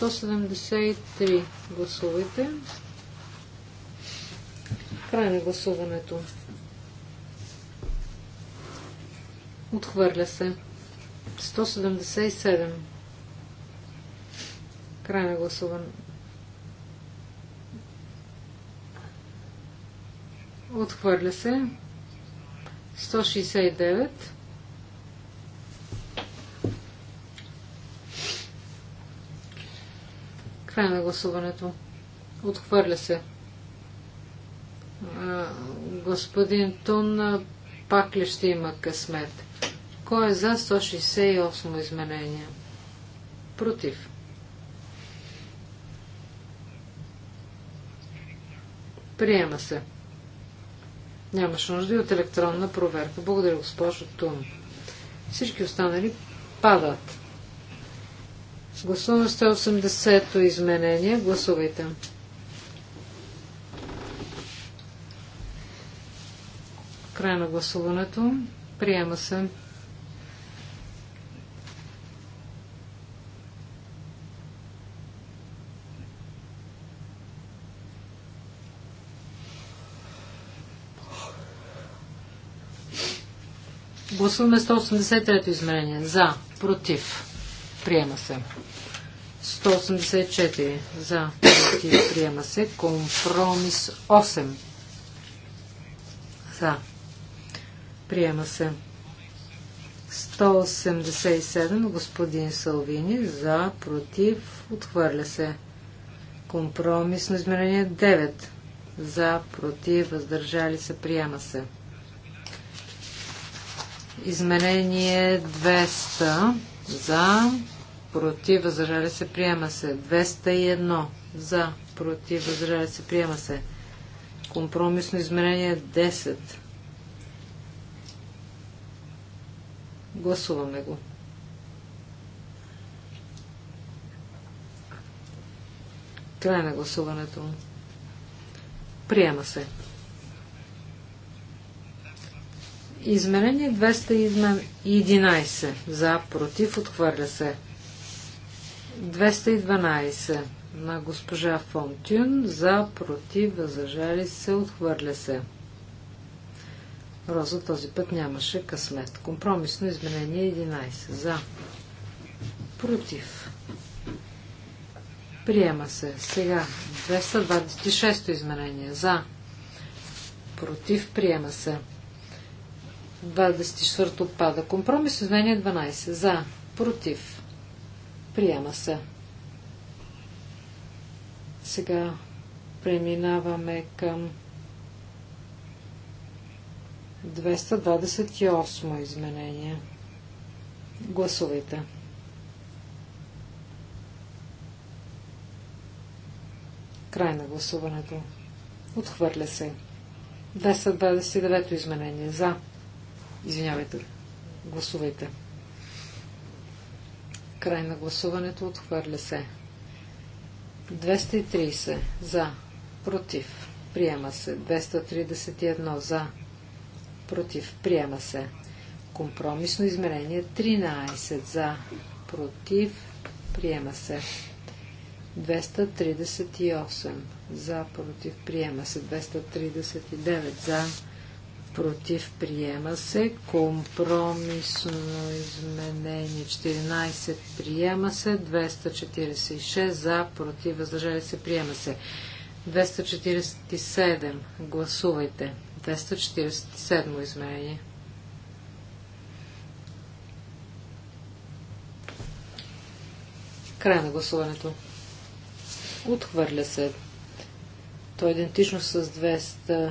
173. Гласувайте. Край на гласуването. Отхвърля се. 177. Край на гласуването. Отхвърля се. 169. Край на гласуването. Отхвърля се. А, господин Тун пак ли ще има късмет? Кой е за 168 изменение? Против. Приема се. Нямаше нужда и от електронна проверка. Благодаря, госпожо Тун. Всички останали падат. Гласуваме 180-то изменение. Гласувайте. Край на гласуването. Приема се. Гласуваме 183-то измерение. За. Против. Приема се. 184. За. Против. Приема се. Компромис 8. За. Приема се. 187. Господин Салвини. За. Против. Отхвърля се. Компромисно измерение 9. За. Против. Въздържали се. Приема се. Изменение 200 за, против, възражали се, приема се. 201 за, против, възражали се, приема се. Компромисно изменение 10. Гласуваме го. Край на гласуването. Приема се. Измерение 211. За, против, отхвърля се. 212 на госпожа Фонтюн. За, против, възражали се, отхвърля се. Роза този път нямаше късмет. Компромисно изменение 11. За. Против. Приема се. Сега 226 изменение. За. Против. Приема се. 24 отпада. Компромис изменение 12. За. Против. Приема се. Сега преминаваме към 228 изменение. Гласувайте. Край на гласуването. Отхвърля се. 229 изменение. За. Извинявайте. Гласувайте. Край на гласуването. Отхвърля се. 230 за. Против. Приема се. 231 за. Против. Приема се. Компромисно измерение 13 за. Против. Приема се. 238 за. Против. Приема се. 239 за против, приема се. Компромисно изменение 14, приема се. 246 за, против, въздържали се, приема се. 247, гласувайте. 247 изменение. Край на гласуването. Отхвърля се. То е идентично с 200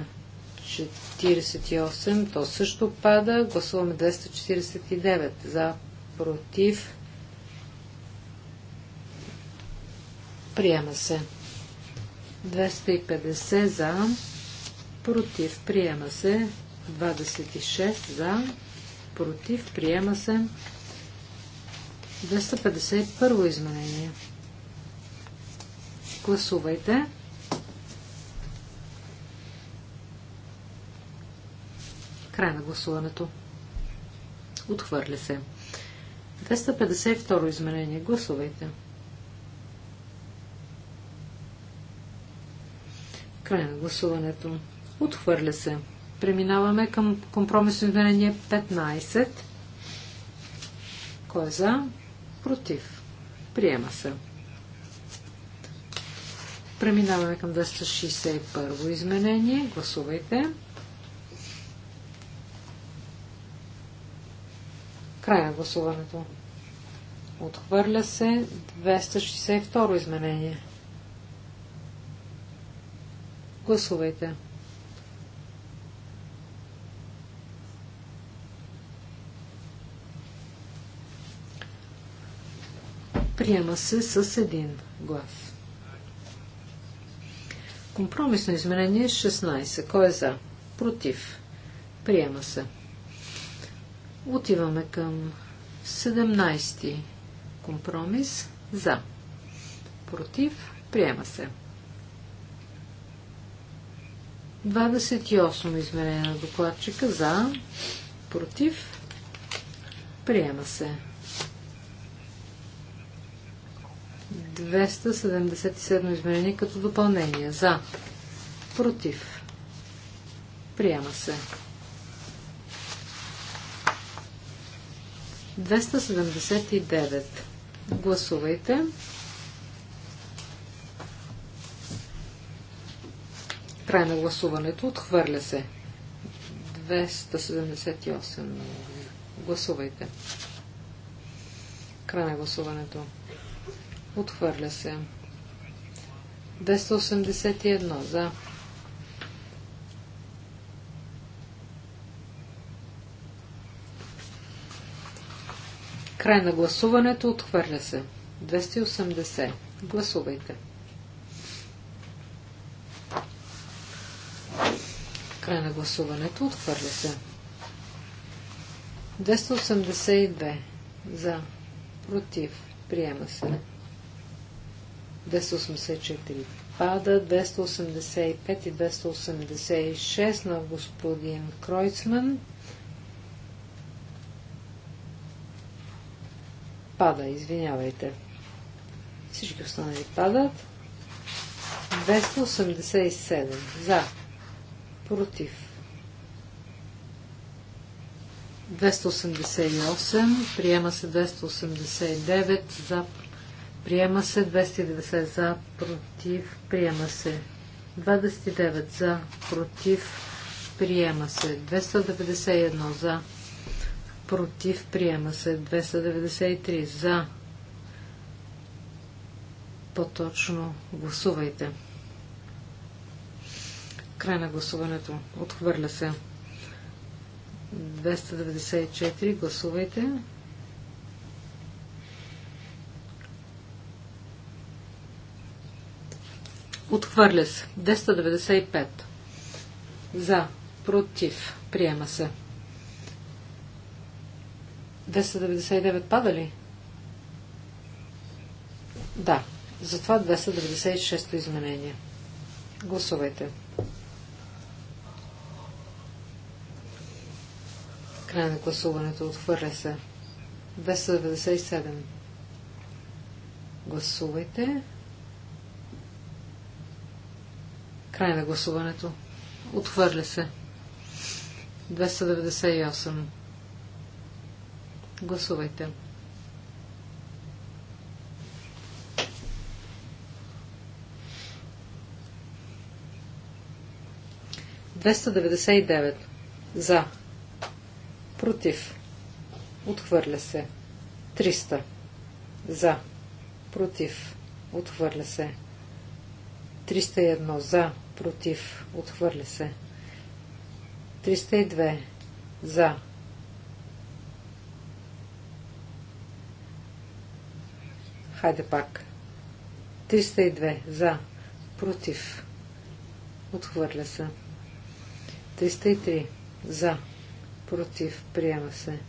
248, то също пада. Гласуваме 249 за против. Приема се. 250 за против. Приема се. 26 за против. Приема се. 251 изменение. Гласувайте. Гласувайте. Край на гласуването. Отхвърля се. 252 изменение. Гласувайте. Край на гласуването. Отхвърля се. Преминаваме към компромисно изменение 15. Кой е за? Против. Приема се. Преминаваме към 261 изменение. Гласувайте. Гласувайте. Край на гласуването. Отхвърля се 262 изменение. Гласувайте. Приема се с един глас. Компромисно изменение 16. Кой е за? Против. Приема се. Отиваме към 17 компромис за. Против. Приема се. 28 измерение на докладчика за. Против. Приема се. 277 измерение като допълнение. За. Против. Приема се. 279. Гласувайте. Край на гласуването. Отхвърля се. 278. Гласувайте. Край на гласуването. Отхвърля се. 281. За. Край на гласуването. Отхвърля се. 280. Гласувайте. Край на гласуването. Отхвърля се. 282. За. Против. Приема се. 284. Пада 285 и 286 на господин Кройцман. пада, извинявайте. Всички останали падат. 287 за, против. 288, приема се 289 за, приема се 290 за, против, приема се 29 за, против, приема се 291 за, против, приема се 293 за. По-точно гласувайте. Край на гласуването. Отхвърля се. 294. Гласувайте. Отхвърля се. 295. За. Против. Приема се. 299 пада ли? Да. Затова 296 изменение. Гласувайте. Край на гласуването. Отхвърля се. 297. Гласувайте. Край на гласуването. Отхвърля се. 298. Гласувайте. Двеста За. Против. Отхвърля се. 300. За. Против. Отхвърля се. 301. За. Против. Отхвърля се. 302. За. Хайде пак. 302. За. Против. Отхвърля се. 303. За. Против. Приема се.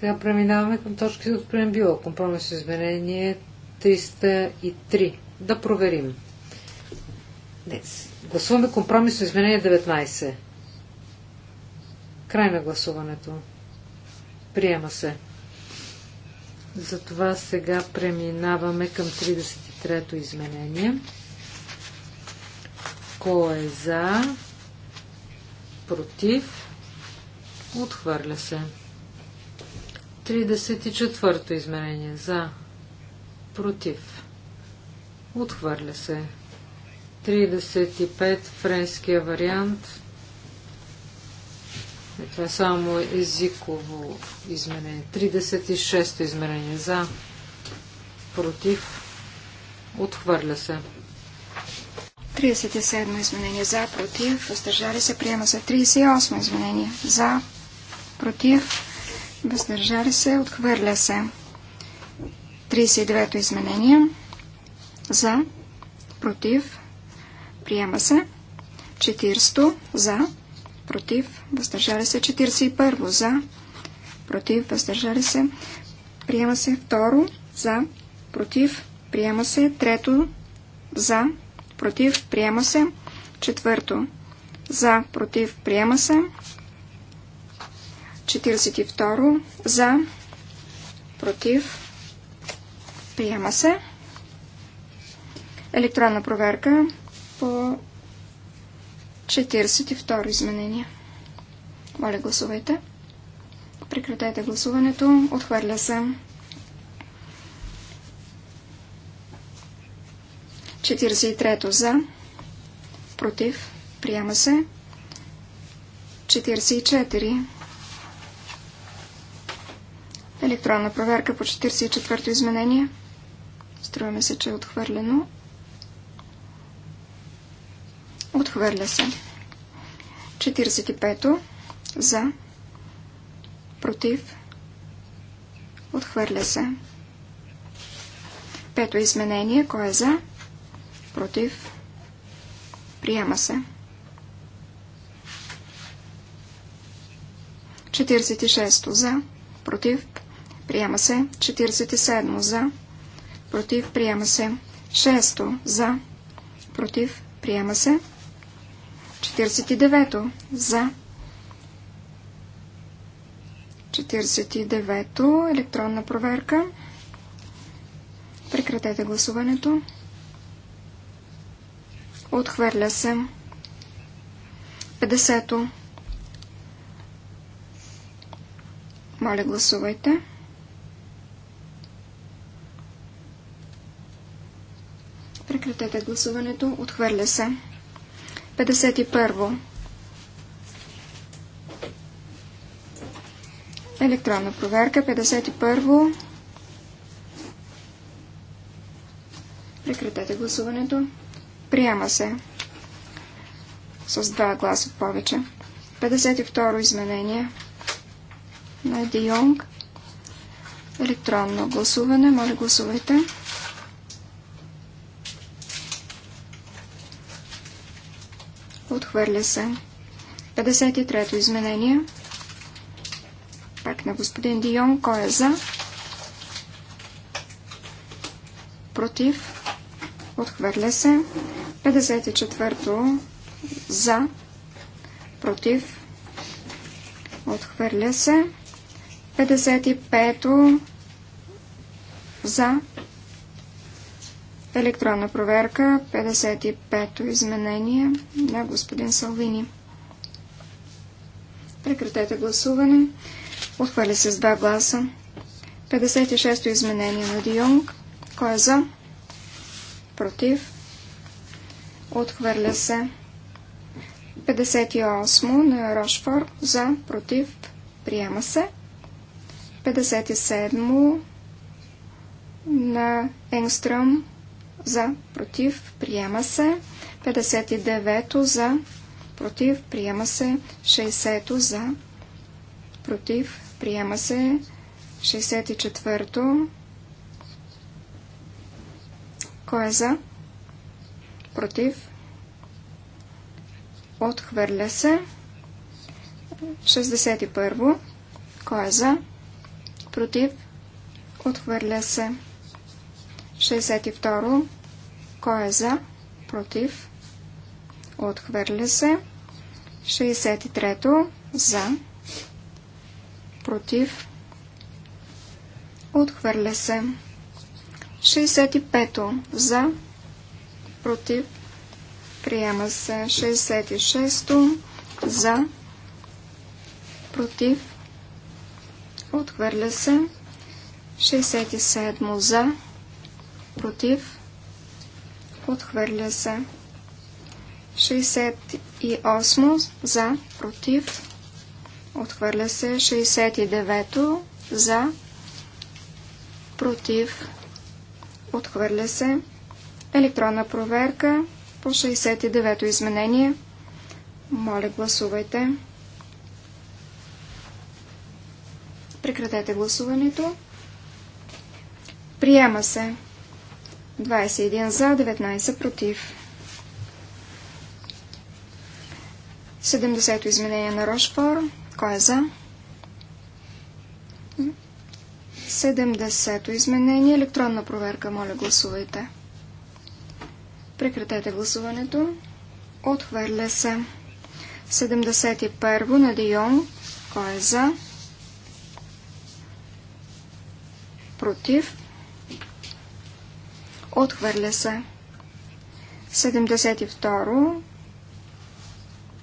Сега преминаваме към точки от преамбюла. Компромис изменение 303. Да проверим. Днес. Гласуваме компромис изменение 19. Край на гласуването. Приема се. Затова сега преминаваме към 33-то изменение. Кой е за? Против? Отхвърля се. 34-то изменение. За? Против? Отхвърля се. 35 френския вариант това е само езиково изменение. 36-то изменение за, против, отхвърля се. 37 изменение за, против, въздържали се, приема се. 38 изменение за, против, въздържали се, отхвърля се. 39-то изменение за, против, приема се. 40 за, против, въздържали се. 41 за, против, въздържали се. Приема се. Второ, за, против, приема се. Трето, за, против, приема се. Четвърто, за, против, приема се. 42 за, против, приема се. Електронна проверка по 42 изменение. Моля, гласувайте. Прекратете гласуването. Отхвърля се. 43 за. Против. Приема се. 44. Електронна проверка по 44-то изменение. Струваме се, че е отхвърлено. Отхвърля се. 45 За. Против. Отхвърля се. Пето изменение. Кой е за? Против. Приема се. 46 за. Против. Приема се. 47 за. Против. Приема се. 6 за. Против. Приема се. 49-то за. 49-то електронна проверка. Прекратете гласуването. Отхвърля се. 50-то. Моля, гласувайте. Прекратете гласуването. Отхвърля се. 51. Електронна проверка. 51. Прекратете гласуването. Приема се. С два гласа повече. 52 изменение на Де Йонг. Електронно гласуване. Моля Гласувайте. Отхвърля се. 53-то изменение. Пак на господин Дион. Кой е за? Против. Отхвърля се. 54-то за. Против. Отхвърля се. 55-то за. Против Електронна проверка, 55-то изменение на господин Салвини. Прекратете гласуване. Отхвърля се с два гласа. 56-то изменение на Дионг. Кой е за? Против. Отхвърля се. 58 на Рошфор. За. Против. Приема се. 57 на Енгстръм за, против, приема се. 59-то за, против, приема се. 60-то за, против, приема се. 64-то. Кой е за? Против. Отхвърля се. 61-во. Кой е за? Против. Отхвърля се. 62. Кой е за? Против. Отхвърля се. 63. За. Против. Отхвърля се. 65. За. Против. Приема се. 66. За. Против. Отхвърля се. 67. За против, отхвърля се. 68 за, против, отхвърля се. 69 за, против, отхвърля се. Електронна проверка по 69-то изменение. Моля, гласувайте. Прекратете гласуването. Приема се. 21 за, 19 против. 70-то изменение на Рошфор. Кой е за? 70-то изменение. Електронна проверка. Моля, гласувайте. Прекратете гласуването. Отхвърля се. 71 на Дион. Кой е за? Против. Отхвърля се. 72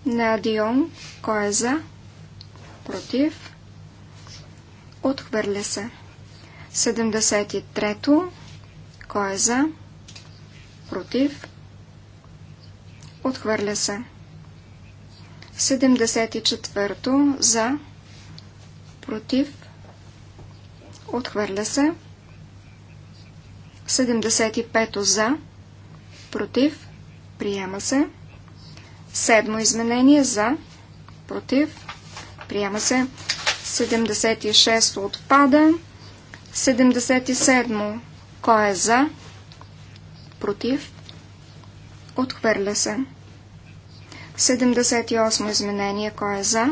на Дион. Кой е за? Против. Отхвърля се. 73 Кой е за? Против. Отхвърля се. 74 За. Против. Отхвърля се. 75 за, против, приема се. Седмо изменение за, против, приема се. 76 отпада. 77 кой е за, против, отхвърля се. 78 изменение кой е за,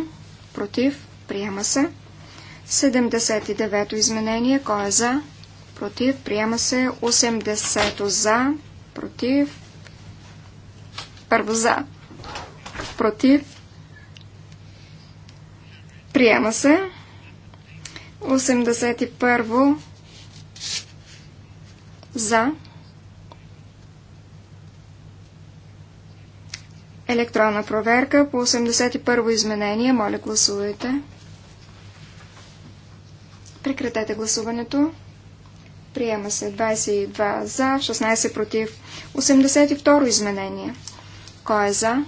против, приема се. 79 изменение кой е за, против, приема се 80 за, против, първо за, против, приема се 81 за, електронна проверка по 81 изменение, моля гласувайте. Прекратете гласуването. Приема се 22 за, 16 против. 82 изменение. Кой е за?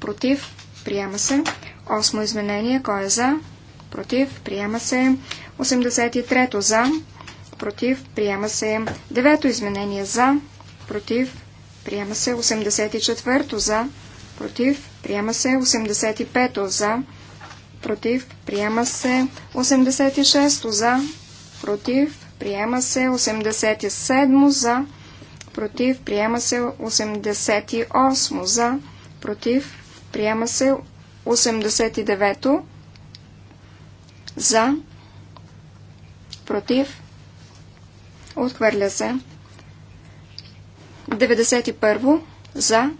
Против. Приема се. 8 изменение. Кой е за? Против. Приема се. 83 за. Против. Приема се. 9 изменение за. Против. Приема се. 84 за. Против. Приема се. 85 за. Против. Приема се. 86 за. Против приема се 87 за, против, приема се 88 за, против, приема се 89 за, против, отхвърля се 91 за,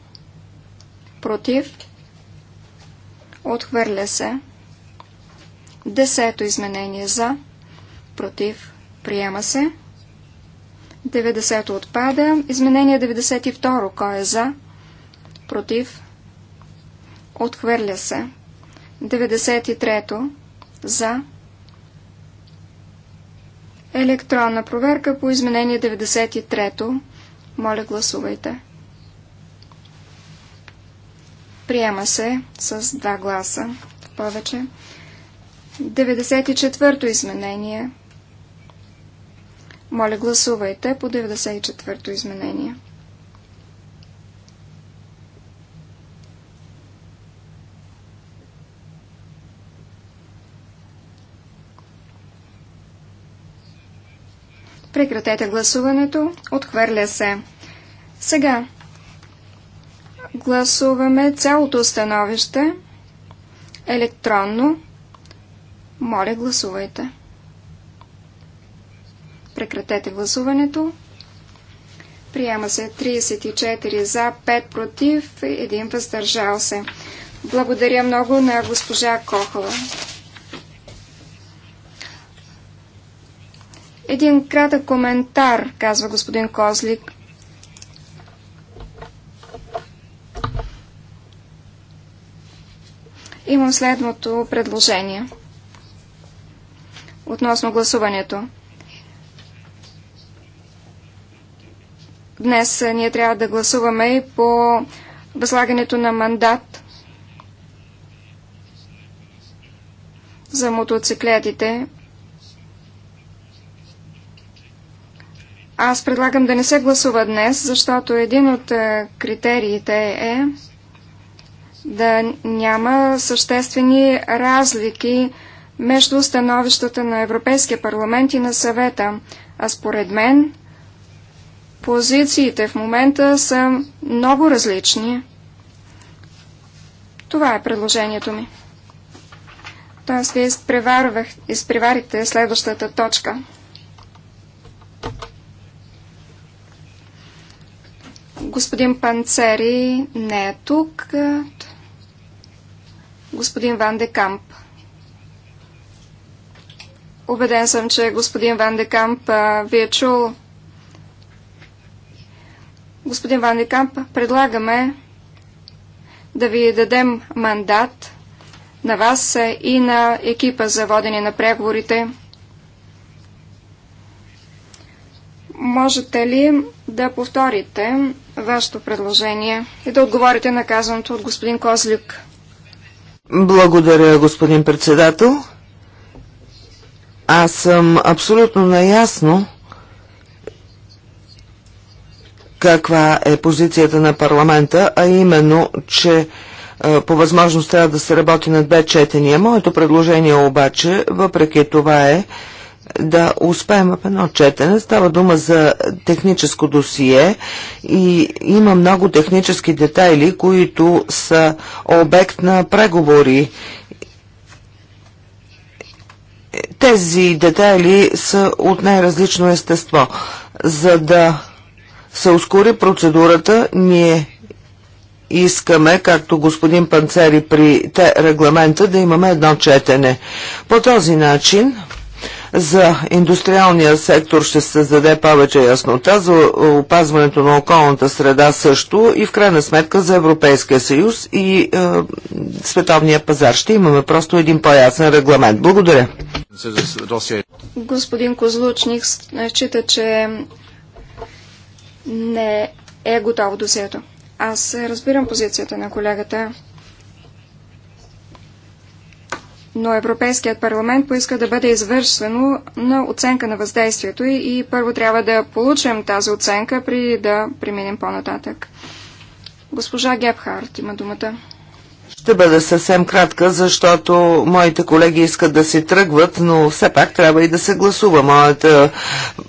против, отхвърля се Десето изменение за, против, Приема се. 90 отпада. Изменение 92. Кой е за? Против. Отхвърля се. 93. За. Електронна проверка по изменение 93. Моля, гласувайте. Приема се с два гласа повече. 94-то изменение. Моля, гласувайте по 94-то изменение. Прекратете гласуването. Отхвърля се. Сега гласуваме цялото становище електронно. Моля, гласувайте. Прекратете гласуването. Приема се 34 за, 5 против, 1 въздържал се. Благодаря много на госпожа Кохова. Един кратък коментар, казва господин Козлик. Имам следното предложение относно гласуването. Днес е, ние трябва да гласуваме и по възлагането на мандат за мотоциклетите. Аз предлагам да не се гласува днес, защото един от е, критериите е да няма съществени разлики между становищата на Европейския парламент и на съвета. А според мен Позициите в момента са много различни. Това е предложението ми. Тоест, вие изпреварите следващата точка. Господин Панцери не е тук. Господин Ван де Камп. Обеден съм, че господин Ван де Камп ви е чул Господин Вандикамп, предлагаме да ви дадем мандат на вас и на екипа за водене на преговорите. Можете ли да повторите вашето предложение и да отговорите на казаното от господин Козлюк? Благодаря, господин председател. Аз съм абсолютно наясно, каква е позицията на парламента, а именно, че е, по възможност трябва да се работи на две четения. Моето предложение обаче, въпреки това е да успеем в едно четене. Става дума за техническо досие и има много технически детайли, които са обект на преговори. Тези детайли са от най-различно естество. За да се ускори процедурата, ние искаме, както господин Панцери при те регламента, да имаме едно четене. По този начин за индустриалния сектор ще се създаде повече яснота, за опазването на околната среда също и в крайна сметка за Европейския съюз и е, световния пазар. Ще имаме просто един по-ясен регламент. Благодаря. Господин Козлучник счита, че не е готово досието. Аз разбирам позицията на колегата, но Европейският парламент поиска да бъде извършено на оценка на въздействието и първо трябва да получим тази оценка, преди да преминем по-нататък. Госпожа Гебхарт има думата. Ще бъда съвсем кратка, защото моите колеги искат да си тръгват, но все пак трябва и да се гласува. Моята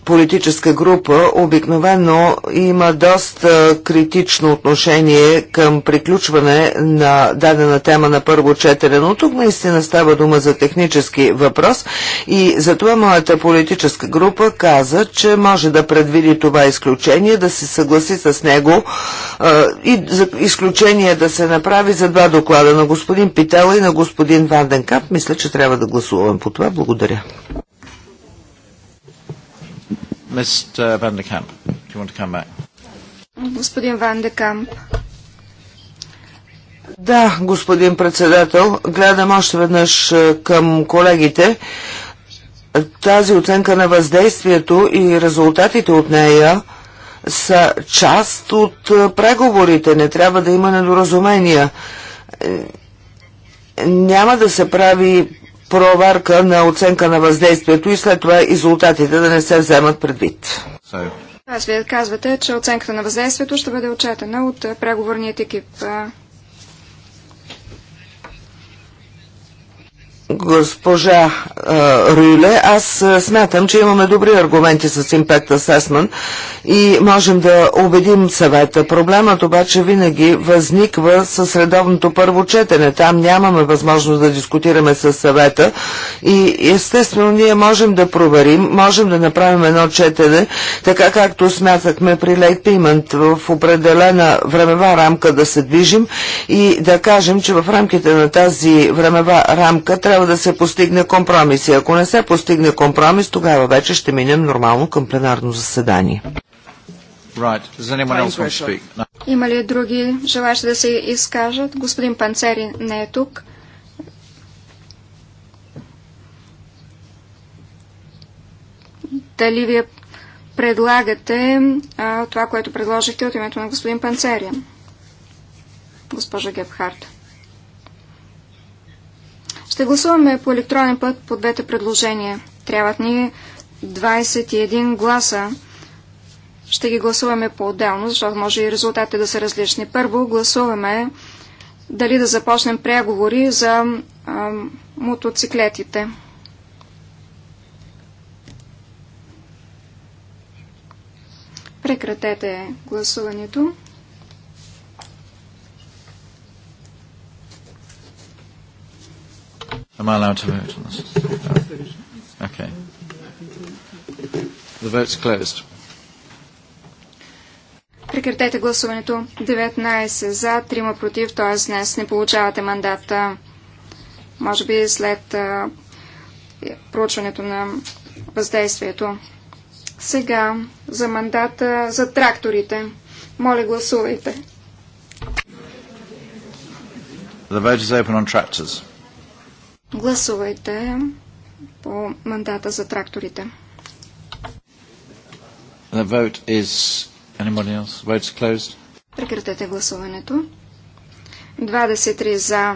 политическа група обикновено има доста критично отношение към приключване на дадена тема на първо четене, но тук наистина става дума за технически въпрос и затова моята политическа група каза, че може да предвиди това изключение, да се съгласи с него и изключение да се направи за два доклада доклада на господин Питела и на господин Ванденкап. Мисля, че трябва да гласуваме по това. Благодаря. Господин Вандекамп. Да, господин председател, гледам още веднъж е, към колегите. Тази оценка на въздействието и резултатите от нея са част от е, преговорите. Не трябва да има недоразумения няма да се прави проварка на оценка на въздействието и след това резултатите да не се вземат предвид. Аз вие казвате, че оценката на въздействието ще бъде отчетена от преговорният екип. госпожа Рюле, аз смятам, че имаме добри аргументи с Impact Assessment и можем да убедим съвета. Проблемът обаче винаги възниква с редовното първо четене. Там нямаме възможност да дискутираме с съвета и естествено ние можем да проверим, можем да направим едно четене, така както смятахме при Late Payment в определена времева рамка да се движим и да кажем, че в рамките на тази времева рамка трябва трябва да се постигне компромис. И ако не се постигне компромис, тогава вече ще минем нормално към пленарно заседание. Right. No. Има ли други желащи да се изкажат? Господин Панцери не е тук. Дали вие предлагате а, това, което предложихте от името на господин Панцери? Госпожа Гебхарт. Ще гласуваме по електронен път по двете предложения. Трябват ни 21 гласа. Ще ги гласуваме по-отделно, защото може и резултатите да са различни. Първо гласуваме дали да започнем преговори за а, мотоциклетите. Прекратете гласуването. Am I allowed to vote on this? No. Oh. Okay. The vote's closed. Прекратете гласуването. 19 за, 3 против, т.е. днес не получавате мандата. Може би след проучването на въздействието. Сега за мандата за тракторите. Моля, гласувайте. The vote is open on tractors. Гласувайте по мандата за тракторите. The vote is... Anybody else? Vote's closed. Прекратете гласуването. 23 за.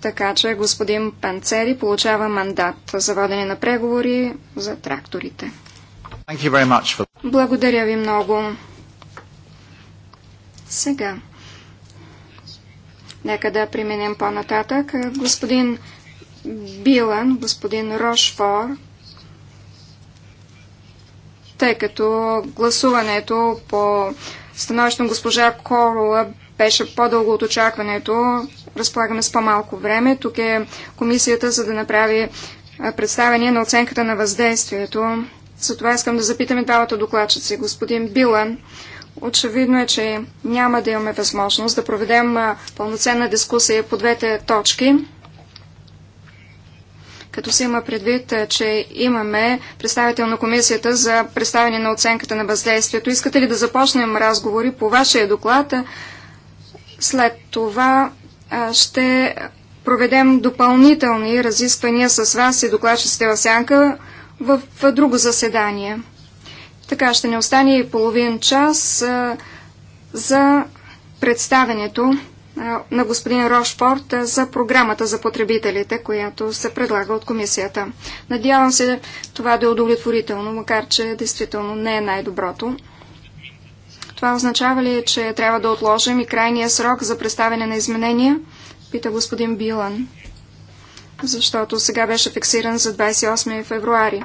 Така че господин Панцери получава мандат за водене на преговори за тракторите. For... Благодаря ви много. Сега. Нека да преминем по-нататък. Господин Билан, господин Рошфор, тъй като гласуването по становището на госпожа Корола беше по-дълго от очакването, разполагаме с по-малко време. Тук е комисията, за да направи представение на оценката на въздействието. За това искам да запитаме двамата докладчици. Господин Билан, Очевидно е, че няма да имаме възможност да проведем пълноценна дискусия по двете точки, като се има предвид, че имаме представител на комисията за представяне на оценката на въздействието. Искате ли да започнем разговори по вашия доклад? След това ще проведем допълнителни разисквания с вас и докладчиците в сянка в друго заседание. Така ще не остане и половин час а, за представенето а, на господин Рошпорт а, за програмата за потребителите, която се предлага от комисията. Надявам се това да е удовлетворително, макар че действително не е най-доброто. Това означава ли, че трябва да отложим и крайния срок за представяне на изменения? Пита господин Билан. Защото сега беше фиксиран за 28 февруари.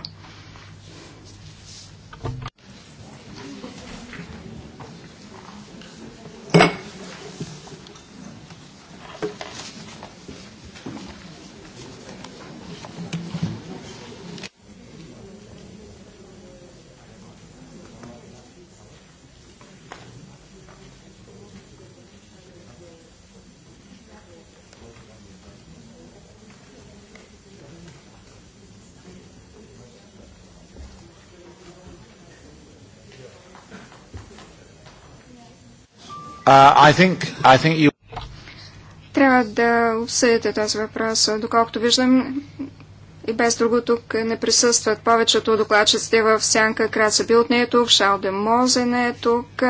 Uh, I think, I think you... Трябва да обсъдите този въпрос. Доколкото виждам, и без друго тук не присъстват повечето докладчиците в Сянка. Краца Билт не е тук, Шал де Мозе не е тук,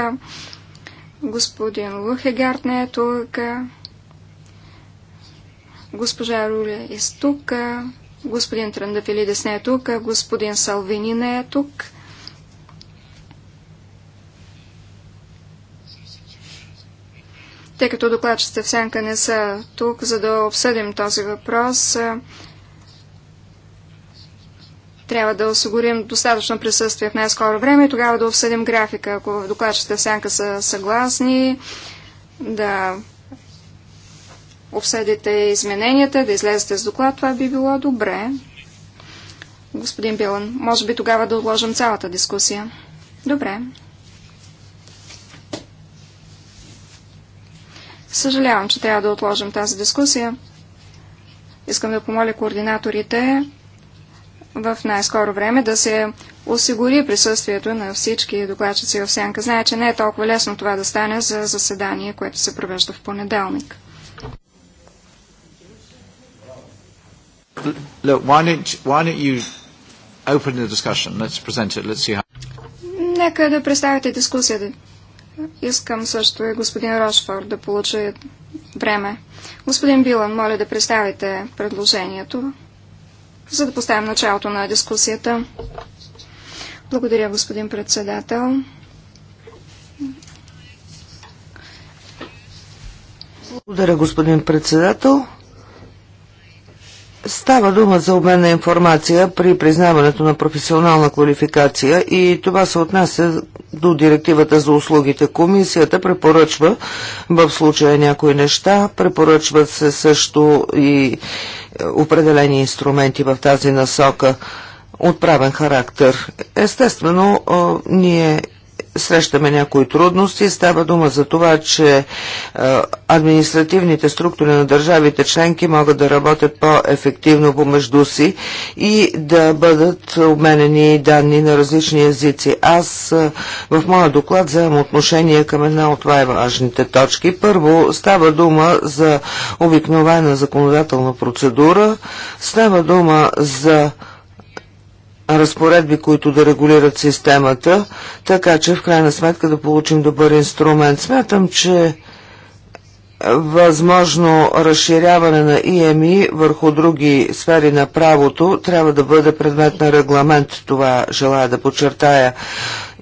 господин Лухегард не е тук, госпожа Руля е тук, господин Трандафилидес не е тук, господин Салвини не е тук. Тъй като докладчите в сянка не са тук, за да обсъдим този въпрос, трябва да осигурим достатъчно присъствие в най-скоро време и тогава да обсъдим графика. Ако докладчите в сянка са съгласни, да обсъдите измененията, да излезете с доклад, това би било добре. Господин Билан, може би тогава да отложим цялата дискусия. Добре. Съжалявам, че трябва да отложим тази дискусия. Искам да помоля координаторите в най-скоро време да се осигури присъствието на всички докладчици в сянка. Знае, че не е толкова лесно това да стане за заседание, което се провежда в понеделник. Нека да представите дискусията. Искам също и господин Рошфорд да получи време. Господин Билан, моля да представите предложението, за да поставим началото на дискусията. Благодаря, господин председател. Благодаря, господин председател. Става дума за обмен на информация при признаването на професионална квалификация и това се отнася до директивата за услугите. Комисията препоръчва в случая някои неща, препоръчват се също и е, определени инструменти в тази насока отправен характер. Естествено, е, ние срещаме някои трудности. Става дума за това, че е, административните структури на държавите членки могат да работят по-ефективно помежду си и да бъдат обменени данни на различни езици. Аз е, в моя доклад вземам отношение към една от най-важните точки. Първо, става дума за обикновена законодателна процедура, става дума за разпоредби, които да регулират системата, така че в крайна сметка да получим добър инструмент. Смятам, че възможно разширяване на ИМИ върху други сфери на правото трябва да бъде предмет на регламент. Това желая да подчертая.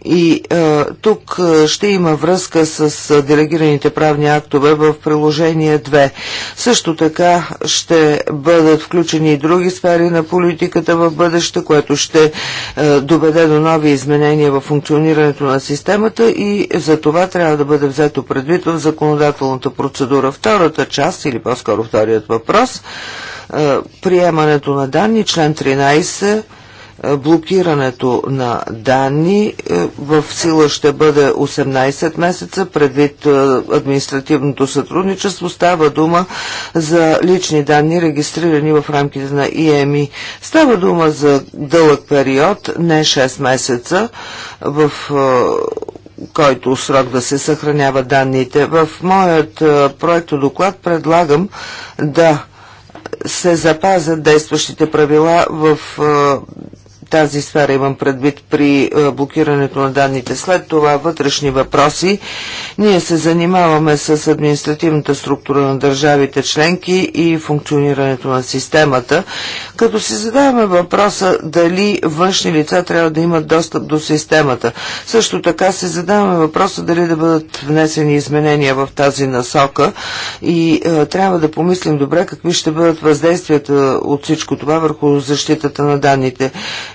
И а, е, тук е, ще има връзка с е, делегираните правни актове в приложение 2. Също така ще бъдат включени и други сфери на политиката в бъдеще, което ще а, доведе до нови изменения в функционирането на системата и за това трябва да бъде взето предвид в законодателната процедура. Втората част или по-скоро вторият въпрос а, приемането на данни, член 13 блокирането на данни е, в сила ще бъде 18 месеца предвид е, административното сътрудничество. Става дума за лични данни, регистрирани в рамките на ИЕМИ. Става дума за дълъг период, не 6 месеца, в е, който срок да се съхранява данните. В моят проекто доклад предлагам да се запазят действащите правила в тази сфера имам предвид при е, блокирането на данните. След това вътрешни въпроси. Ние се занимаваме с административната структура на държавите членки и функционирането на системата, като си задаваме въпроса дали външни лица трябва да имат достъп до системата. Също така се задаваме въпроса дали да бъдат внесени изменения в тази насока и е, трябва да помислим добре какви ще бъдат въздействията от всичко това върху защитата на данните.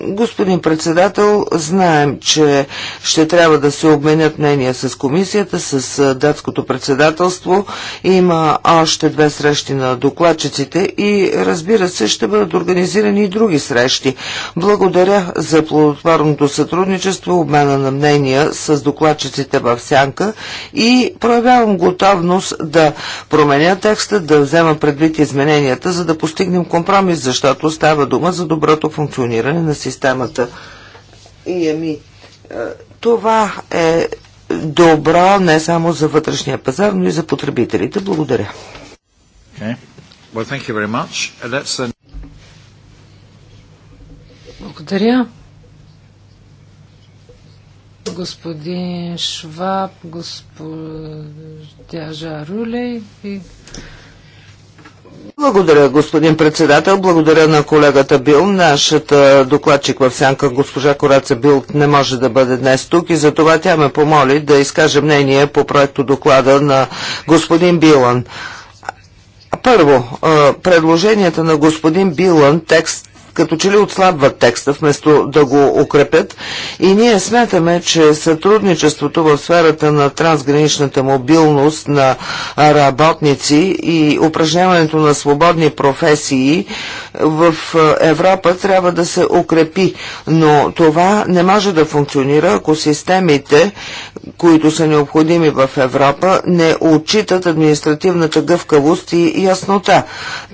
Господин председател, знаем, че ще трябва да се обменят мнения с комисията, с датското председателство. Има още две срещи на докладчиците и разбира се, ще бъдат организирани и други срещи. Благодаря за плодотворното сътрудничество, обмена на мнения с докладчиците в Сянка и проявявам готовност да променя текста, да взема предвид измененията, за да постигнем компромис, защото става дума за доброто функциониране на системата и ами, е, Това е добро не само за вътрешния пазар, но и за потребителите. Благодаря. Okay. Well, thank you very much. Uh, Благодаря. Господин Шваб, господин Жарулей и благодаря, господин председател. Благодаря на колегата Бил. Нашата докладчик в сянка, госпожа Кораца Бил, не може да бъде днес тук и затова тя ме помоли да изкаже мнение по проекто доклада на господин Билан. Първо, предложенията на господин Билан, текст като че ли отслабват текста, вместо да го укрепят. И ние смятаме, че сътрудничеството в сферата на трансграничната мобилност на работници и упражняването на свободни професии в е, Европа трябва да се укрепи. Но това не може да функционира, ако системите, които са необходими в Европа, не отчитат административната гъвкавост и яснота.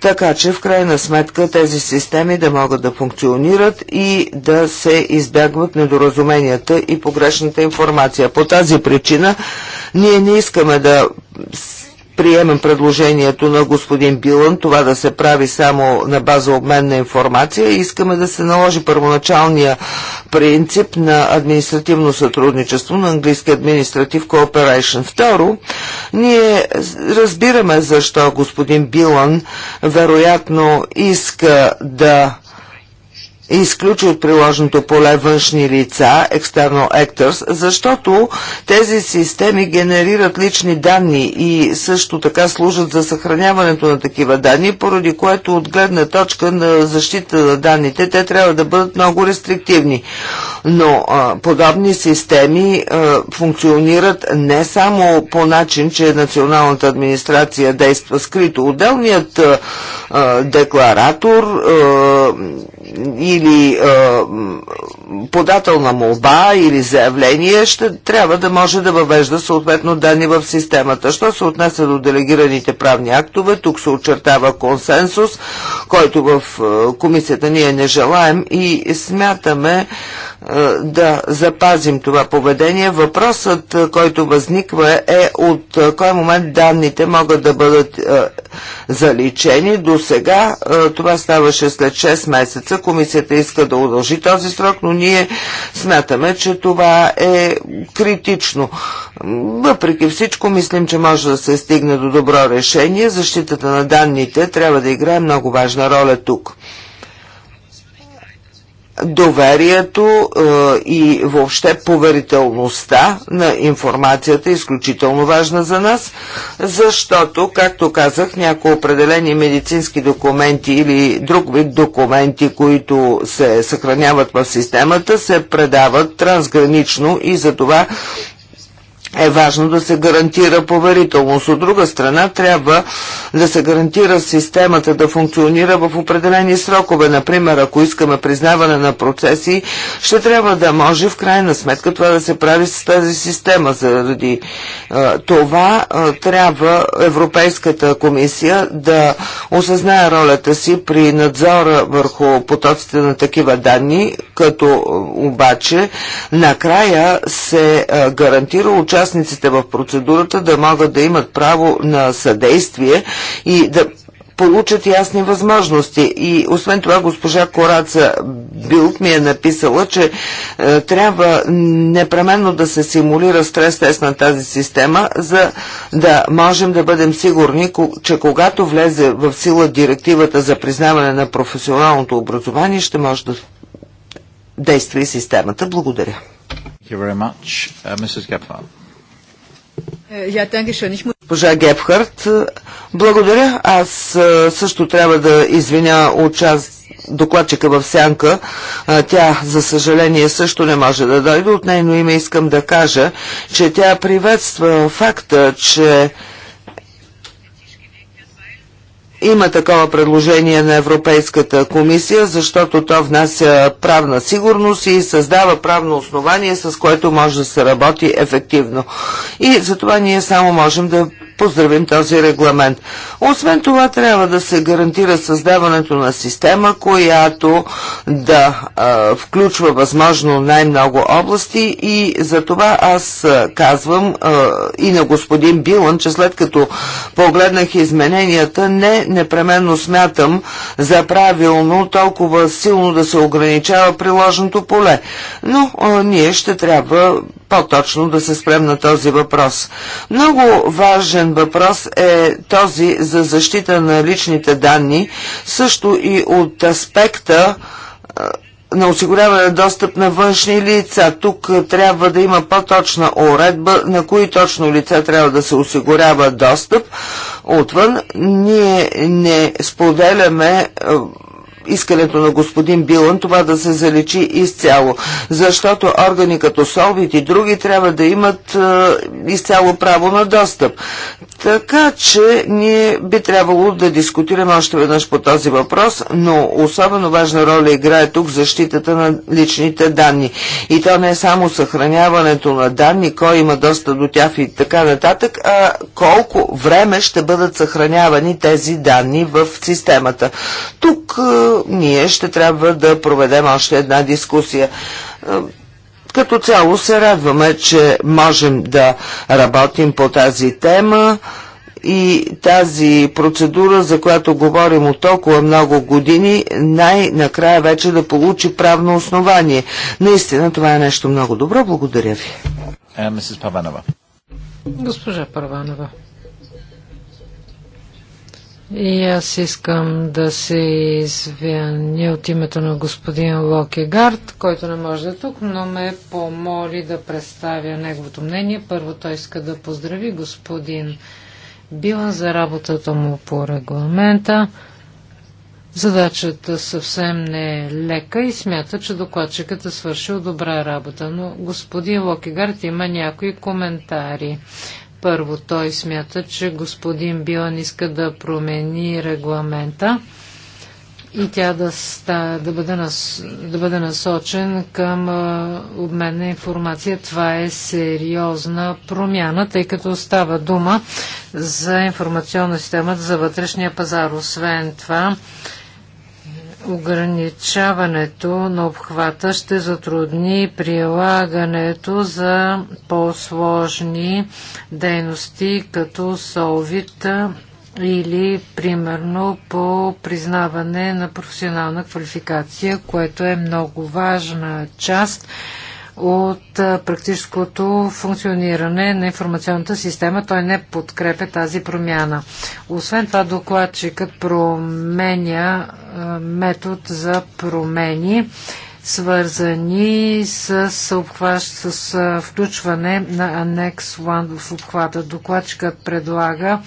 Така че, в крайна сметка, тези системи да могат могат да функционират и да се избягват недоразуменията и погрешната информация. По тази причина ние не искаме да приемем предложението на господин Билан, това да се прави само на база обмен на информация. Искаме да се наложи първоначалния принцип на административно сътрудничество на английски административ cooperation. Второ, ние разбираме защо господин Билан вероятно иска да изключи от приложното поле външни лица, external actors, защото тези системи генерират лични данни и също така служат за съхраняването на такива данни, поради което от гледна точка на защита на данните те трябва да бъдат много рестриктивни. Но а, подобни системи а, функционират не само по начин, че националната администрация действа скрито. Отделният а, декларатор а, или е, подателна молба или заявление ще трябва да може да въвежда съответно данни в системата. Що се отнася до делегираните правни актове, тук се очертава консенсус, който в е, комисията ние не желаем и смятаме, е, да запазим това поведение. Въпросът, е, който възниква е от е, кой момент данните могат да бъдат заличени. До сега това ставаше след 6 месеца. Комисията иска да удължи този срок, но ние смятаме, че това е критично. Въпреки всичко, мислим, че може да се стигне до добро решение. Защитата на данните трябва да играе много важна роля тук доверието е, и въобще поверителността на информацията е изключително важна за нас, защото, както казах, някои определени медицински документи или друг вид документи, които се съхраняват в системата, се предават трансгранично и за това е важно да се гарантира поверителност. От друга страна, трябва да се гарантира системата да функционира в определени срокове. Например, ако искаме признаване на процеси, ще трябва да може в крайна сметка това да се прави с тази система. Заради това трябва Европейската комисия да осъзнае ролята си при надзора върху потоците на такива данни, като обаче накрая се гарантира участието участниците в процедурата да могат да имат право на съдействие и да получат ясни възможности. И освен това госпожа Кораца Билт ми е написала, че е, трябва непременно да се симулира стрес-тест на тази система, за да можем да бъдем сигурни, че когато влезе в сила директивата за признаване на професионалното образование, ще може да действа и системата. Благодаря. Thank you very much. Uh, Mrs. Е, Госпожа Гепхарт, е, благодаря. Аз е, също трябва да извиня от част докладчика в сянка. Тя, за съжаление, също не може да дойде. От нейно име искам да кажа, че тя приветства факта, че има такова предложение на Европейската комисия, защото то внася правна сигурност и създава правно основание, с което може да се работи ефективно. И за това ние само можем да поздравим този регламент. Освен това трябва да се гарантира създаването на система, която да а, включва възможно най-много области и за това аз казвам а, и на господин Билан, че след като погледнах измененията, не непременно смятам за правилно толкова силно да се ограничава приложното поле. Но а, ние ще трябва по-точно да се спрем на този въпрос. Много важен въпрос е този за защита на личните данни, също и от аспекта на осигуряване на достъп на външни лица. Тук трябва да има по-точна уредба на кои точно лица трябва да се осигурява достъп отвън. Ние не споделяме искането на господин Билан това да се залечи изцяло, защото органи като Солвит и други трябва да имат е, изцяло право на достъп. Така че ние би трябвало да дискутираме още веднъж по този въпрос, но особено важна роля играе тук защитата на личните данни. И то не е само съхраняването на данни, кой има достъп до тях и така нататък, а колко време ще бъдат съхранявани тези данни в системата. Тук е, ние ще трябва да проведем още една дискусия. Като цяло се радваме, че можем да работим по тази тема и тази процедура, за която говорим от толкова много години, най-накрая вече да получи правно основание. Наистина това е нещо много добро. Благодаря ви. Е, Госпожа Парванова. И аз искам да се извиня от името на господин Локегард, който не може да е тук, но ме помоли да представя неговото мнение. Първо той иска да поздрави господин Билан за работата му по регламента. Задачата съвсем не е лека и смята, че докладчикът е свършил добра работа, но господин Локегард има някои коментари. Първо, той смята, че господин Билан иска да промени регламента и тя да, ста, да, бъде, нас, да бъде насочен към а, обмен на информация. Това е сериозна промяна, тъй като става дума за информационна система за вътрешния пазар. Освен това, Ограничаването на обхвата ще затрудни прилагането за по-сложни дейности, като СОВИТ или примерно по признаване на професионална квалификация, което е много важна част от практическото функциониране на информационната система. Той не подкрепя тази промяна. Освен това, докладчикът променя метод за промени свързани с, обхващ, с включване на анекс 1 в обхвата. Докладчикът предлага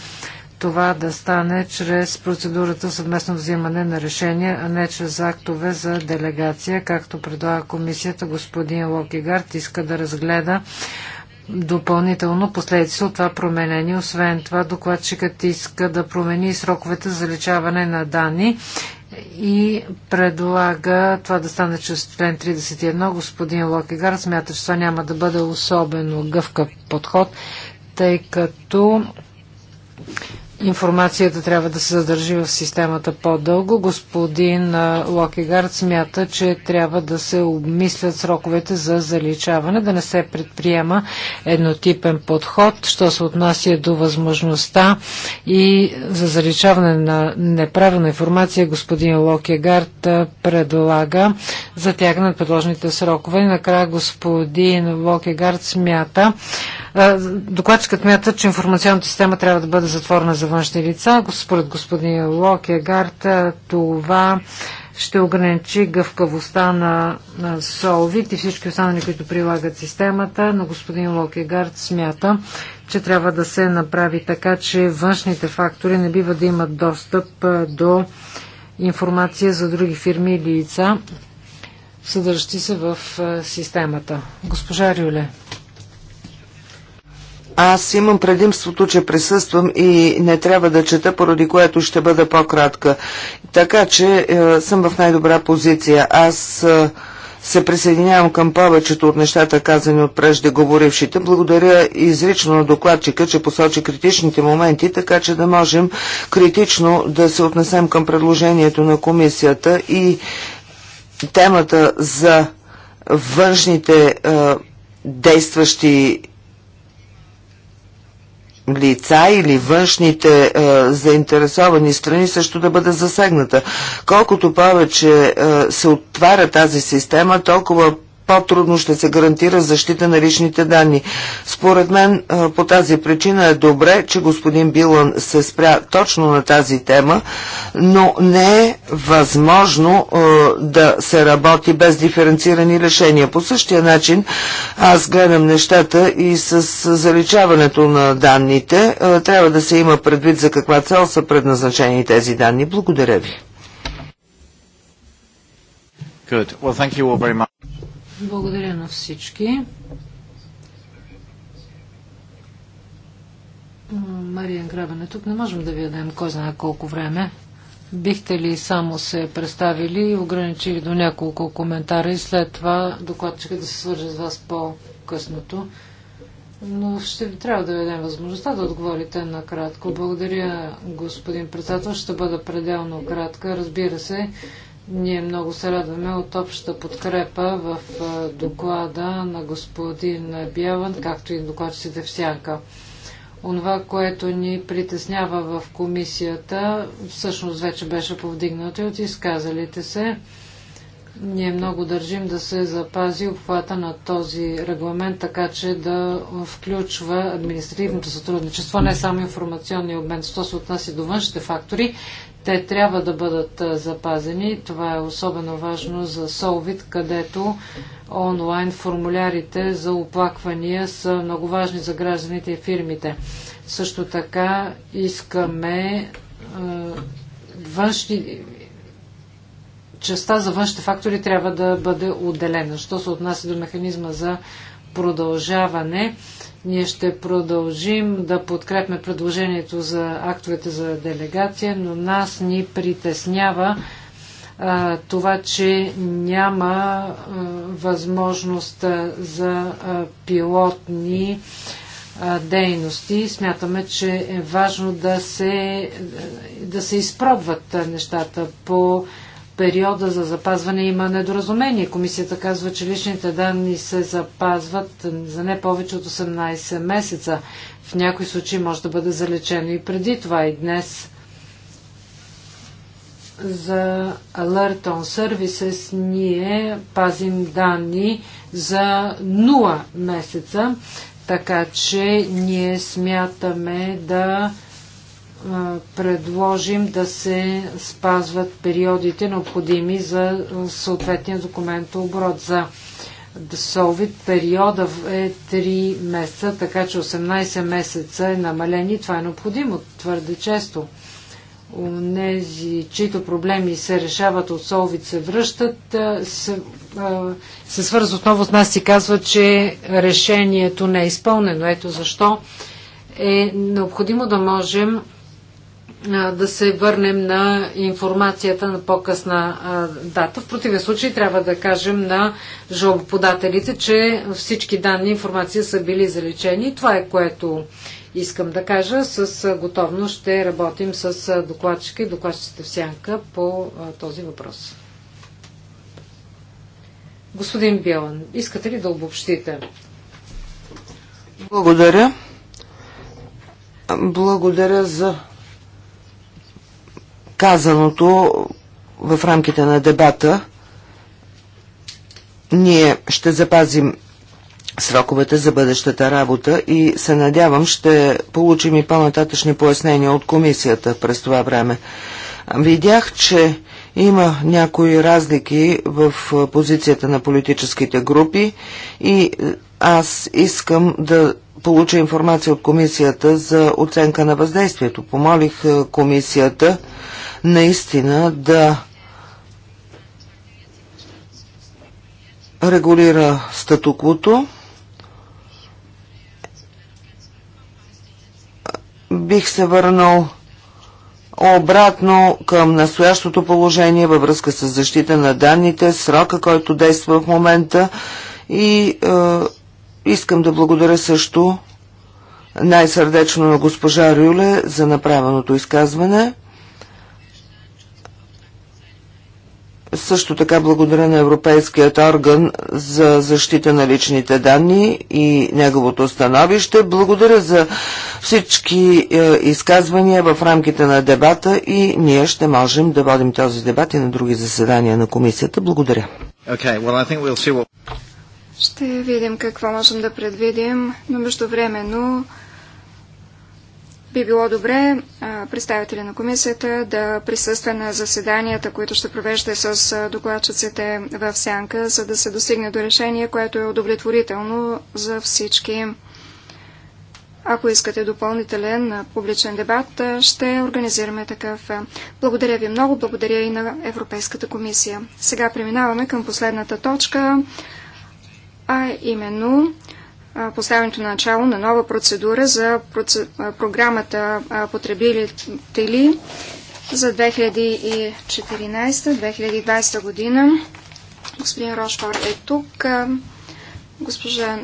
това да стане чрез процедурата съвместно взимане на решения, а не чрез актове за делегация, както предлага комисията. Господин Локигард иска да разгледа допълнително последици от това променение. Освен това, докладчикът иска да промени сроковете за заличаване на данни и предлага това да стане чрез член 31. Господин Локегар смята, че това няма да бъде особено гъвкав подход, тъй като Информацията трябва да се задържи в системата по-дълго. Господин Локегард смята, че трябва да се обмислят сроковете за заличаване, да не се предприема еднотипен подход, що се отнася до възможността и за заличаване на неправилна информация. Господин Локегард предлага затягане предложените срокове. накрая господин Локегард смята, докладчикът смята, че информационната система трябва да бъде затворена за външни лица. Според господин Локегард това ще ограничи гъвкавостта на, на Солвит и всички останали, които прилагат системата, но господин Локегард смята, че трябва да се направи така, че външните фактори не бива да имат достъп до информация за други фирми или лица, съдържащи се в системата. Госпожа Рюле. Аз имам предимството, че присъствам и не трябва да чета, поради което ще бъда по-кратка. Така че е, съм в най-добра позиция. Аз е, се присъединявам към повечето от нещата, казани от преждеговорившите. Благодаря изрично на докладчика, че посочи критичните моменти, така че да можем критично да се отнесем към предложението на комисията и темата за външните е, действащи лица или външните е, заинтересовани страни също да бъде засегната. Колкото повече е, се отваря тази система, толкова по-трудно ще се гарантира защита на личните данни. Според мен по тази причина е добре, че господин Билан се спря точно на тази тема, но не е възможно да се работи без диференцирани решения. По същия начин аз гледам нещата и с заличаването на данните трябва да се има предвид за каква цел са предназначени тези данни. Благодаря ви. Well, благодаря на всички. Грабен Грабене, тук не можем да ви дадем кой знае колко време. Бихте ли само се представили и ограничили до няколко коментара и след това докладчика да се свържа с вас по-късното? Но ще ви трябва да дадем възможността да отговорите накратко. Благодаря, господин председател. Ще бъда пределно кратка. Разбира се, ние много се радваме от общата подкрепа в доклада на господин Бяван, както и докладчиците в Сянка. Онова, което ни притеснява в комисията, всъщност вече беше повдигнато и от изказалите се. Ние много държим да се запази обхвата на този регламент, така че да включва административното сътрудничество, не само информационния обмен. Що се отнася до външните фактори, те трябва да бъдат запазени. Това е особено важно за Солвит, където онлайн формулярите за оплаквания са много важни за гражданите и фирмите. Също така искаме външни частта за външните фактори трябва да бъде отделена. Що се отнася до механизма за продължаване, ние ще продължим да подкрепме предложението за актовете за делегация, но нас ни притеснява а, това, че няма а, възможност а, за пилотни дейности. Смятаме, че е важно да се, да се изпробват нещата по периода за запазване има недоразумение. Комисията казва, че личните данни се запазват за не повече от 18 месеца. В някои случаи може да бъде залечено и преди това и днес. За Alert on Services ние пазим данни за 0 месеца, така че ние смятаме да предложим да се спазват периодите необходими за съответния документ оборот. за Солвит. Периода е 3 месеца, така че 18 месеца е намален и това е необходимо твърде често. Унези, чието проблеми се решават от Солвит, се връщат, се, се свързват отново с нас и казват, че решението не е изпълнено. Ето защо е необходимо да можем да се върнем на информацията на по-късна дата. В противен случай трябва да кажем на жалбоподателите, че всички данни и информация са били залечени. Това е което искам да кажа. С готовност ще работим с докладчика и докладчицата в сянка по този въпрос. Господин Билан, искате ли да обобщите? Благодаря. Благодаря за казаното в рамките на дебата. Ние ще запазим сроковете за бъдещата работа и се надявам ще получим и по-нататъчни пояснения от комисията през това време. Видях, че има някои разлики в позицията на политическите групи и аз искам да получа информация от комисията за оценка на въздействието. Помолих комисията наистина да регулира статуквото. Бих се върнал обратно към настоящото положение във връзка с защита на данните, срока, който действа в момента и е, искам да благодаря също най-сърдечно на госпожа Рюле за направеното изказване. Също така благодаря на Европейският орган за защита на личните данни и неговото становище. Благодаря за всички е, изказвания в рамките на дебата и ние ще можем да водим този дебат и на други заседания на комисията. Благодаря. Okay, well, I think we'll see what... Ще видим какво можем да предвидим, но междувременно времено би било добре представители на комисията да присъства на заседанията, които ще провежда с докладчиците в сянка, за да се достигне до решение, което е удовлетворително за всички. Ако искате допълнителен публичен дебат, ще организираме такъв. Благодаря ви много, благодаря и на Европейската комисия. Сега преминаваме към последната точка, а именно поставянето на начало на нова процедура за проце... програмата потребители за 2014-2020 година. Господин Рошфор е тук. Госпожа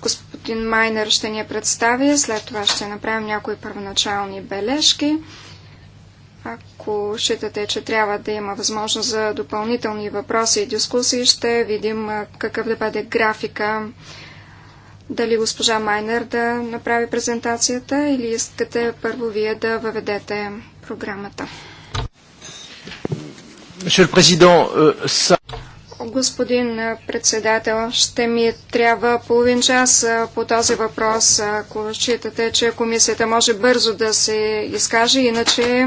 господин Майнер ще ни я представи. След това ще направим някои първоначални бележки. Ако считате, че трябва да има възможност за допълнителни въпроси и дискусии, ще видим какъв да бъде графика дали госпожа Майнер да направи презентацията или искате първо вие да въведете програмата. Euh, Господин председател, ще ми трябва половин час по този въпрос, ако считате, че комисията може бързо да се изкаже, иначе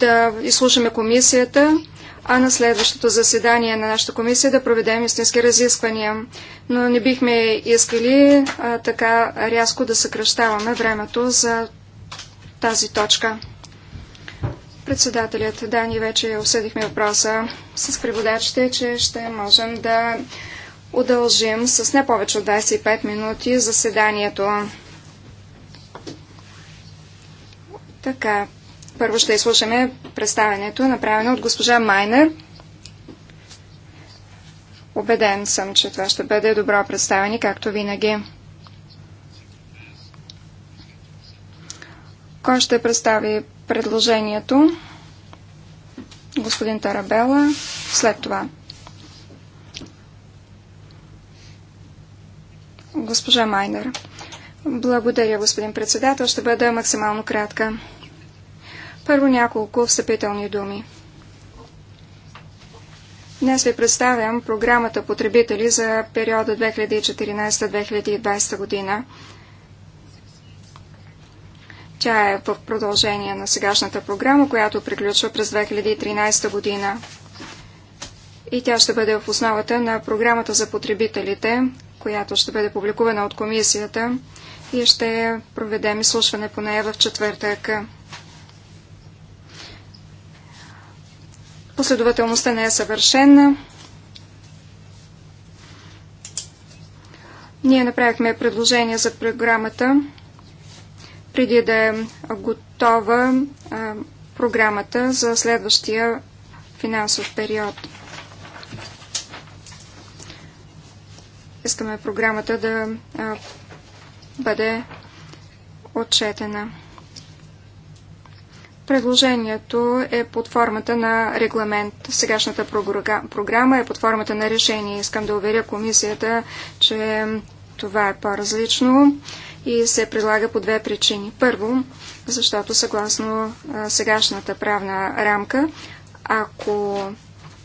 да изслушаме комисията а на следващото заседание на нашата комисия да проведем истински разисквания. Но не бихме искали а, така рязко да съкръщаваме времето за тази точка. Председателят Дани вече обсъдихме въпроса с преводачите, че ще можем да удължим с не повече от 25 минути заседанието. Така, първо ще изслушаме представенето, направено от госпожа Майнер. Обеден съм, че това ще бъде добро представени, както винаги. Кой ще представи предложението? Господин Тарабела. След това. Госпожа Майнер. Благодаря, господин председател. Ще бъда максимално кратка. Първо няколко встъпителни думи. Днес ви представям програмата потребители за периода 2014-2020 година. Тя е в продължение на сегашната програма, която приключва през 2013 година. И тя ще бъде в основата на програмата за потребителите, която ще бъде публикувана от комисията и ще проведем изслушване по нея в четвъртък. Последователността не е съвършена. Ние направихме предложение за програмата преди да е готова а, програмата за следващия финансов период. Искаме програмата да а, бъде отчетена. Предложението е под формата на регламент. Сегашната програма е под формата на решение. Искам да уверя комисията, че това е по-различно и се предлага по две причини. Първо, защото съгласно сегашната правна рамка, ако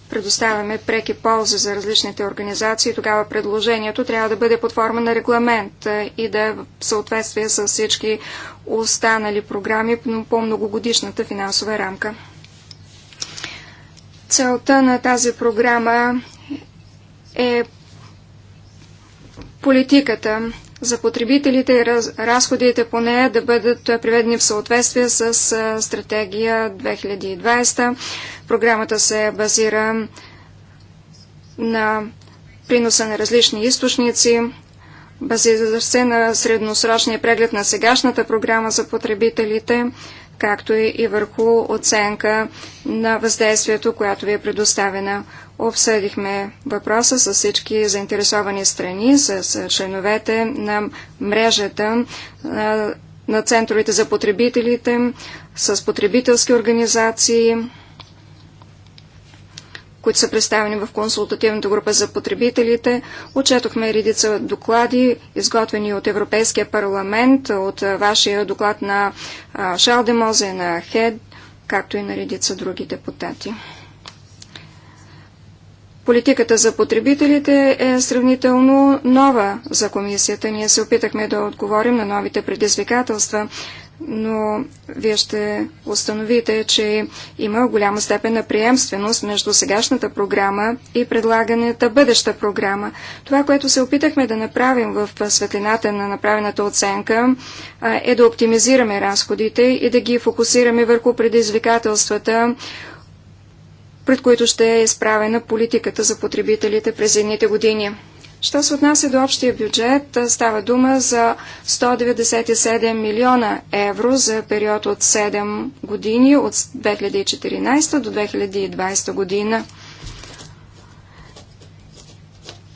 предоставяме преки ползи за различните организации, тогава предложението трябва да бъде под форма на регламент и да е в съответствие с всички останали програми по многогодишната финансова рамка. Целта на тази програма е политиката за потребителите и разходите по нея да бъдат приведени в съответствие с стратегия 2020. Програмата се базира на приноса на различни източници, базира се на средносрочния преглед на сегашната програма за потребителите, както и върху оценка на въздействието, която ви е предоставена. Обсъдихме въпроса с всички заинтересовани страни, с членовете на мрежата на центровете за потребителите, с потребителски организации, които са представени в консултативната група за потребителите. Отчетохме редица доклади, изготвени от Европейския парламент, от вашия доклад на Шалдемозе, на Хед, както и на редица други депутати. Политиката за потребителите е сравнително нова за комисията. Ние се опитахме да отговорим на новите предизвикателства но вие ще установите, че има голяма степен на приемственост между сегашната програма и предлаганата бъдеща програма. Това, което се опитахме да направим в светлината на направената оценка, е да оптимизираме разходите и да ги фокусираме върху предизвикателствата, пред които ще е изправена политиката за потребителите през едните години. Що се отнася до общия бюджет, става дума за 197 милиона евро за период от 7 години, от 2014 до 2020 година,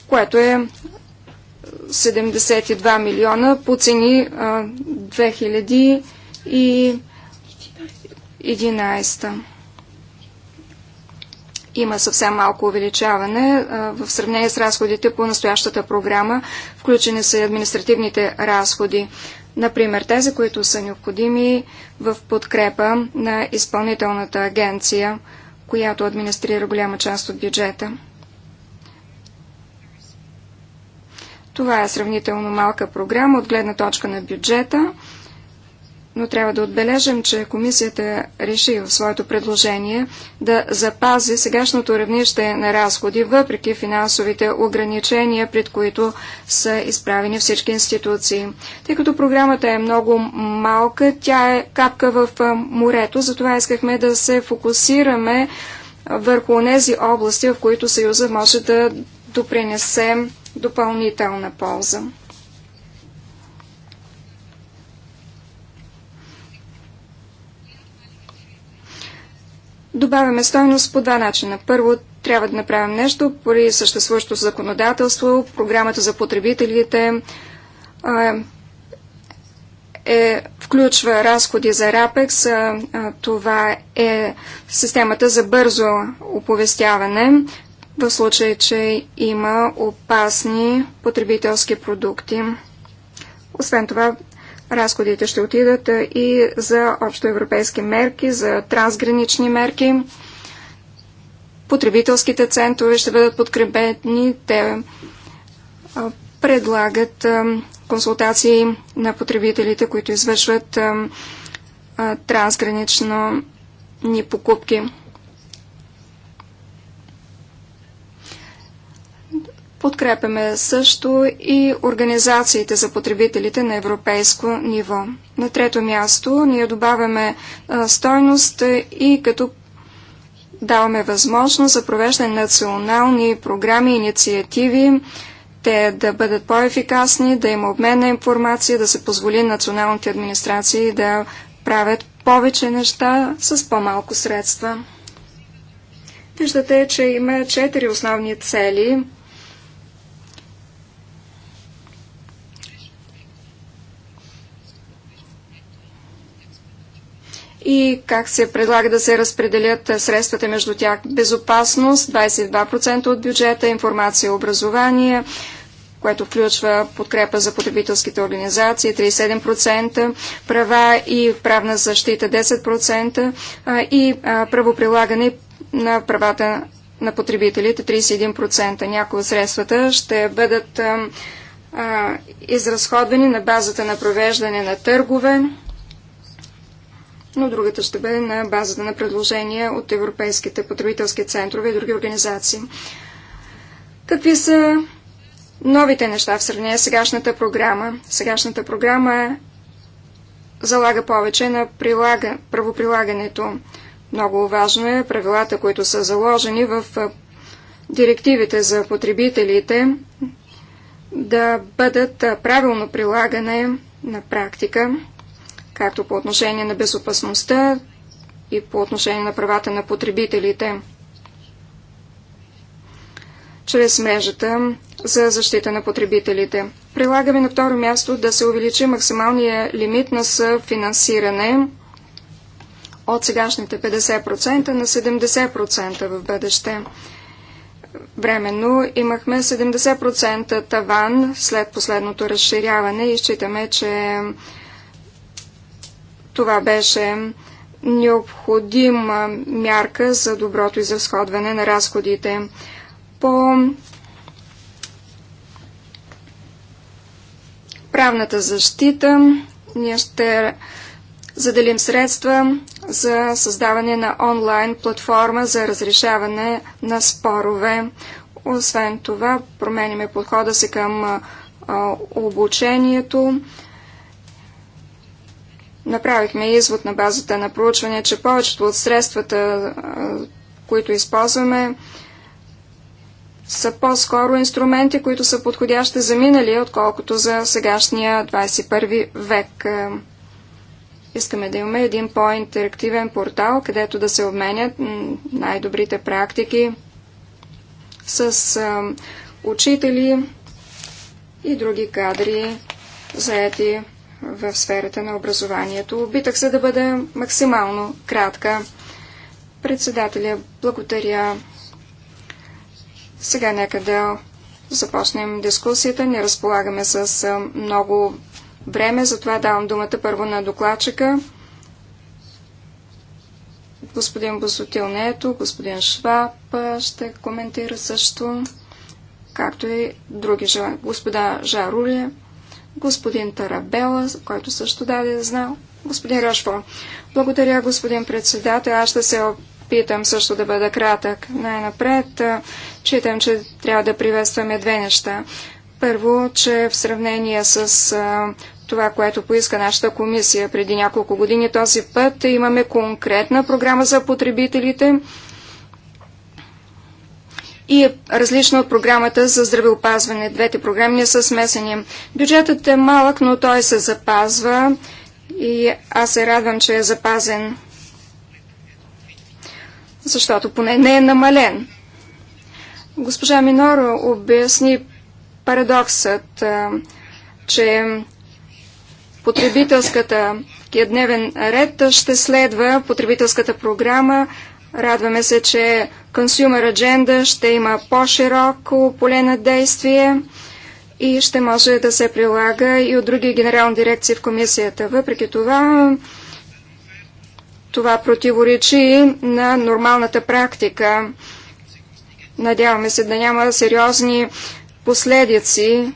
което е 72 милиона по цени 2011. Има съвсем малко увеличаване в сравнение с разходите по настоящата програма. Включени са и административните разходи. Например, тези, които са необходими в подкрепа на изпълнителната агенция, която администрира голяма част от бюджета. Това е сравнително малка програма от гледна точка на бюджета – но трябва да отбележим, че комисията реши в своето предложение да запази сегашното равнище на разходи, въпреки финансовите ограничения, пред които са изправени всички институции. Тъй като програмата е много малка, тя е капка в морето, затова искахме да се фокусираме върху тези области, в които Съюза може да допринесе допълнителна полза. добавяме стойност по два начина. Първо, трябва да направим нещо при съществуващото законодателство, програмата за потребителите е, е, включва разходи за РАПЕКС, Е, това е системата за бързо оповестяване, в случай, че има опасни потребителски продукти. Освен това, Разходите ще отидат и за общоевропейски мерки, за трансгранични мерки. Потребителските центрове ще бъдат подкрепени. Те предлагат консултации на потребителите, които извършват трансгранично ни покупки. Подкрепяме също и организациите за потребителите на европейско ниво. На трето място ние добавяме стойност и като даваме възможност за провеждане на национални програми и инициативи, те да бъдат по-ефикасни, да има обмен на информация, да се позволи националните администрации да правят повече неща с по-малко средства. Виждате, че има четири основни цели – и как се предлага да се разпределят средствата между тях. Безопасност 22% от бюджета, информация и образование, което включва подкрепа за потребителските организации 37%, права и правна защита 10% и правоприлагане на правата на потребителите 31%. Някои от средствата ще бъдат изразходвани на базата на провеждане на търгове но другата ще бъде на базата на предложения от европейските потребителски центрове и други организации. Какви са новите неща в сравнение с сегашната програма? Сегашната програма залага повече на прилага, правоприлагането. Много важно е правилата, които са заложени в директивите за потребителите, да бъдат правилно прилагане на практика както по отношение на безопасността и по отношение на правата на потребителите чрез мрежата за защита на потребителите. Прилагаме на второ място да се увеличи максималния лимит на съфинансиране от сегашните 50% на 70% в бъдеще. Временно имахме 70% таван след последното разширяване и считаме, че това беше необходима мярка за доброто изразходване на разходите. По правната защита ние ще заделим средства за създаване на онлайн платформа за разрешаване на спорове. Освен това, променяме подхода си към обучението Направихме извод на базата на проучване, че повечето от средствата, които използваме, са по-скоро инструменти, които са подходящи за минали, отколкото за сегашния 21 век. Искаме да имаме един по-интерактивен портал, където да се обменят най-добрите практики с учители и други кадри, заети в сферата на образованието. Обитах се да бъда максимално кратка. Председателя, благодаря. Сега нека да започнем дискусията. Не разполагаме с много време, затова давам думата първо на докладчика. Господин Босотил не ето, господин Шваб ще коментира също, както и други господа Жаруле господин Тарабела, който също даде знал, господин Рашфо. Благодаря, господин председател. Аз ще се опитам също да бъда кратък. Най-напред читам, че трябва да приветстваме две неща. Първо, че в сравнение с а, това, което поиска нашата комисия преди няколко години, този път имаме конкретна програма за потребителите, и е различна от програмата за здравеопазване. Двете програми са смесени. Бюджетът е малък, но той се запазва и аз се радвам, че е запазен, защото поне не е намален. Госпожа Миноро обясни парадоксът, че потребителската дневен ред ще следва потребителската програма, Радваме се, че Consumer Agenda ще има по-широко поле на действие и ще може да се прилага и от други генерални дирекции в комисията. Въпреки това, това противоречи на нормалната практика. Надяваме се да няма сериозни последици,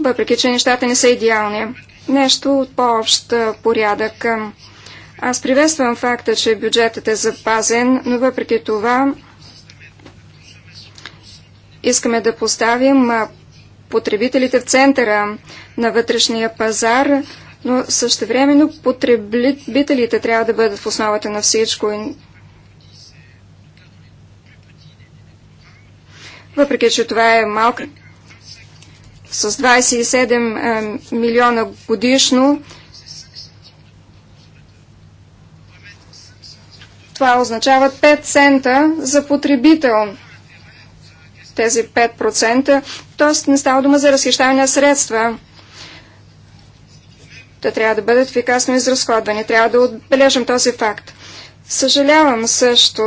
въпреки че нещата не са идеални. Нещо от по-общ порядък. Аз приветствам факта, че бюджетът е запазен, но въпреки това искаме да поставим потребителите в центъра на вътрешния пазар, но същевременно потребителите трябва да бъдат в основата на всичко. Въпреки, че това е малко с 27 милиона годишно, Това означава 5 цента за потребител. Тези 5%, т.е. не става дума за разхищаване на средства. Те трябва да бъдат ефикасно изразходвани. Трябва да отбележим този факт. Съжалявам също,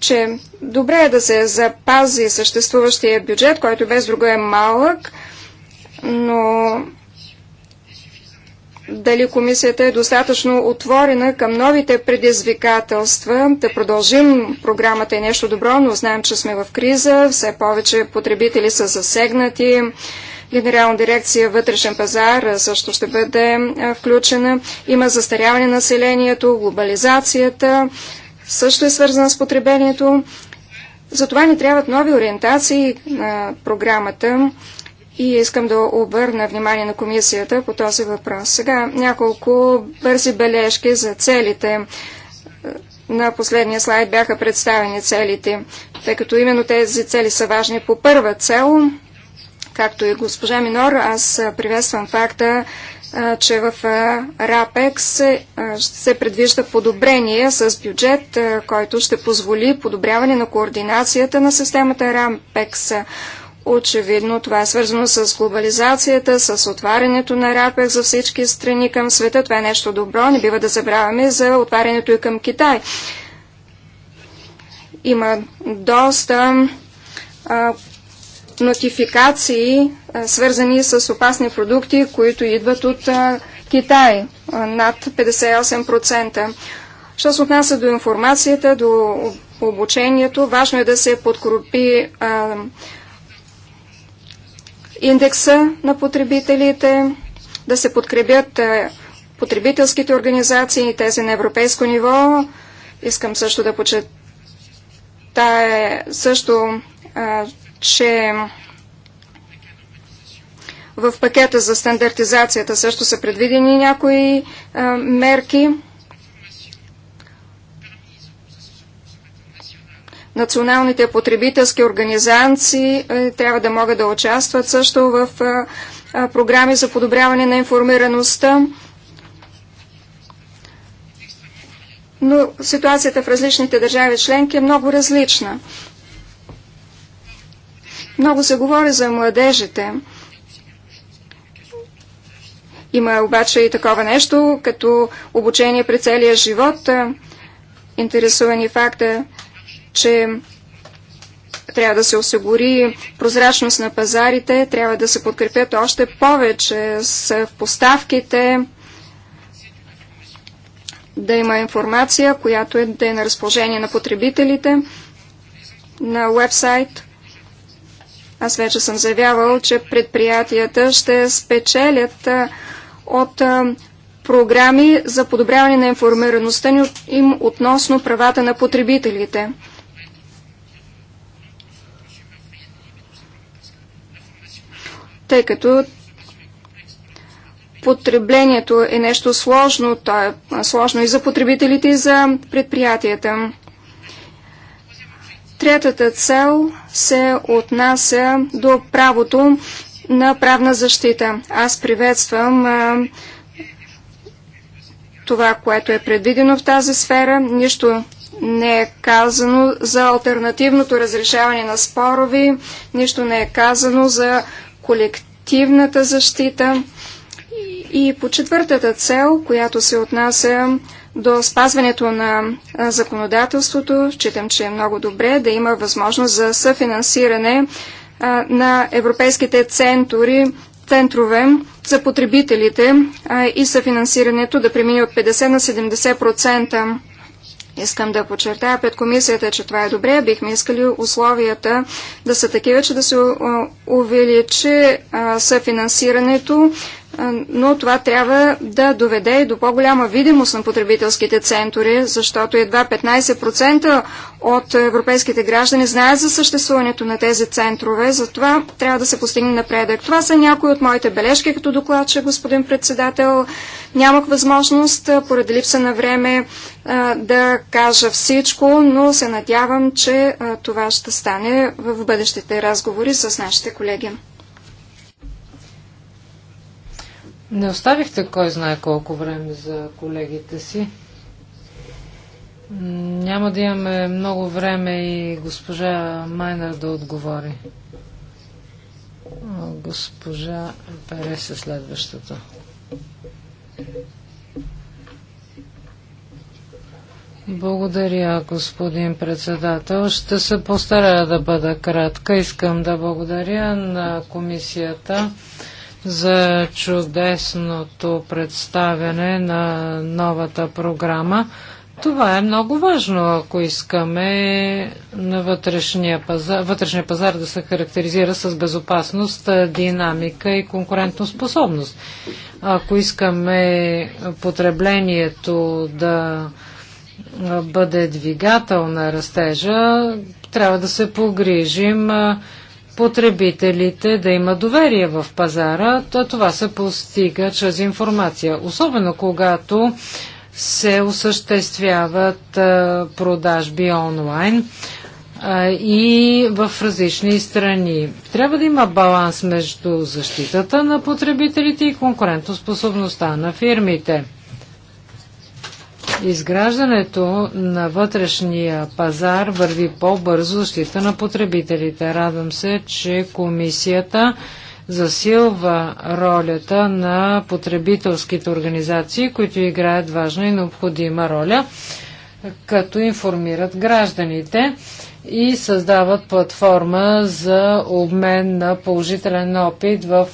че добре е да се запази съществуващия бюджет, който без друго е малък, но дали комисията е достатъчно отворена към новите предизвикателства. Да продължим програмата е нещо добро, но знаем, че сме в криза, все повече потребители са засегнати. Генерална дирекция вътрешен пазар също ще бъде включена. Има застаряване на населението, глобализацията също е свързана с потреблението. Затова ни трябват нови ориентации на програмата и искам да обърна внимание на комисията по този въпрос. Сега няколко бързи бележки за целите. На последния слайд бяха представени целите, тъй като именно тези цели са важни. По първа цел, както и госпожа Минор, аз приветствам факта, че в РАПЕКС се предвижда подобрение с бюджет, който ще позволи подобряване на координацията на системата РАПЕКС. Очевидно това е свързано с глобализацията, с отварянето на Рапех за всички страни към света. Това е нещо добро, не бива да забравяме за отварянето и към Китай. Има доста а, нотификации, а, свързани с опасни продукти, които идват от а, Китай, а, над 58%. Що се отнася до информацията, до обучението, важно е да се подкрупи. а, индекса на потребителите, да се подкрепят е, потребителските организации, тези на европейско ниво. Искам също да почетая също, е, че в пакета за стандартизацията също са предвидени някои е, мерки. Националните потребителски организации е, трябва да могат да участват също в е, е, програми за подобряване на информираността. Но ситуацията в различните държави членки е много различна. Много се говори за младежите. Има обаче и такова нещо, като обучение при целия живот. Интересувани факта, че трябва да се осигури прозрачност на пазарите, трябва да се подкрепят още повече с поставките, да има информация, която е да е на разположение на потребителите на вебсайт. Аз вече съм заявявал, че предприятията ще спечелят от програми за подобряване на информираността им относно правата на потребителите. тъй като потреблението е нещо сложно, то е сложно и за потребителите, и за предприятията. Третата цел се отнася до правото на правна защита. Аз приветствам а, това, което е предвидено в тази сфера. Нищо не е казано за альтернативното разрешаване на спорови, нищо не е казано за колективната защита и по четвъртата цел, която се отнася до спазването на законодателството, считам, че е много добре да има възможност за съфинансиране на европейските центури, центрове за потребителите и съфинансирането да премине от 50 на 70%. Искам да подчертая пред комисията, че това е добре. Бихме искали условията да са такива, че да се увеличи съфинансирането но това трябва да доведе и до по-голяма видимост на потребителските центри, защото едва 15% от европейските граждани знаят за съществуването на тези центрове, затова трябва да се постигне напредък. Това са някои от моите бележки като докладче, господин председател. Нямах възможност, поради липса на време, да кажа всичко, но се надявам, че това ще стане в бъдещите разговори с нашите колеги. Не оставихте кой знае колко време за колегите си. Няма да имаме много време и госпожа Майнер да отговори. Госпожа Перес е следващата. Благодаря, господин председател. Ще се постарая да бъда кратка. Искам да благодаря на комисията за чудесното представяне на новата програма. Това е много важно, ако искаме на вътрешния пазар, вътрешния пазар да се характеризира с безопасност, динамика и конкурентоспособност. Ако искаме потреблението да бъде двигател на растежа, трябва да се погрижим потребителите да имат доверие в пазара, то това се постига чрез информация. Особено когато се осъществяват продажби онлайн и в различни страни. Трябва да има баланс между защитата на потребителите и конкурентоспособността на фирмите. Изграждането на вътрешния пазар върви по-бързо защита на потребителите. Радвам се, че комисията засилва ролята на потребителските организации, които играят важна и необходима роля, като информират гражданите и създават платформа за обмен на положителен опит в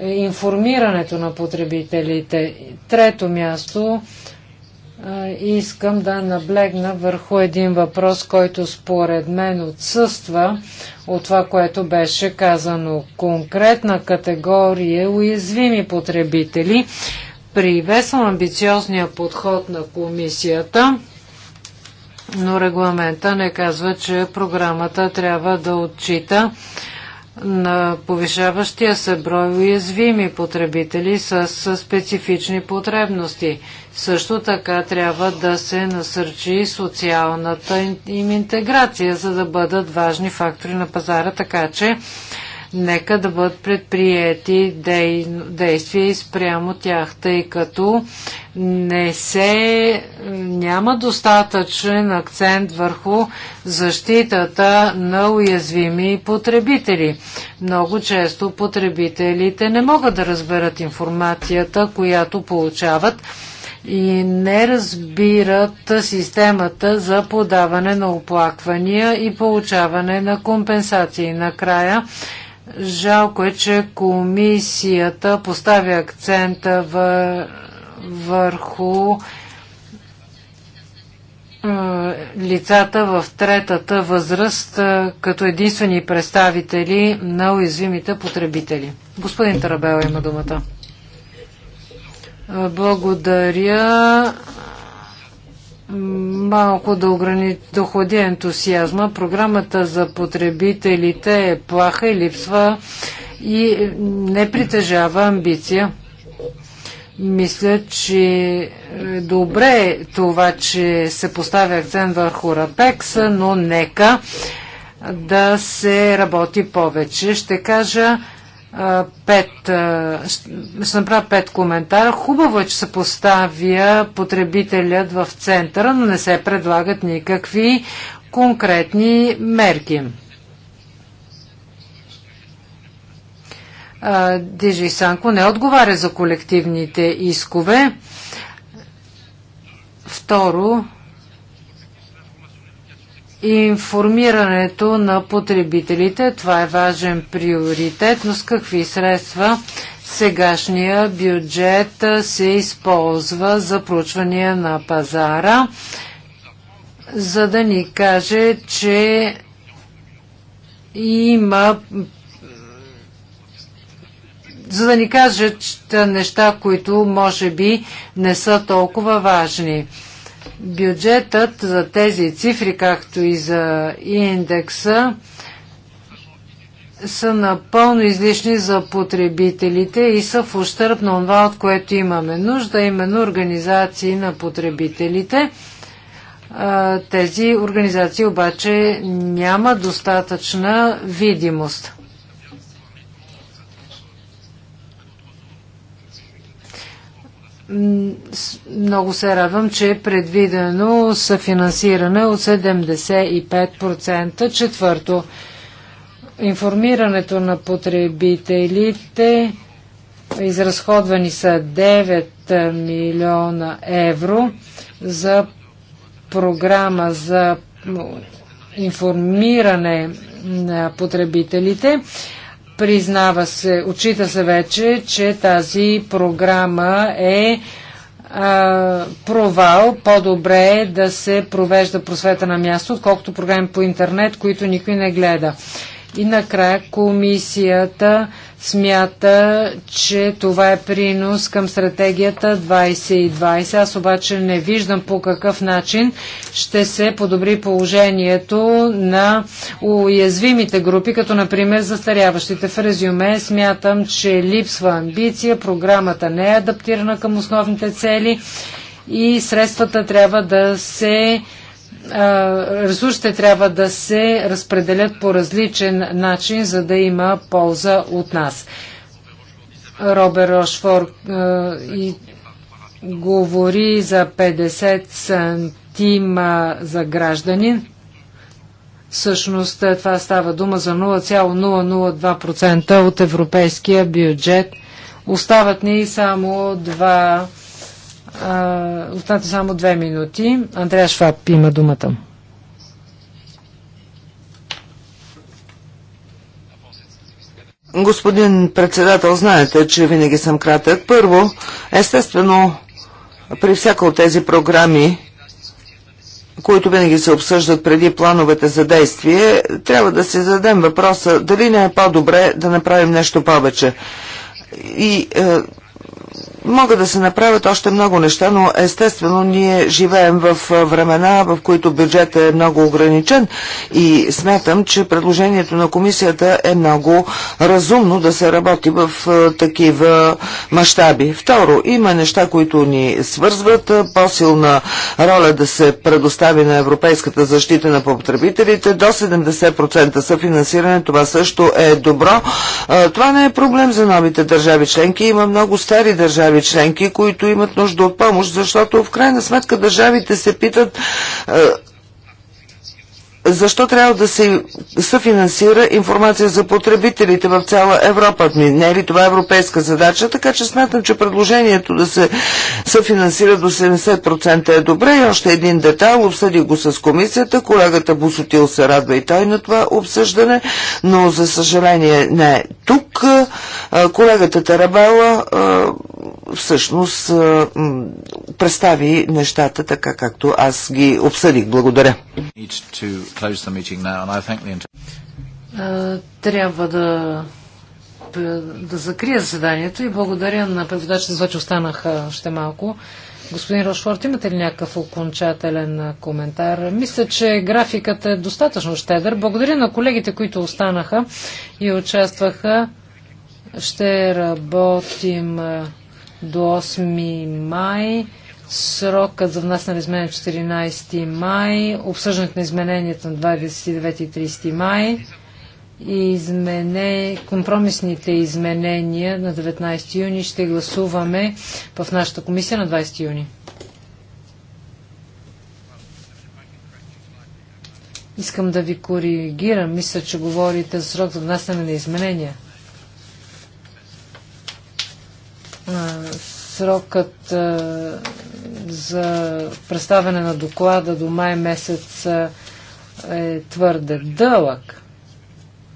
е, информирането на потребителите. Трето място искам да наблегна върху един въпрос, който според мен отсъства от това, което беше казано. Конкретна категория уязвими потребители. Приветствам амбициозния подход на комисията, но регламента не казва, че програмата трябва да отчита на повишаващия се брой уязвими потребители с специфични потребности. Също така трябва да се насърчи социалната им интеграция, за да бъдат важни фактори на пазара, така че Нека да бъдат предприяти дей, действия спрямо тях, тъй като не се, няма достатъчен акцент върху защитата на уязвими потребители. Много често потребителите не могат да разберат информацията, която получават и не разбират системата за подаване на оплаквания и получаване на компенсации. Накрая Жалко е, че комисията поставя акцента върху лицата в третата възраст като единствени представители на уязвимите потребители. Господин Тарабела има думата. Благодаря малко да, ограничи да ходи ентусиазма. Програмата за потребителите е плаха и липсва и не притежава амбиция. Мисля, че е добре това, че се поставя акцент върху Рапекса, но нека да се работи повече. Ще кажа пет, ще направя пет коментара. Хубаво е, че се поставя потребителят в центъра, но не се предлагат никакви конкретни мерки. Дижи Санко не отговаря за колективните искове. Второ, информирането на потребителите. Това е важен приоритет, но с какви средства сегашния бюджет се използва за проучване на пазара, за да ни каже, че има за да ни кажат неща, които може би не са толкова важни. Бюджетът за тези цифри, както и за индекса, са напълно излишни за потребителите и са в ущърп на това, от което имаме нужда, именно организации на потребителите. Тези организации обаче няма достатъчна видимост. Много се радвам, че е предвидено съфинансиране от 75%. Четвърто, информирането на потребителите изразходвани са 9 милиона евро за програма за информиране на потребителите. Признава се, отчита се вече, че тази програма е а, провал. По-добре е да се провежда просвета на място, отколкото програми по интернет, които никой не гледа. И накрая комисията смята, че това е принос към стратегията 2020. Аз обаче не виждам по какъв начин ще се подобри положението на уязвимите групи, като например застаряващите. В резюме смятам, че липсва амбиция, програмата не е адаптирана към основните цели и средствата трябва да се ресурсите трябва да се разпределят по различен начин, за да има полза от нас. Робер Рошфор и говори за 50 центима за гражданин. Всъщност това става дума за 0,002% от европейския бюджет. Остават ни само два Останат само две минути. Андрея Шваб има думата. Господин председател, знаете, че винаги съм кратък. Първо, естествено, при всяка от тези програми, които винаги се обсъждат преди плановете за действие, трябва да си зададем въпроса дали не е по-добре да направим нещо повече. И е, могат да се направят още много неща, но естествено ние живеем в времена, в които бюджетът е много ограничен и смятам, че предложението на комисията е много разумно да се работи в такива мащаби. Второ, има неща, които ни свързват, по-силна роля да се предостави на Европейската защита на потребителите, до 70% съфинансиране, това също е добро. Това не е проблем за новите държави членки, има много стари държави членки, които имат нужда от помощ, защото в крайна сметка държавите се питат е, защо трябва да се съфинансира информация за потребителите в цяла Европа? Не е ли това европейска задача? Така че смятам, че предложението да се съфинансира до 70% е добре. И още един детайл, обсъди го с комисията. Колегата Бусотил се радва и той на това обсъждане, но за съжаление не е тук. Колегата Тарабела всъщност представи нещата така, както аз ги обсъдих. Благодаря. Трябва да, да закрия заседанието и благодаря на преводачите за това, че останаха още малко. Господин Рошфорд, имате ли някакъв окончателен коментар? Мисля, че графикът е достатъчно щедър. Благодаря на колегите, които останаха и участваха. Ще работим до 8 май. Срокът за внасяне на изменение 14 май. Обсъждането на измененията на 29 и 30 май. И измене, компромисните изменения на 19 юни ще гласуваме в нашата комисия на 20 юни. Искам да ви коригирам. Мисля, че говорите за срок за внасяне на изменения. Срокът за представяне на доклада до май месец е твърде дълъг.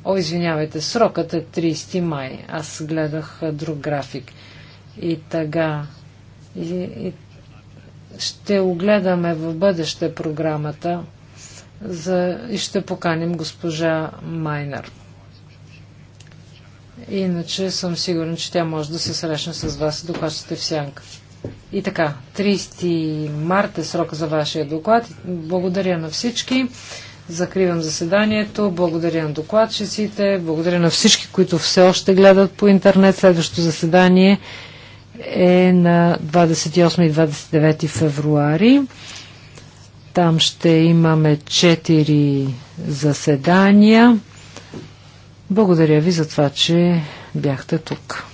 О, извинявайте, срокът е 30 май. Аз гледах друг график. И така. И, и ще огледаме в бъдеще програмата за... и ще поканим госпожа Майнер. Иначе съм сигурен, че тя може да се срещне с вас, докато в сянка. И така, 30 марта е срока за вашия доклад. Благодаря на всички. Закривам заседанието. Благодаря на докладчиците. Благодаря на всички, които все още гледат по интернет. Следващото заседание е на 28 и 29 февруари. Там ще имаме 4 заседания. Благодаря ви за това, че бяхте тук.